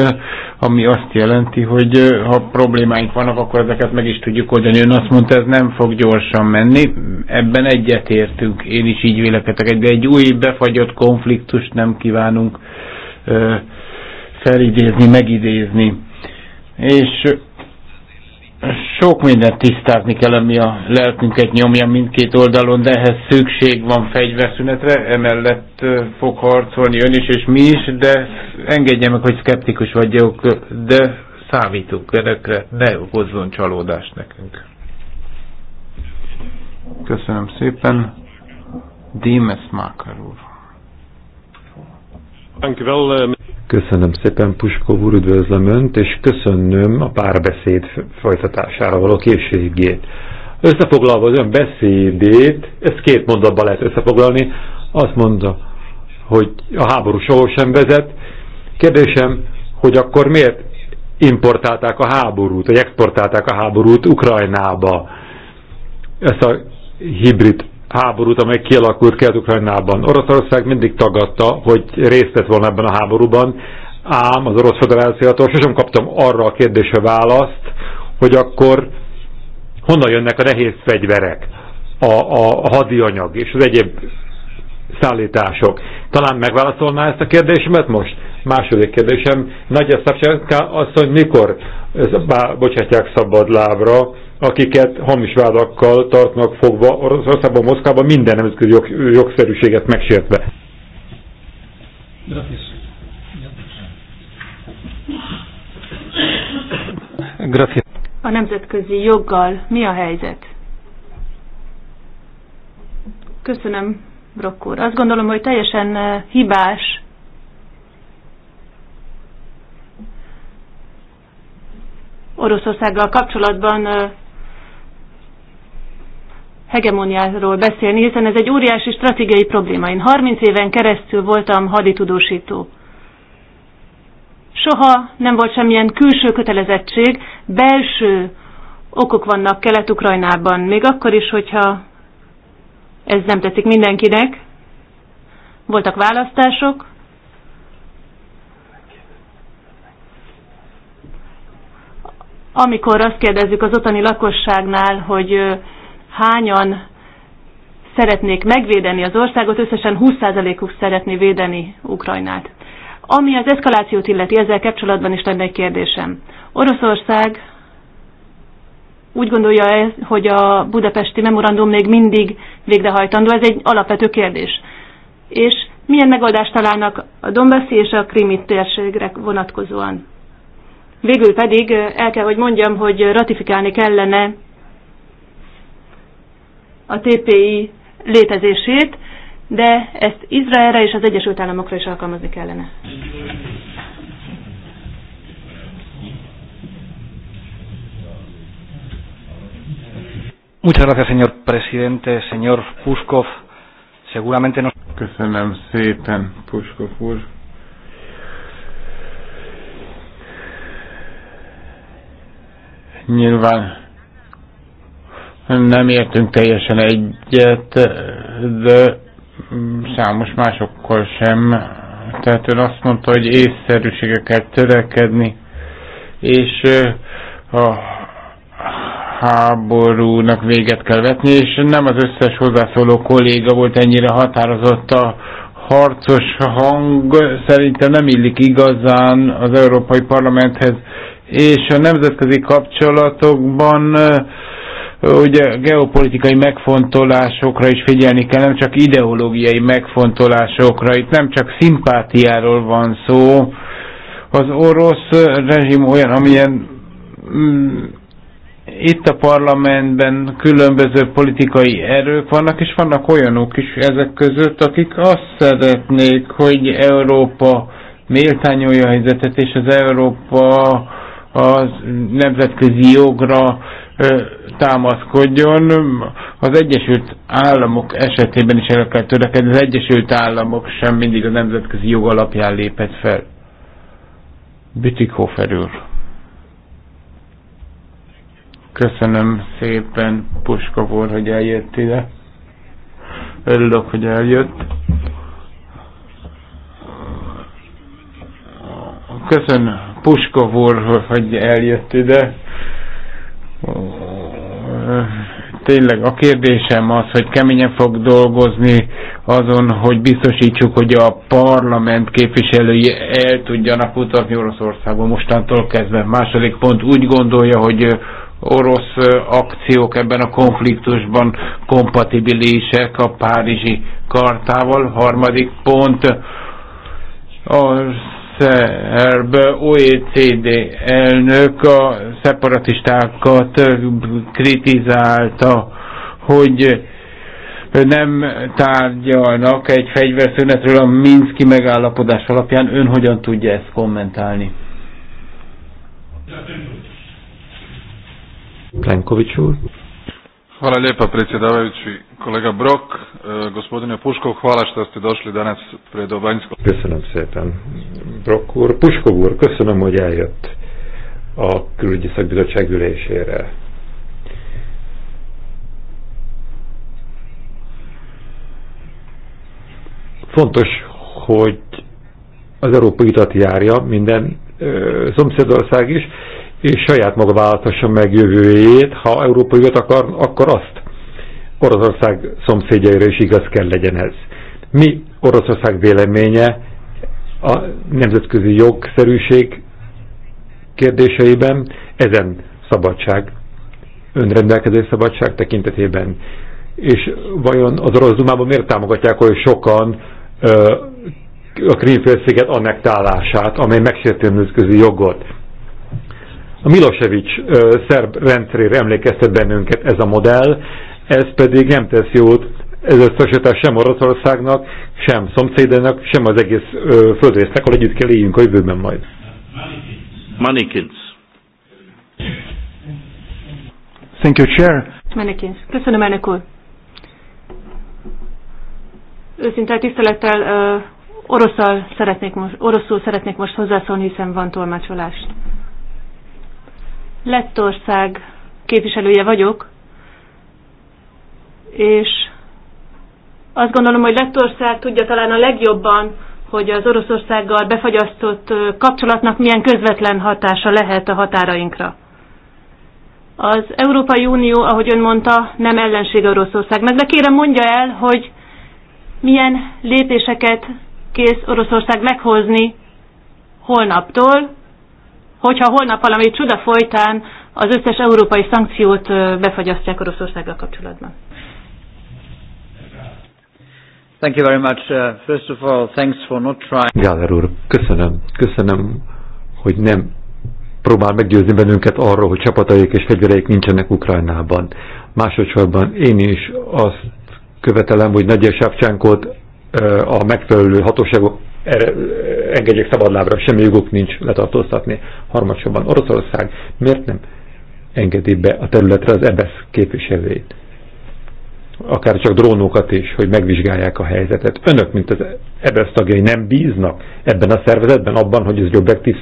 ami azt jelenti, hogy ha problémáink vannak, akkor ezeket meg is tudjuk oldani. Ön azt mondta, ez nem fog gyorsan menni, ebben egyetértünk, én is így vélekedek, de egy új befagyott konfliktust nem kívánunk felidézni, megidézni. És sok mindent tisztázni kell, ami a lelkünket nyomja mindkét oldalon, de ehhez szükség van fegyverszünetre, emellett fog harcolni ön is és mi is, de engedje meg, hogy szkeptikus vagyok, de számítunk önökre, ne okozzon csalódást nekünk. Köszönöm szépen. Dímes Mákar úr. Köszönöm szépen, Puskov úr, üdvözlöm Önt, és köszönöm a párbeszéd folytatására való készségét. Összefoglalva az Ön beszédét, ezt két mondatban lehet összefoglalni, azt mondta, hogy a háború sohasem vezet. Kérdésem, hogy akkor miért importálták a háborút, vagy exportálták a háborút Ukrajnába? Ezt a hibrid háborút, amely kialakult Kelet-Ukrajnában. Oroszország mindig tagadta, hogy részt vett volna ebben a háborúban, ám az Orosz Federációtól sosem kaptam arra a kérdésre választ, hogy akkor honnan jönnek a nehéz fegyverek, a, a, a hadianyag és az egyéb szállítások. Talán megválaszolná ezt a kérdésemet most? Második kérdésem, Nagy Szabcsenka asszony mikor bocsátják szabad lábra, akiket hamis vádakkal tartnak fogva Oroszországban, Moszkvában minden nemzetközi jog, jogszerűséget megsértve. A nemzetközi joggal mi a helyzet? Köszönöm, Brokkor. Azt gondolom, hogy teljesen eh, hibás Oroszországgal kapcsolatban hegemoniáról beszélni, hiszen ez egy óriási stratégiai probléma. Én 30 éven keresztül voltam haditudósító. Soha nem volt semmilyen külső kötelezettség, belső okok vannak Kelet-Ukrajnában, még akkor is, hogyha ez nem tetszik mindenkinek. Voltak választások, amikor azt kérdezzük az otani lakosságnál, hogy hányan szeretnék megvédeni az országot, összesen 20%-uk szeretné védeni Ukrajnát. Ami az eszkalációt illeti, ezzel kapcsolatban is lenne egy kérdésem. Oroszország úgy gondolja, hogy a budapesti memorandum még mindig végrehajtandó, ez egy alapvető kérdés. És milyen megoldást találnak a Donbassi és a Krimi térségre vonatkozóan? Végül pedig eh, el kell, hogy mondjam, hogy ratifikálni kellene a TPI létezését, de ezt Izraelre és az Egyesült Államokra is alkalmazni kellene. Muchas gracias, señor presidente, señor Puskov. Seguramente no... Köszönöm szépen, Puskov úr. Nyilván nem értünk teljesen egyet, de számos másokkal sem. Tehát ő azt mondta, hogy észszerűsége kell törekedni, és a háborúnak véget kell vetni, és nem az összes hozzászóló kolléga volt ennyire határozott a harcos hang, szerintem nem illik igazán az Európai Parlamenthez, és a nemzetközi kapcsolatokban ugye geopolitikai megfontolásokra is figyelni kell, nem csak ideológiai megfontolásokra, itt nem csak szimpátiáról van szó. Az orosz rezsim olyan, amilyen mm, itt a parlamentben különböző politikai erők vannak, és vannak olyanok is ezek között, akik azt szeretnék, hogy Európa méltányolja a helyzetet, és az Európa a nemzetközi jogra támaszkodjon. Az Egyesült Államok esetében is el kell törekedni, az Egyesült Államok sem mindig a nemzetközi jog alapján lépett fel. Bütikhofer úr. Köszönöm szépen, Puska volt, hogy eljött ide. Örülök, hogy eljött. Köszönöm Puskov hogy eljött ide. Tényleg a kérdésem az, hogy keményen fog dolgozni azon, hogy biztosítsuk, hogy a parlament képviselői el tudjanak utazni Oroszországba mostantól kezdve. Második pont úgy gondolja, hogy orosz akciók ebben a konfliktusban kompatibilisek a Párizsi kartával. Harmadik pont, az szerb OECD elnök a szeparatistákat kritizálta, hogy nem tárgyalnak egy fegyverszünetről a Minszki megállapodás alapján. Ön hogyan tudja ezt kommentálni? Plenkovics úr. Hvala lijepa predsjedavajući kolega Brok. E, gospodine Puškov, hvala što ste došli danas pred Obanjsko. Köszönöm szépen. Brok úr, Puškov úr, köszönöm, hogy eljött a külügyi szakbizottság ülésére. Fontos, hogy az Európai utat járja minden ö, szomszédország is, és saját maga választhassa meg jövőjét, ha Európa jövőt akar, akkor azt Oroszország szomszédjaira is igaz kell legyen ez. Mi Oroszország véleménye a nemzetközi jogszerűség kérdéseiben, ezen szabadság, önrendelkezés szabadság tekintetében. És vajon az orosz dumában miért támogatják oly sokan ö, a Krímfélsziget annektálását, amely megsérti a nemzetközi jogot? A Milosevic szerb rendszerére emlékeztet bennünket ez a modell, ez pedig nem tesz jót ez összehasonlítás sem Oroszországnak, sem szomszédának, sem az egész földrésznek, ahol együtt kell éljünk a jövőben majd. Manikins. Thank you, Chair. Manikins. Köszönöm, elnök úr. Őszintén tisztelettel uh, oroszal szeretnék most, oroszul szeretnék most hozzászólni, hiszen van tolmácsolást. Lettország képviselője vagyok, és azt gondolom, hogy Lettország tudja talán a legjobban, hogy az Oroszországgal befagyasztott kapcsolatnak milyen közvetlen hatása lehet a határainkra. Az Európai Unió, ahogy ön mondta, nem ellenség Oroszországnak, de kérem mondja el, hogy milyen lépéseket kész Oroszország meghozni holnaptól, hogyha holnap valami csuda folytán az összes európai szankciót befagyasztják Oroszországgal kapcsolatban. Thank you very much. Uh, first of all, thanks for not trying. Gáler úr, köszönöm. Köszönöm, hogy nem próbál meggyőzni bennünket arról, hogy csapataik és fegyvereik nincsenek Ukrajnában. Másodszorban én is azt követelem, hogy Nagyja Sápcsánkot a megfelelő hatóságok erre eh, engedjék szabadlábra, semmi joguk nincs letartóztatni. Harmadsorban Oroszország miért nem engedi be a területre az EBSZ képviselőit? akár csak drónokat is, hogy megvizsgálják a helyzetet. Önök, mint az EBSZ tagjai nem bíznak ebben a szervezetben, abban, hogy ez egy objektív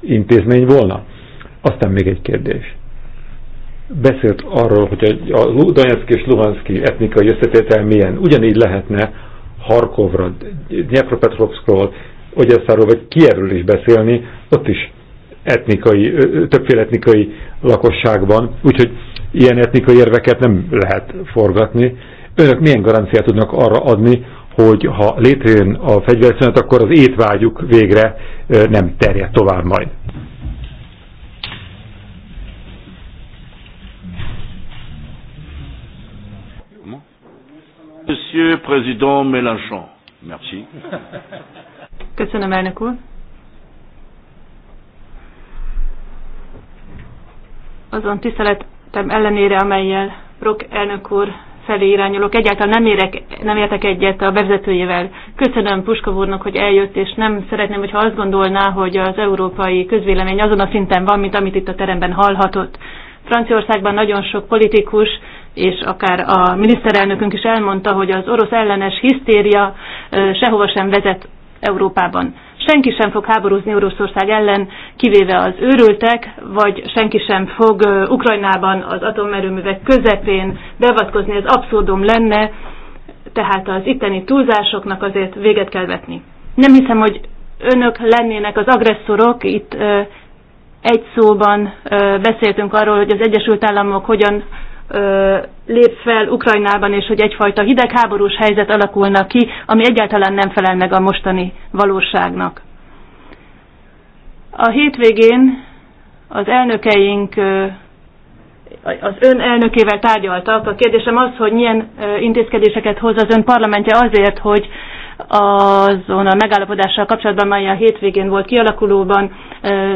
intézmény volna? Aztán még egy kérdés. Beszélt arról, hogy a Donetszki és Luhanszki etnikai összetétel milyen. Ugyanígy lehetne Harkovra, Dnyepropetrovskról, Ogyeszáról vagy Kievről is beszélni, ott is etnikai, többféle etnikai lakosság van, úgyhogy ilyen etnikai érveket nem lehet forgatni. Önök milyen garanciát tudnak arra adni, hogy ha létrejön a fegyverszünet, akkor az étvágyuk végre nem terjed tovább majd? Monsieur Président Mélenchon. Merci. Köszönöm, elnök úr. Azon tiszteletem ellenére, amelyel Brock elnök úr felé irányulok, egyáltalán nem, érek, nem értek egyet a vezetőjével. Köszönöm Puskov úrnak, hogy eljött, és nem szeretném, hogyha azt gondolná, hogy az európai közvélemény azon a szinten van, mint amit itt a teremben hallhatott. Franciaországban nagyon sok politikus és akár a miniszterelnökünk is elmondta, hogy az orosz ellenes hisztéria sehova sem vezet Európában. Senki sem fog háborúzni Oroszország ellen, kivéve az őrültek, vagy senki sem fog Ukrajnában az atomerőművek közepén beavatkozni, ez abszurdum lenne, tehát az itteni túlzásoknak azért véget kell vetni. Nem hiszem, hogy önök lennének az agresszorok, itt egy szóban beszéltünk arról, hogy az Egyesült Államok hogyan lép fel Ukrajnában, és hogy egyfajta hidegháborús helyzet alakulna ki, ami egyáltalán nem felel meg a mostani valóságnak. A hétvégén az elnökeink az ön elnökével tárgyaltak. A kérdésem az, hogy milyen intézkedéseket hoz az ön parlamentje azért, hogy azon a megállapodással kapcsolatban, mely a hétvégén volt kialakulóban,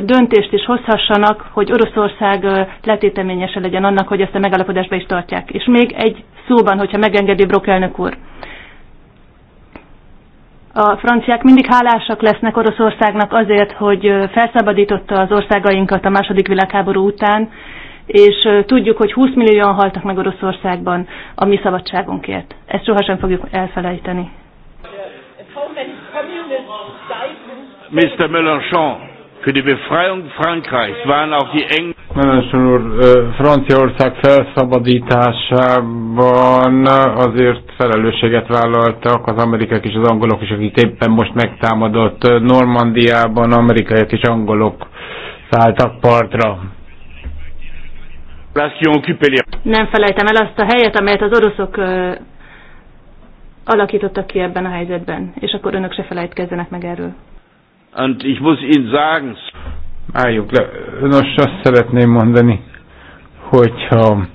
döntést is hozhassanak, hogy Oroszország letéteményese legyen annak, hogy ezt a megállapodást be is tartják. És még egy szóban, hogyha megengedi Brok elnök úr. A franciák mindig hálásak lesznek Oroszországnak azért, hogy felszabadította az országainkat a második világháború után, és tudjuk, hogy 20 millióan haltak meg Oroszországban a mi szabadságunkért. Ezt sohasem fogjuk elfelejteni. Mr. Mélenchon, für die Befreiung Frankreichs waren auch die Engländer. Mélenchon úr, Franciaország felszabadításában azért felelősséget vállaltak az amerikaiak és az angolok is, akik éppen most megtámadott Normandiában, amerikaiak és angolok szálltak partra. Nem felejtem el azt a helyet, amelyet az oroszok alakítottak ki ebben a helyzetben, és akkor önök se felejtkezzenek meg erről. And ich muss Ihnen sagen... Álljuk le. Nos, azt szeretném mondani, hogyha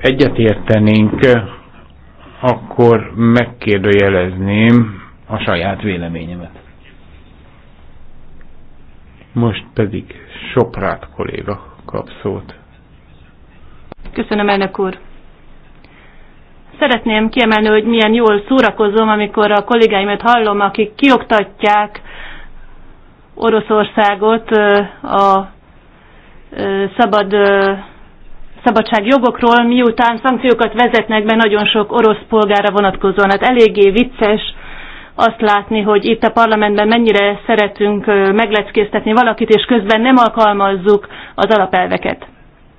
egyetértenénk, akkor megkérdőjelezném a saját véleményemet. Most pedig Soprát kolléga kap szót. Köszönöm, elnök úr. Szeretném kiemelni, hogy milyen jól szórakozom, amikor a kollégáimat hallom, akik kioktatják Oroszországot a szabad szabadságjogokról, miután szankciókat vezetnek be nagyon sok orosz polgára vonatkozóan. Hát eléggé vicces azt látni, hogy itt a parlamentben mennyire szeretünk megleckéztetni valakit, és közben nem alkalmazzuk az alapelveket.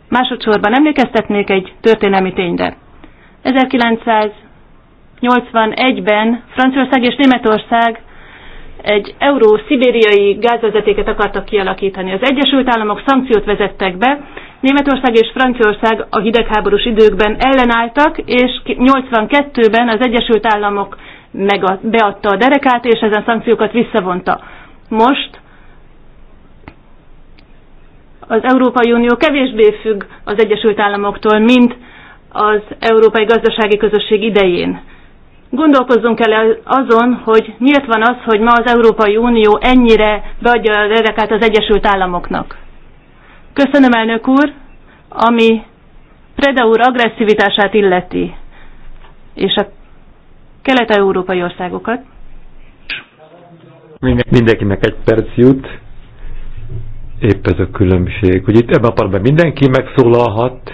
Másodszorban emlékeztetnék egy történelmi tényre. 1981-ben Franciaország és Németország egy euró-szibériai gázvezetéket akartak kialakítani. Az Egyesült Államok szankciót vezettek be, Németország és Franciaország a hidegháborús időkben ellenálltak, és 82-ben az Egyesült Államok megad, beadta a derekát, és ezen szankciókat visszavonta. Most az Európai Unió kevésbé függ az Egyesült Államoktól, mint az Európai Gazdasági Közösség idején. Gondolkozzunk el azon, hogy miért van az, hogy ma az Európai Unió ennyire beadja a derekát az Egyesült Államoknak. Köszönöm, elnök úr, ami Preda úr agresszivitását illeti, és a kelet-európai országokat. Mindenkinek egy perc jut. Épp ez a különbség, hogy itt ebben a parban mindenki megszólalhat,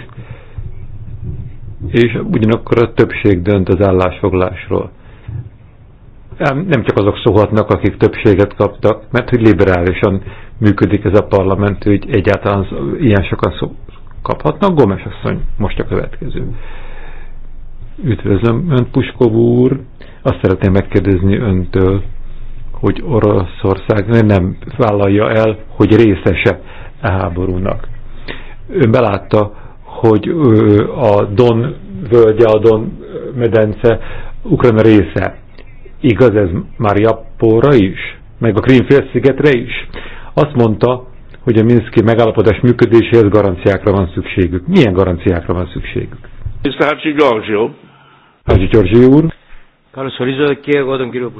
és ugyanakkor a többség dönt az állásfoglásról. Nem csak azok szólhatnak, akik többséget kaptak, mert hogy liberálisan működik ez a parlament, hogy egyáltalán ilyen sokan szó kaphatnak. Gomes asszony most a következő. Üdvözlöm Önt, Puskov úr. Azt szeretném megkérdezni Öntől, hogy Oroszország nem vállalja el, hogy részese a háborúnak. Ön belátta, hogy a Don völgye, a Don medence Ukrajna része. Igaz ez Mariapóra is? Meg a Krímfélszigetre is? Azt mondta, hogy a Minszki megállapodás működéséhez garanciákra van szükségük. Milyen garanciákra van szükségük? Mr. Hácsi Gyorzsió. Hácsi Gyorzsió úr. Carlos Horizó, ki a Gordon Kiró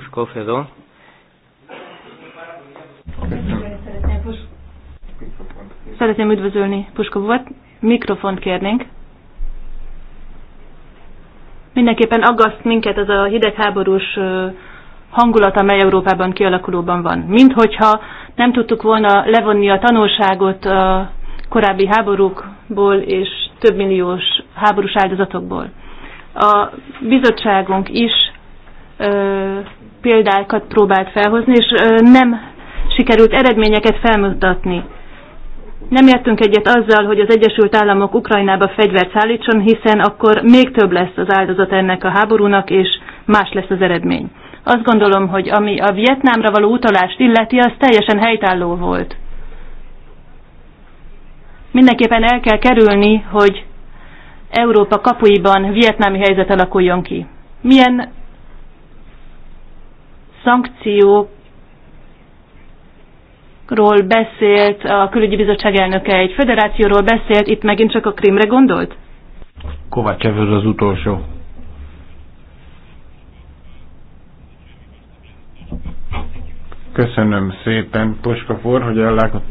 Szeretném üdvözölni Puskovat, Mikrofont kérnénk. Mindenképpen aggaszt minket ez a hidegháborús hangulat, amely Európában kialakulóban van. Mint hogyha nem tudtuk volna levonni a tanulságot a korábbi háborúkból és több milliós háborús áldozatokból. A bizottságunk is ö, példákat próbált felhozni, és ö, nem sikerült eredményeket felmutatni. Nem értünk egyet azzal, hogy az Egyesült Államok Ukrajnába fegyvert szállítson, hiszen akkor még több lesz az áldozat ennek a háborúnak, és más lesz az eredmény. Azt gondolom, hogy ami a Vietnámra való utalást illeti, az teljesen helytálló volt. Mindenképpen el kell kerülni, hogy Európa kapuiban vietnámi helyzet alakuljon ki. Milyen szankciók ról beszélt, a külügyi bizottság elnöke egy federációról beszélt, itt megint csak a krimre gondolt? Kovács Evőz az utolsó. Köszönöm szépen, Poska for, hogy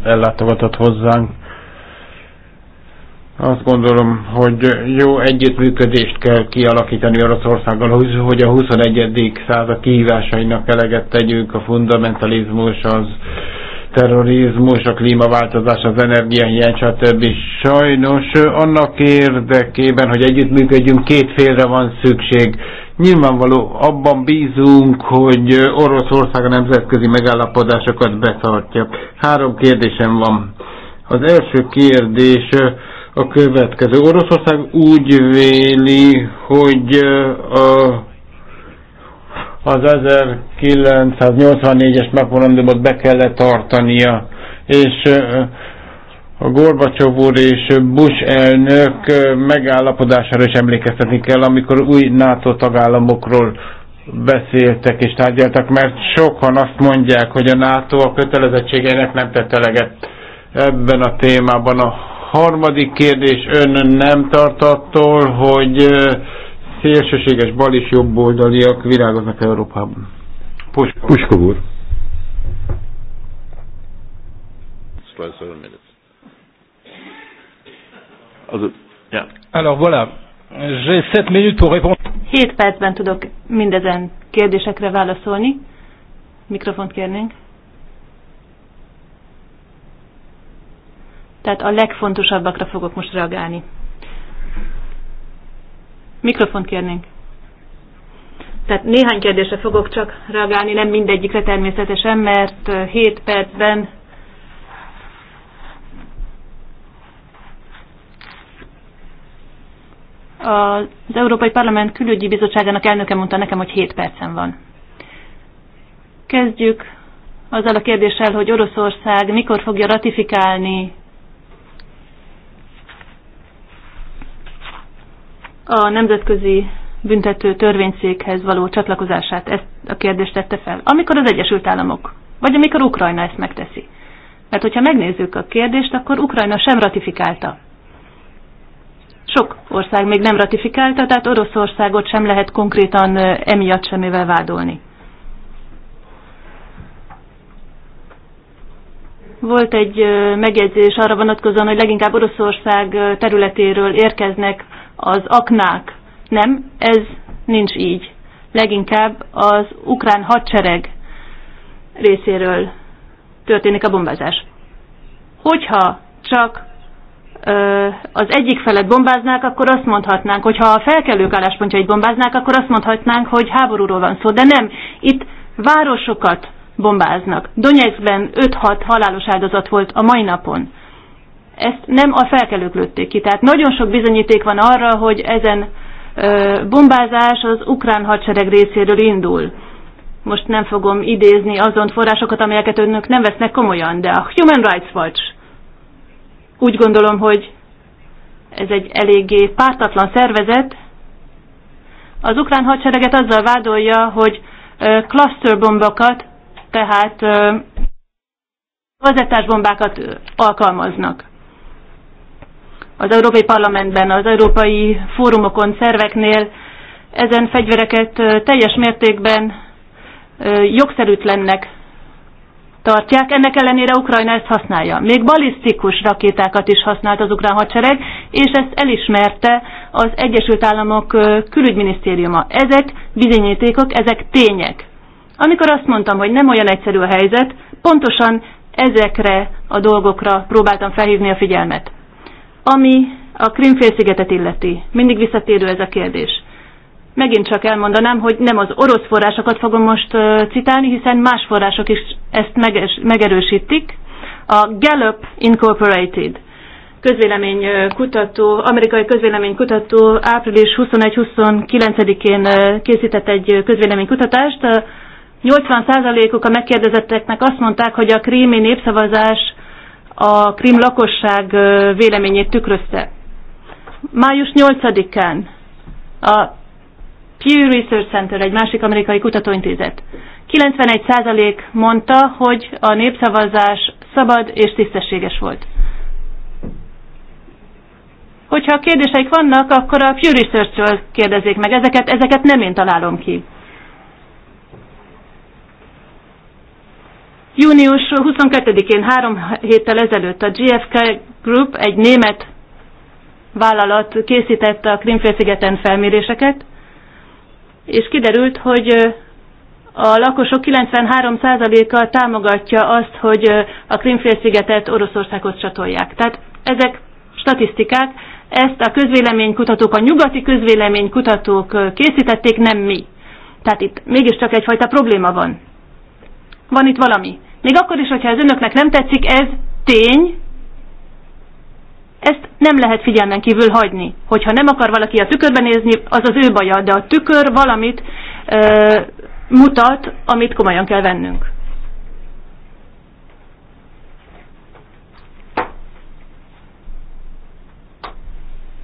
ellátogatott hozzánk. Azt gondolom, hogy jó együttműködést kell kialakítani Oroszországgal, hogy a 21. század kihívásainak eleget tegyünk, a fundamentalizmus, az terrorizmus, a klímaváltozás, az energiahiány, stb. Sajnos annak érdekében, hogy együttműködjünk, két félre van szükség. Nyilvánvaló, abban bízunk, hogy Oroszország a nemzetközi megállapodásokat betartja. Három kérdésem van. Az első kérdés a következő. Oroszország úgy véli, hogy a az 1984-es megforradalmat be kellett tartania, és a Gorbacsov úr és Bush elnök megállapodására is emlékeztetni kell, amikor új NATO tagállamokról beszéltek és tárgyaltak, mert sokan azt mondják, hogy a NATO a kötelezettségeinek nem tett eleget ebben a témában. A harmadik kérdés ön nem tart attól, hogy szélsőséges bal és jobb oldaliak virágoznak Európában. Puskov, Puskov úr. Alors voilà, j'ai 7 minutes pour répondre. 7 percben tudok mindezen kérdésekre válaszolni. Mikrofont kérnénk. Tehát a legfontosabbakra fogok most reagálni. Mikrofont kérnénk. Tehát néhány kérdésre fogok csak reagálni, nem mindegyikre természetesen, mert 7 percben az Európai Parlament külügyi bizottságának elnöke mondta nekem, hogy 7 percen van. Kezdjük azzal a kérdéssel, hogy Oroszország mikor fogja ratifikálni a nemzetközi büntető törvényszékhez való csatlakozását, ezt a kérdést tette fel. Amikor az Egyesült Államok, vagy amikor Ukrajna ezt megteszi. Mert hogyha megnézzük a kérdést, akkor Ukrajna sem ratifikálta. Sok ország még nem ratifikálta, tehát Oroszországot sem lehet konkrétan emiatt semmivel vádolni. Volt egy megjegyzés arra vonatkozóan, hogy leginkább Oroszország területéről érkeznek az aknák. Nem, ez nincs így. Leginkább az ukrán hadsereg részéről történik a bombázás. Hogyha csak az egyik felet bombáznák, akkor azt mondhatnánk, hogyha a felkelők álláspontjait bombáznák, akkor azt mondhatnánk, hogy háborúról van szó, de nem. Itt városokat bombáznak. Donetskben 5-6 halálos áldozat volt a mai napon ezt nem a felkelők lőtték ki. Tehát nagyon sok bizonyíték van arra, hogy ezen bombázás az ukrán hadsereg részéről indul. Most nem fogom idézni azon forrásokat, amelyeket önök nem vesznek komolyan, de a Human Rights Watch úgy gondolom, hogy ez egy eléggé pártatlan szervezet. Az ukrán hadsereget azzal vádolja, hogy cluster bombakat, tehát vezetásbombákat alkalmaznak az Európai Parlamentben, az európai fórumokon, szerveknél ezen fegyvereket teljes mértékben jogszerűtlennek tartják. Ennek ellenére Ukrajna ezt használja. Még balisztikus rakétákat is használt az ukrán hadsereg, és ezt elismerte az Egyesült Államok külügyminisztériuma. Ezek bizonyítékok, ezek tények. Amikor azt mondtam, hogy nem olyan egyszerű a helyzet, pontosan ezekre a dolgokra próbáltam felhívni a figyelmet. Ami a Krimfélszigetet illeti, mindig visszatérő ez a kérdés. Megint csak elmondanám, hogy nem az orosz forrásokat fogom most citálni, hiszen más források is ezt megerősítik. A Gallup Incorporated közvélemény kutató, amerikai közvélemény kutató április 21-29-én készített egy közvélemény kutatást. 80%-uk a megkérdezetteknek azt mondták, hogy a krími népszavazás a krim lakosság véleményét tükrözte. Május 8-án a Pew Research Center, egy másik amerikai kutatóintézet, 91% mondta, hogy a népszavazás szabad és tisztességes volt. Hogyha a kérdéseik vannak, akkor a Pew Research-ről kérdezzék meg ezeket, ezeket nem én találom ki. Június 22-én, három héttel ezelőtt a GFK Group, egy német vállalat készítette a Krimfélszigeten felméréseket, és kiderült, hogy a lakosok 93%-a támogatja azt, hogy a Krimfélszigetet Oroszországhoz csatolják. Tehát ezek statisztikák, ezt a közvéleménykutatók, a nyugati közvéleménykutatók készítették, nem mi. Tehát itt mégiscsak egyfajta probléma van van itt valami. Még akkor is, hogyha ez önöknek nem tetszik, ez tény, ezt nem lehet figyelmen kívül hagyni. Hogyha nem akar valaki a tükörbe nézni, az az ő baja, de a tükör valamit ö, mutat, amit komolyan kell vennünk.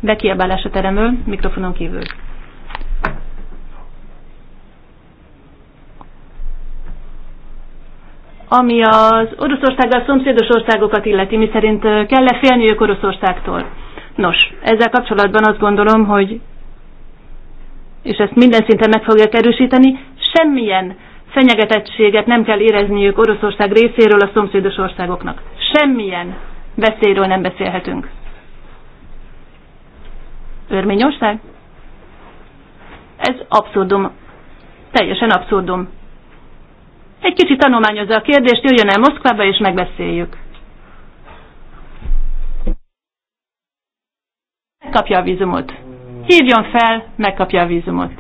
Bekiabálás a teremről, mikrofonon kívül. ami az Oroszországgal szomszédos országokat illeti, mi szerint kell-e félniük Oroszországtól. Nos, ezzel kapcsolatban azt gondolom, hogy, és ezt minden szinten meg fogják erősíteni, semmilyen fenyegetettséget nem kell érezniük Oroszország részéről a szomszédos országoknak. Semmilyen veszélyről nem beszélhetünk. Örményország? Ez abszurdum. Teljesen abszurdum egy kicsit tanulmányozza a kérdést, jöjjön el Moszkvába és megbeszéljük. Megkapja a vízumot. Hívjon fel, megkapja a vízumot.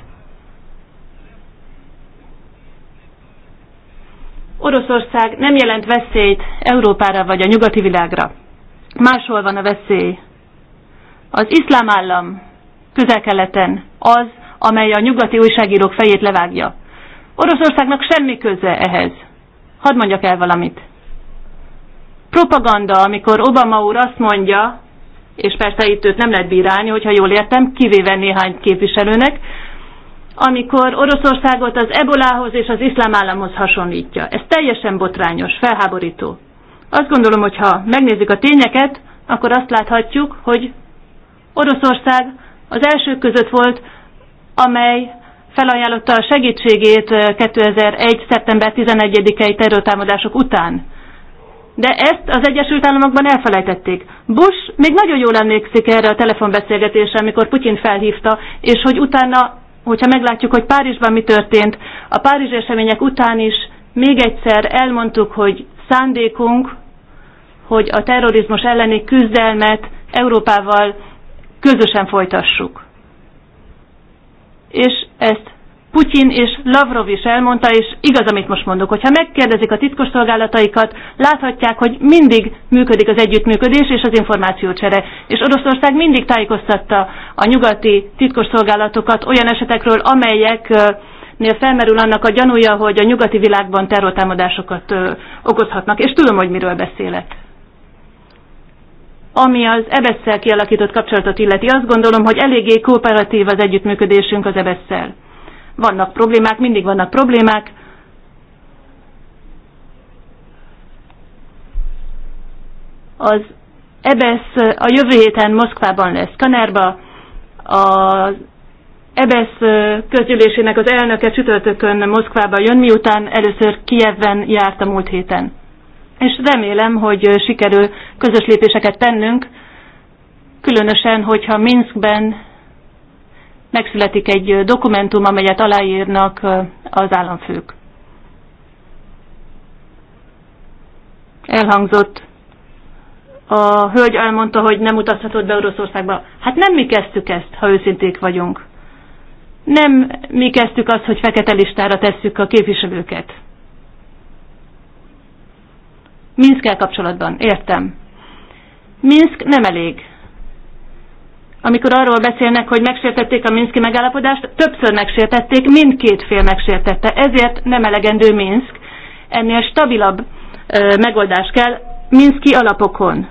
Oroszország nem jelent veszélyt Európára vagy a nyugati világra. Máshol van a veszély. Az iszlám állam közel-keleten az, amely a nyugati újságírók fejét levágja. Oroszországnak semmi köze ehhez. Hadd mondjak el valamit. Propaganda, amikor Obama úr azt mondja, és persze itt őt nem lehet bírálni, hogyha jól értem, kivéve néhány képviselőnek, amikor Oroszországot az ebolához és az iszlám államhoz hasonlítja. Ez teljesen botrányos, felháborító. Azt gondolom, hogy ha megnézzük a tényeket, akkor azt láthatjuk, hogy Oroszország az elsők között volt, amely felajánlotta a segítségét 2001. Eh, szeptember 11-i terrortámadások után. De ezt az Egyesült Államokban elfelejtették. Bush még nagyon jól emlékszik erre a telefonbeszélgetésre, amikor Putyin felhívta, és hogy utána, hogyha meglátjuk, hogy Párizsban mi történt, a Párizs események után is még egyszer elmondtuk, hogy szándékunk, hogy a terrorizmus elleni küzdelmet Európával közösen folytassuk és ezt Putyin és Lavrov is elmondta, és igaz, amit most mondok, hogyha megkérdezik a szolgálataikat, láthatják, hogy mindig működik az együttműködés és az információcsere. És Oroszország mindig tájékoztatta a nyugati szolgálatokat olyan esetekről, amelyek amelyeknél felmerül annak a gyanúja, hogy a nyugati világban terrortámadásokat okozhatnak. És tudom, hogy miről beszélek. Ami az ebesszel kialakított kapcsolatot illeti, azt gondolom, hogy eléggé kooperatív az együttműködésünk az ebesszel. Vannak problémák, mindig vannak problémák, az EBESZ a jövő héten Moszkvában lesz Kanárba, az EBESZ közgyűlésének az elnöke csütörtökön Moszkvába jön, miután először Kijevben járt a múlt héten és remélem, hogy sikerül közös lépéseket tennünk, különösen, hogyha Minskben megszületik egy dokumentum, amelyet aláírnak az államfők. Elhangzott. A hölgy elmondta, hogy nem utazhatott be Oroszországba. Hát nem mi kezdtük ezt, ha őszinték vagyunk. Nem mi kezdtük azt, hogy fekete listára tesszük a képviselőket. Minszkel kapcsolatban, értem. Minsk nem elég. Amikor arról beszélnek, hogy megsértették a Minszki megállapodást, többször megsértették, mindkét fél megsértette. Ezért nem elegendő Minsk. Ennél stabilabb ö, megoldás kell Minszki alapokon.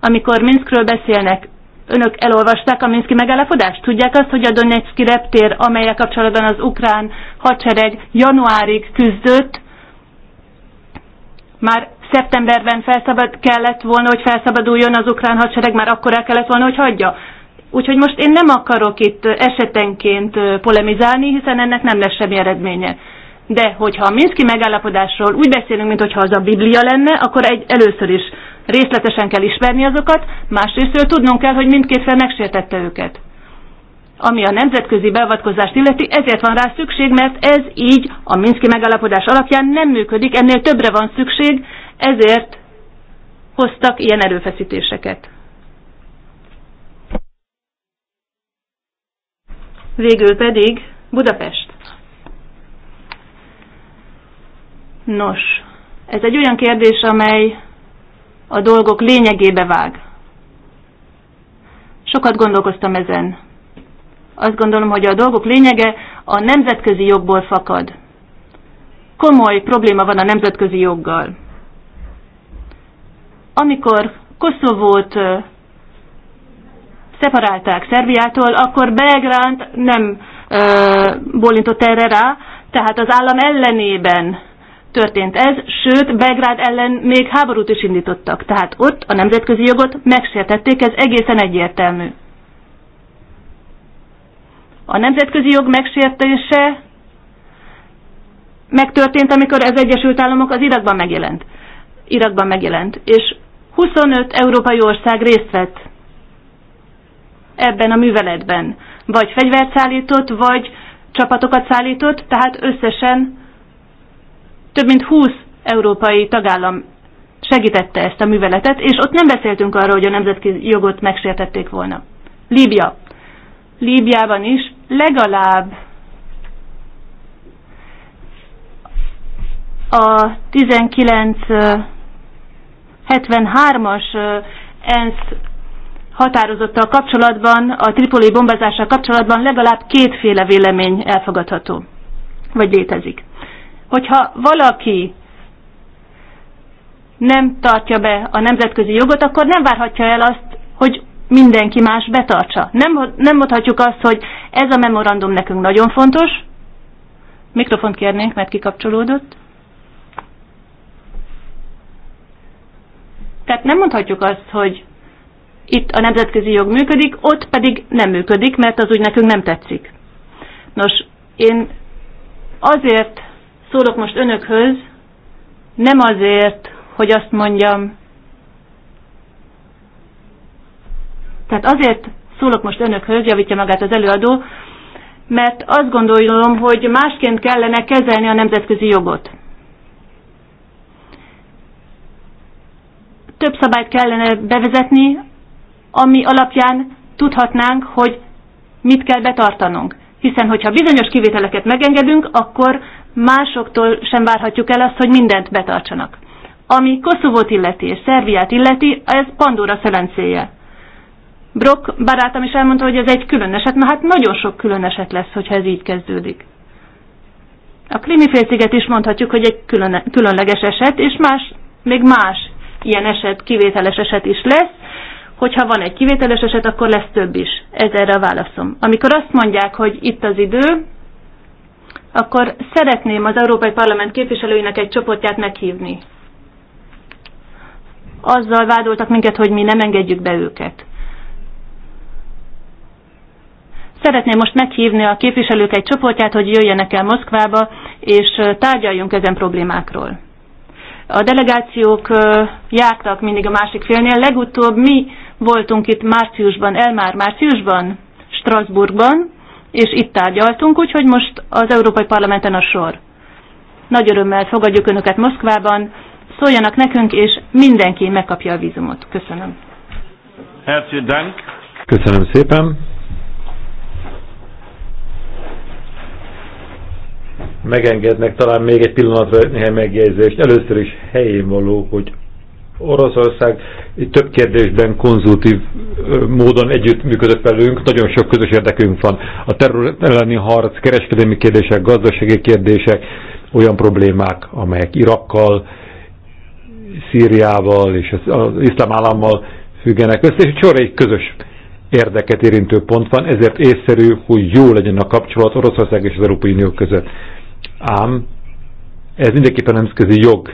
Amikor Minskről beszélnek, önök elolvasták a Minszki megállapodást? Tudják azt, hogy a Donetszki reptér, amelyek kapcsolatban az ukrán hadsereg januárig küzdött, már szeptemberben felszabad kellett volna, hogy felszabaduljon az ukrán hadsereg, már akkor el kellett volna, hogy hagyja. Úgyhogy most én nem akarok itt esetenként polemizálni, hiszen ennek nem lesz semmi eredménye. De hogyha a Minszki megállapodásról úgy beszélünk, mint az a Biblia lenne, akkor egy, először is részletesen kell ismerni azokat, másrésztől tudnunk kell, hogy mindkét fel megsértette őket ami a nemzetközi beavatkozást illeti, ezért van rá szükség, mert ez így a Minszki megállapodás alapján nem működik, ennél többre van szükség, ezért hoztak ilyen erőfeszítéseket. Végül pedig Budapest. Nos, ez egy olyan kérdés, amely a dolgok lényegébe vág. Sokat gondolkoztam ezen. Azt gondolom, hogy a dolgok lényege a nemzetközi jogból fakad. Komoly probléma van a nemzetközi joggal. Amikor Koszovót szeparálták Szerbiától, akkor Belgránt nem ö, bólintott erre rá, tehát az állam ellenében történt ez, sőt, Belgrád ellen még háborút is indítottak. Tehát ott a nemzetközi jogot megsértették, ez egészen egyértelmű. A nemzetközi jog megsértése megtörtént, amikor az Egyesült Államok az Irakban megjelent. Irakban megjelent. És 25 európai ország részt vett ebben a műveletben. Vagy fegyvert szállított, vagy csapatokat szállított, tehát összesen több mint 20 európai tagállam segítette ezt a műveletet, és ott nem beszéltünk arról, hogy a nemzetközi jogot megsértették volna. Líbia. Líbiában is legalább a 1973-as ENSZ határozottal kapcsolatban, a tripoli bombázással kapcsolatban legalább kétféle vélemény elfogadható, vagy létezik. Hogyha valaki nem tartja be a nemzetközi jogot, akkor nem várhatja el azt, mindenki más betartsa. Nem, nem mondhatjuk azt, hogy ez a memorandum nekünk nagyon fontos. Mikrofont kérnénk, mert kikapcsolódott. Tehát nem mondhatjuk azt, hogy itt a nemzetközi jog működik, ott pedig nem működik, mert az úgy nekünk nem tetszik. Nos, én azért szólok most önökhöz, nem azért, hogy azt mondjam, Tehát azért szólok most önökhöz, javítja magát az előadó, mert azt gondolom, hogy másként kellene kezelni a nemzetközi jogot. Több szabályt kellene bevezetni, ami alapján tudhatnánk, hogy mit kell betartanunk. Hiszen, hogyha bizonyos kivételeket megengedünk, akkor másoktól sem várhatjuk el azt, hogy mindent betartsanak. Ami Koszovót illeti és Szerviát illeti, ez Pandora szelencéje. Brock barátom is elmondta, hogy ez egy külön eset. Na hát nagyon sok külön eset lesz, hogyha ez így kezdődik. A krimi félsziget is mondhatjuk, hogy egy külön, különleges eset, és más, még más ilyen eset, kivételes eset is lesz. Hogyha van egy kivételes eset, akkor lesz több is. Ez erre a válaszom. Amikor azt mondják, hogy itt az idő, akkor szeretném az Európai Parlament képviselőinek egy csoportját meghívni. Azzal vádoltak minket, hogy mi nem engedjük be őket. Szeretném most meghívni a képviselők egy csoportját, hogy jöjjenek el Moszkvába, és tárgyaljunk ezen problémákról. A delegációk jártak mindig a másik félnél. Legutóbb mi voltunk itt márciusban, elmár márciusban, Strasbourgban, és itt tárgyaltunk, úgyhogy most az Európai Parlamenten a sor. Nagy örömmel fogadjuk Önöket Moszkvában, szóljanak nekünk, és mindenki megkapja a vízumot. Köszönöm. Köszönöm szépen. megengednek talán még egy pillanatra néhány megjegyzést. Először is helyén való, hogy Oroszország több kérdésben konzultív módon együttműködött velünk, nagyon sok közös érdekünk van. A terület elleni harc, kereskedelmi kérdések, gazdasági kérdések, olyan problémák, amelyek Irakkal, Szíriával és az iszlám állammal függenek össze, és egy sor egy közös érdeket érintő pont van, ezért észszerű, hogy jó legyen a kapcsolat Oroszország és az Európai Unió között. Ám ez mindenképpen nemzetközi jog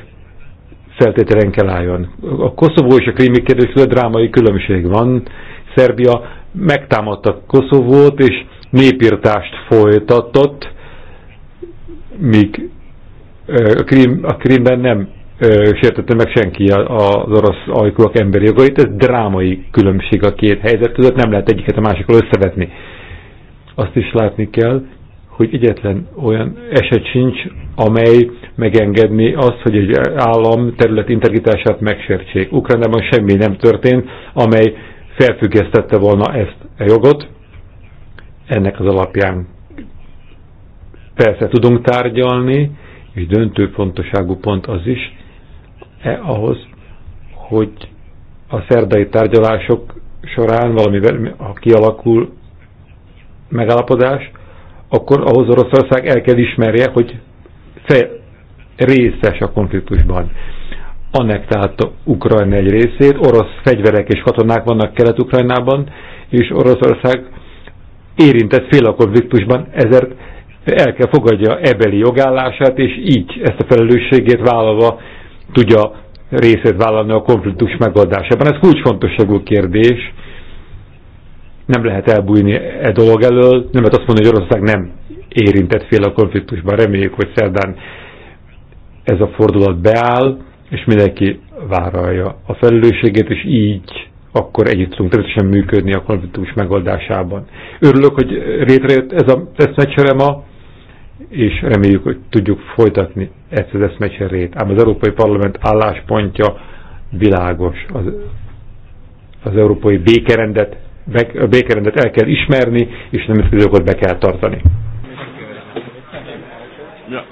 feltételen kell álljon. A Koszovó és a krími kérdés a drámai különbség van. Szerbia megtámadta Koszovót, és népírtást folytatott, míg a, krím, a Krímben nem sértette meg senki az orosz ajkúak emberi jogait. Ez drámai különbség a két helyzet között, nem lehet egyiket a másikról összevetni. Azt is látni kell, hogy egyetlen olyan eset sincs, amely megengedni azt, hogy egy állam terület integritását megsértsék. Ukrajnában semmi nem történt, amely felfüggesztette volna ezt a jogot. Ennek az alapján persze tudunk tárgyalni, és döntő fontosságú pont az is, e ahhoz, hogy a szerdai tárgyalások során valami kialakul megállapodás, akkor ahhoz Oroszország el kell ismerje, hogy fe, részes a konfliktusban. Annektálta Ukrajna egy részét, orosz fegyverek és katonák vannak Kelet-Ukrajnában, és Oroszország érintett fél a konfliktusban, ezért el kell fogadja ebeli jogállását, és így ezt a felelősségét vállalva tudja részét vállalni a konfliktus megoldásában. Ez kulcsfontosságú kérdés, nem lehet elbújni e dolog elől, nem lehet azt mondani, hogy Oroszország nem érintett fél a konfliktusban. Reméljük, hogy szerdán ez a fordulat beáll, és mindenki vállalja a felelősségét, és így akkor együtt tudunk természetesen működni a konfliktus megoldásában. Örülök, hogy rétrejött ez a eszmecsere ma, és reméljük, hogy tudjuk folytatni ezt az eszmecserét. Ám az Európai Parlament álláspontja világos. Az, az európai békerendet a békerendet el kell ismerni, és nem jogot be kell tartani. Ja.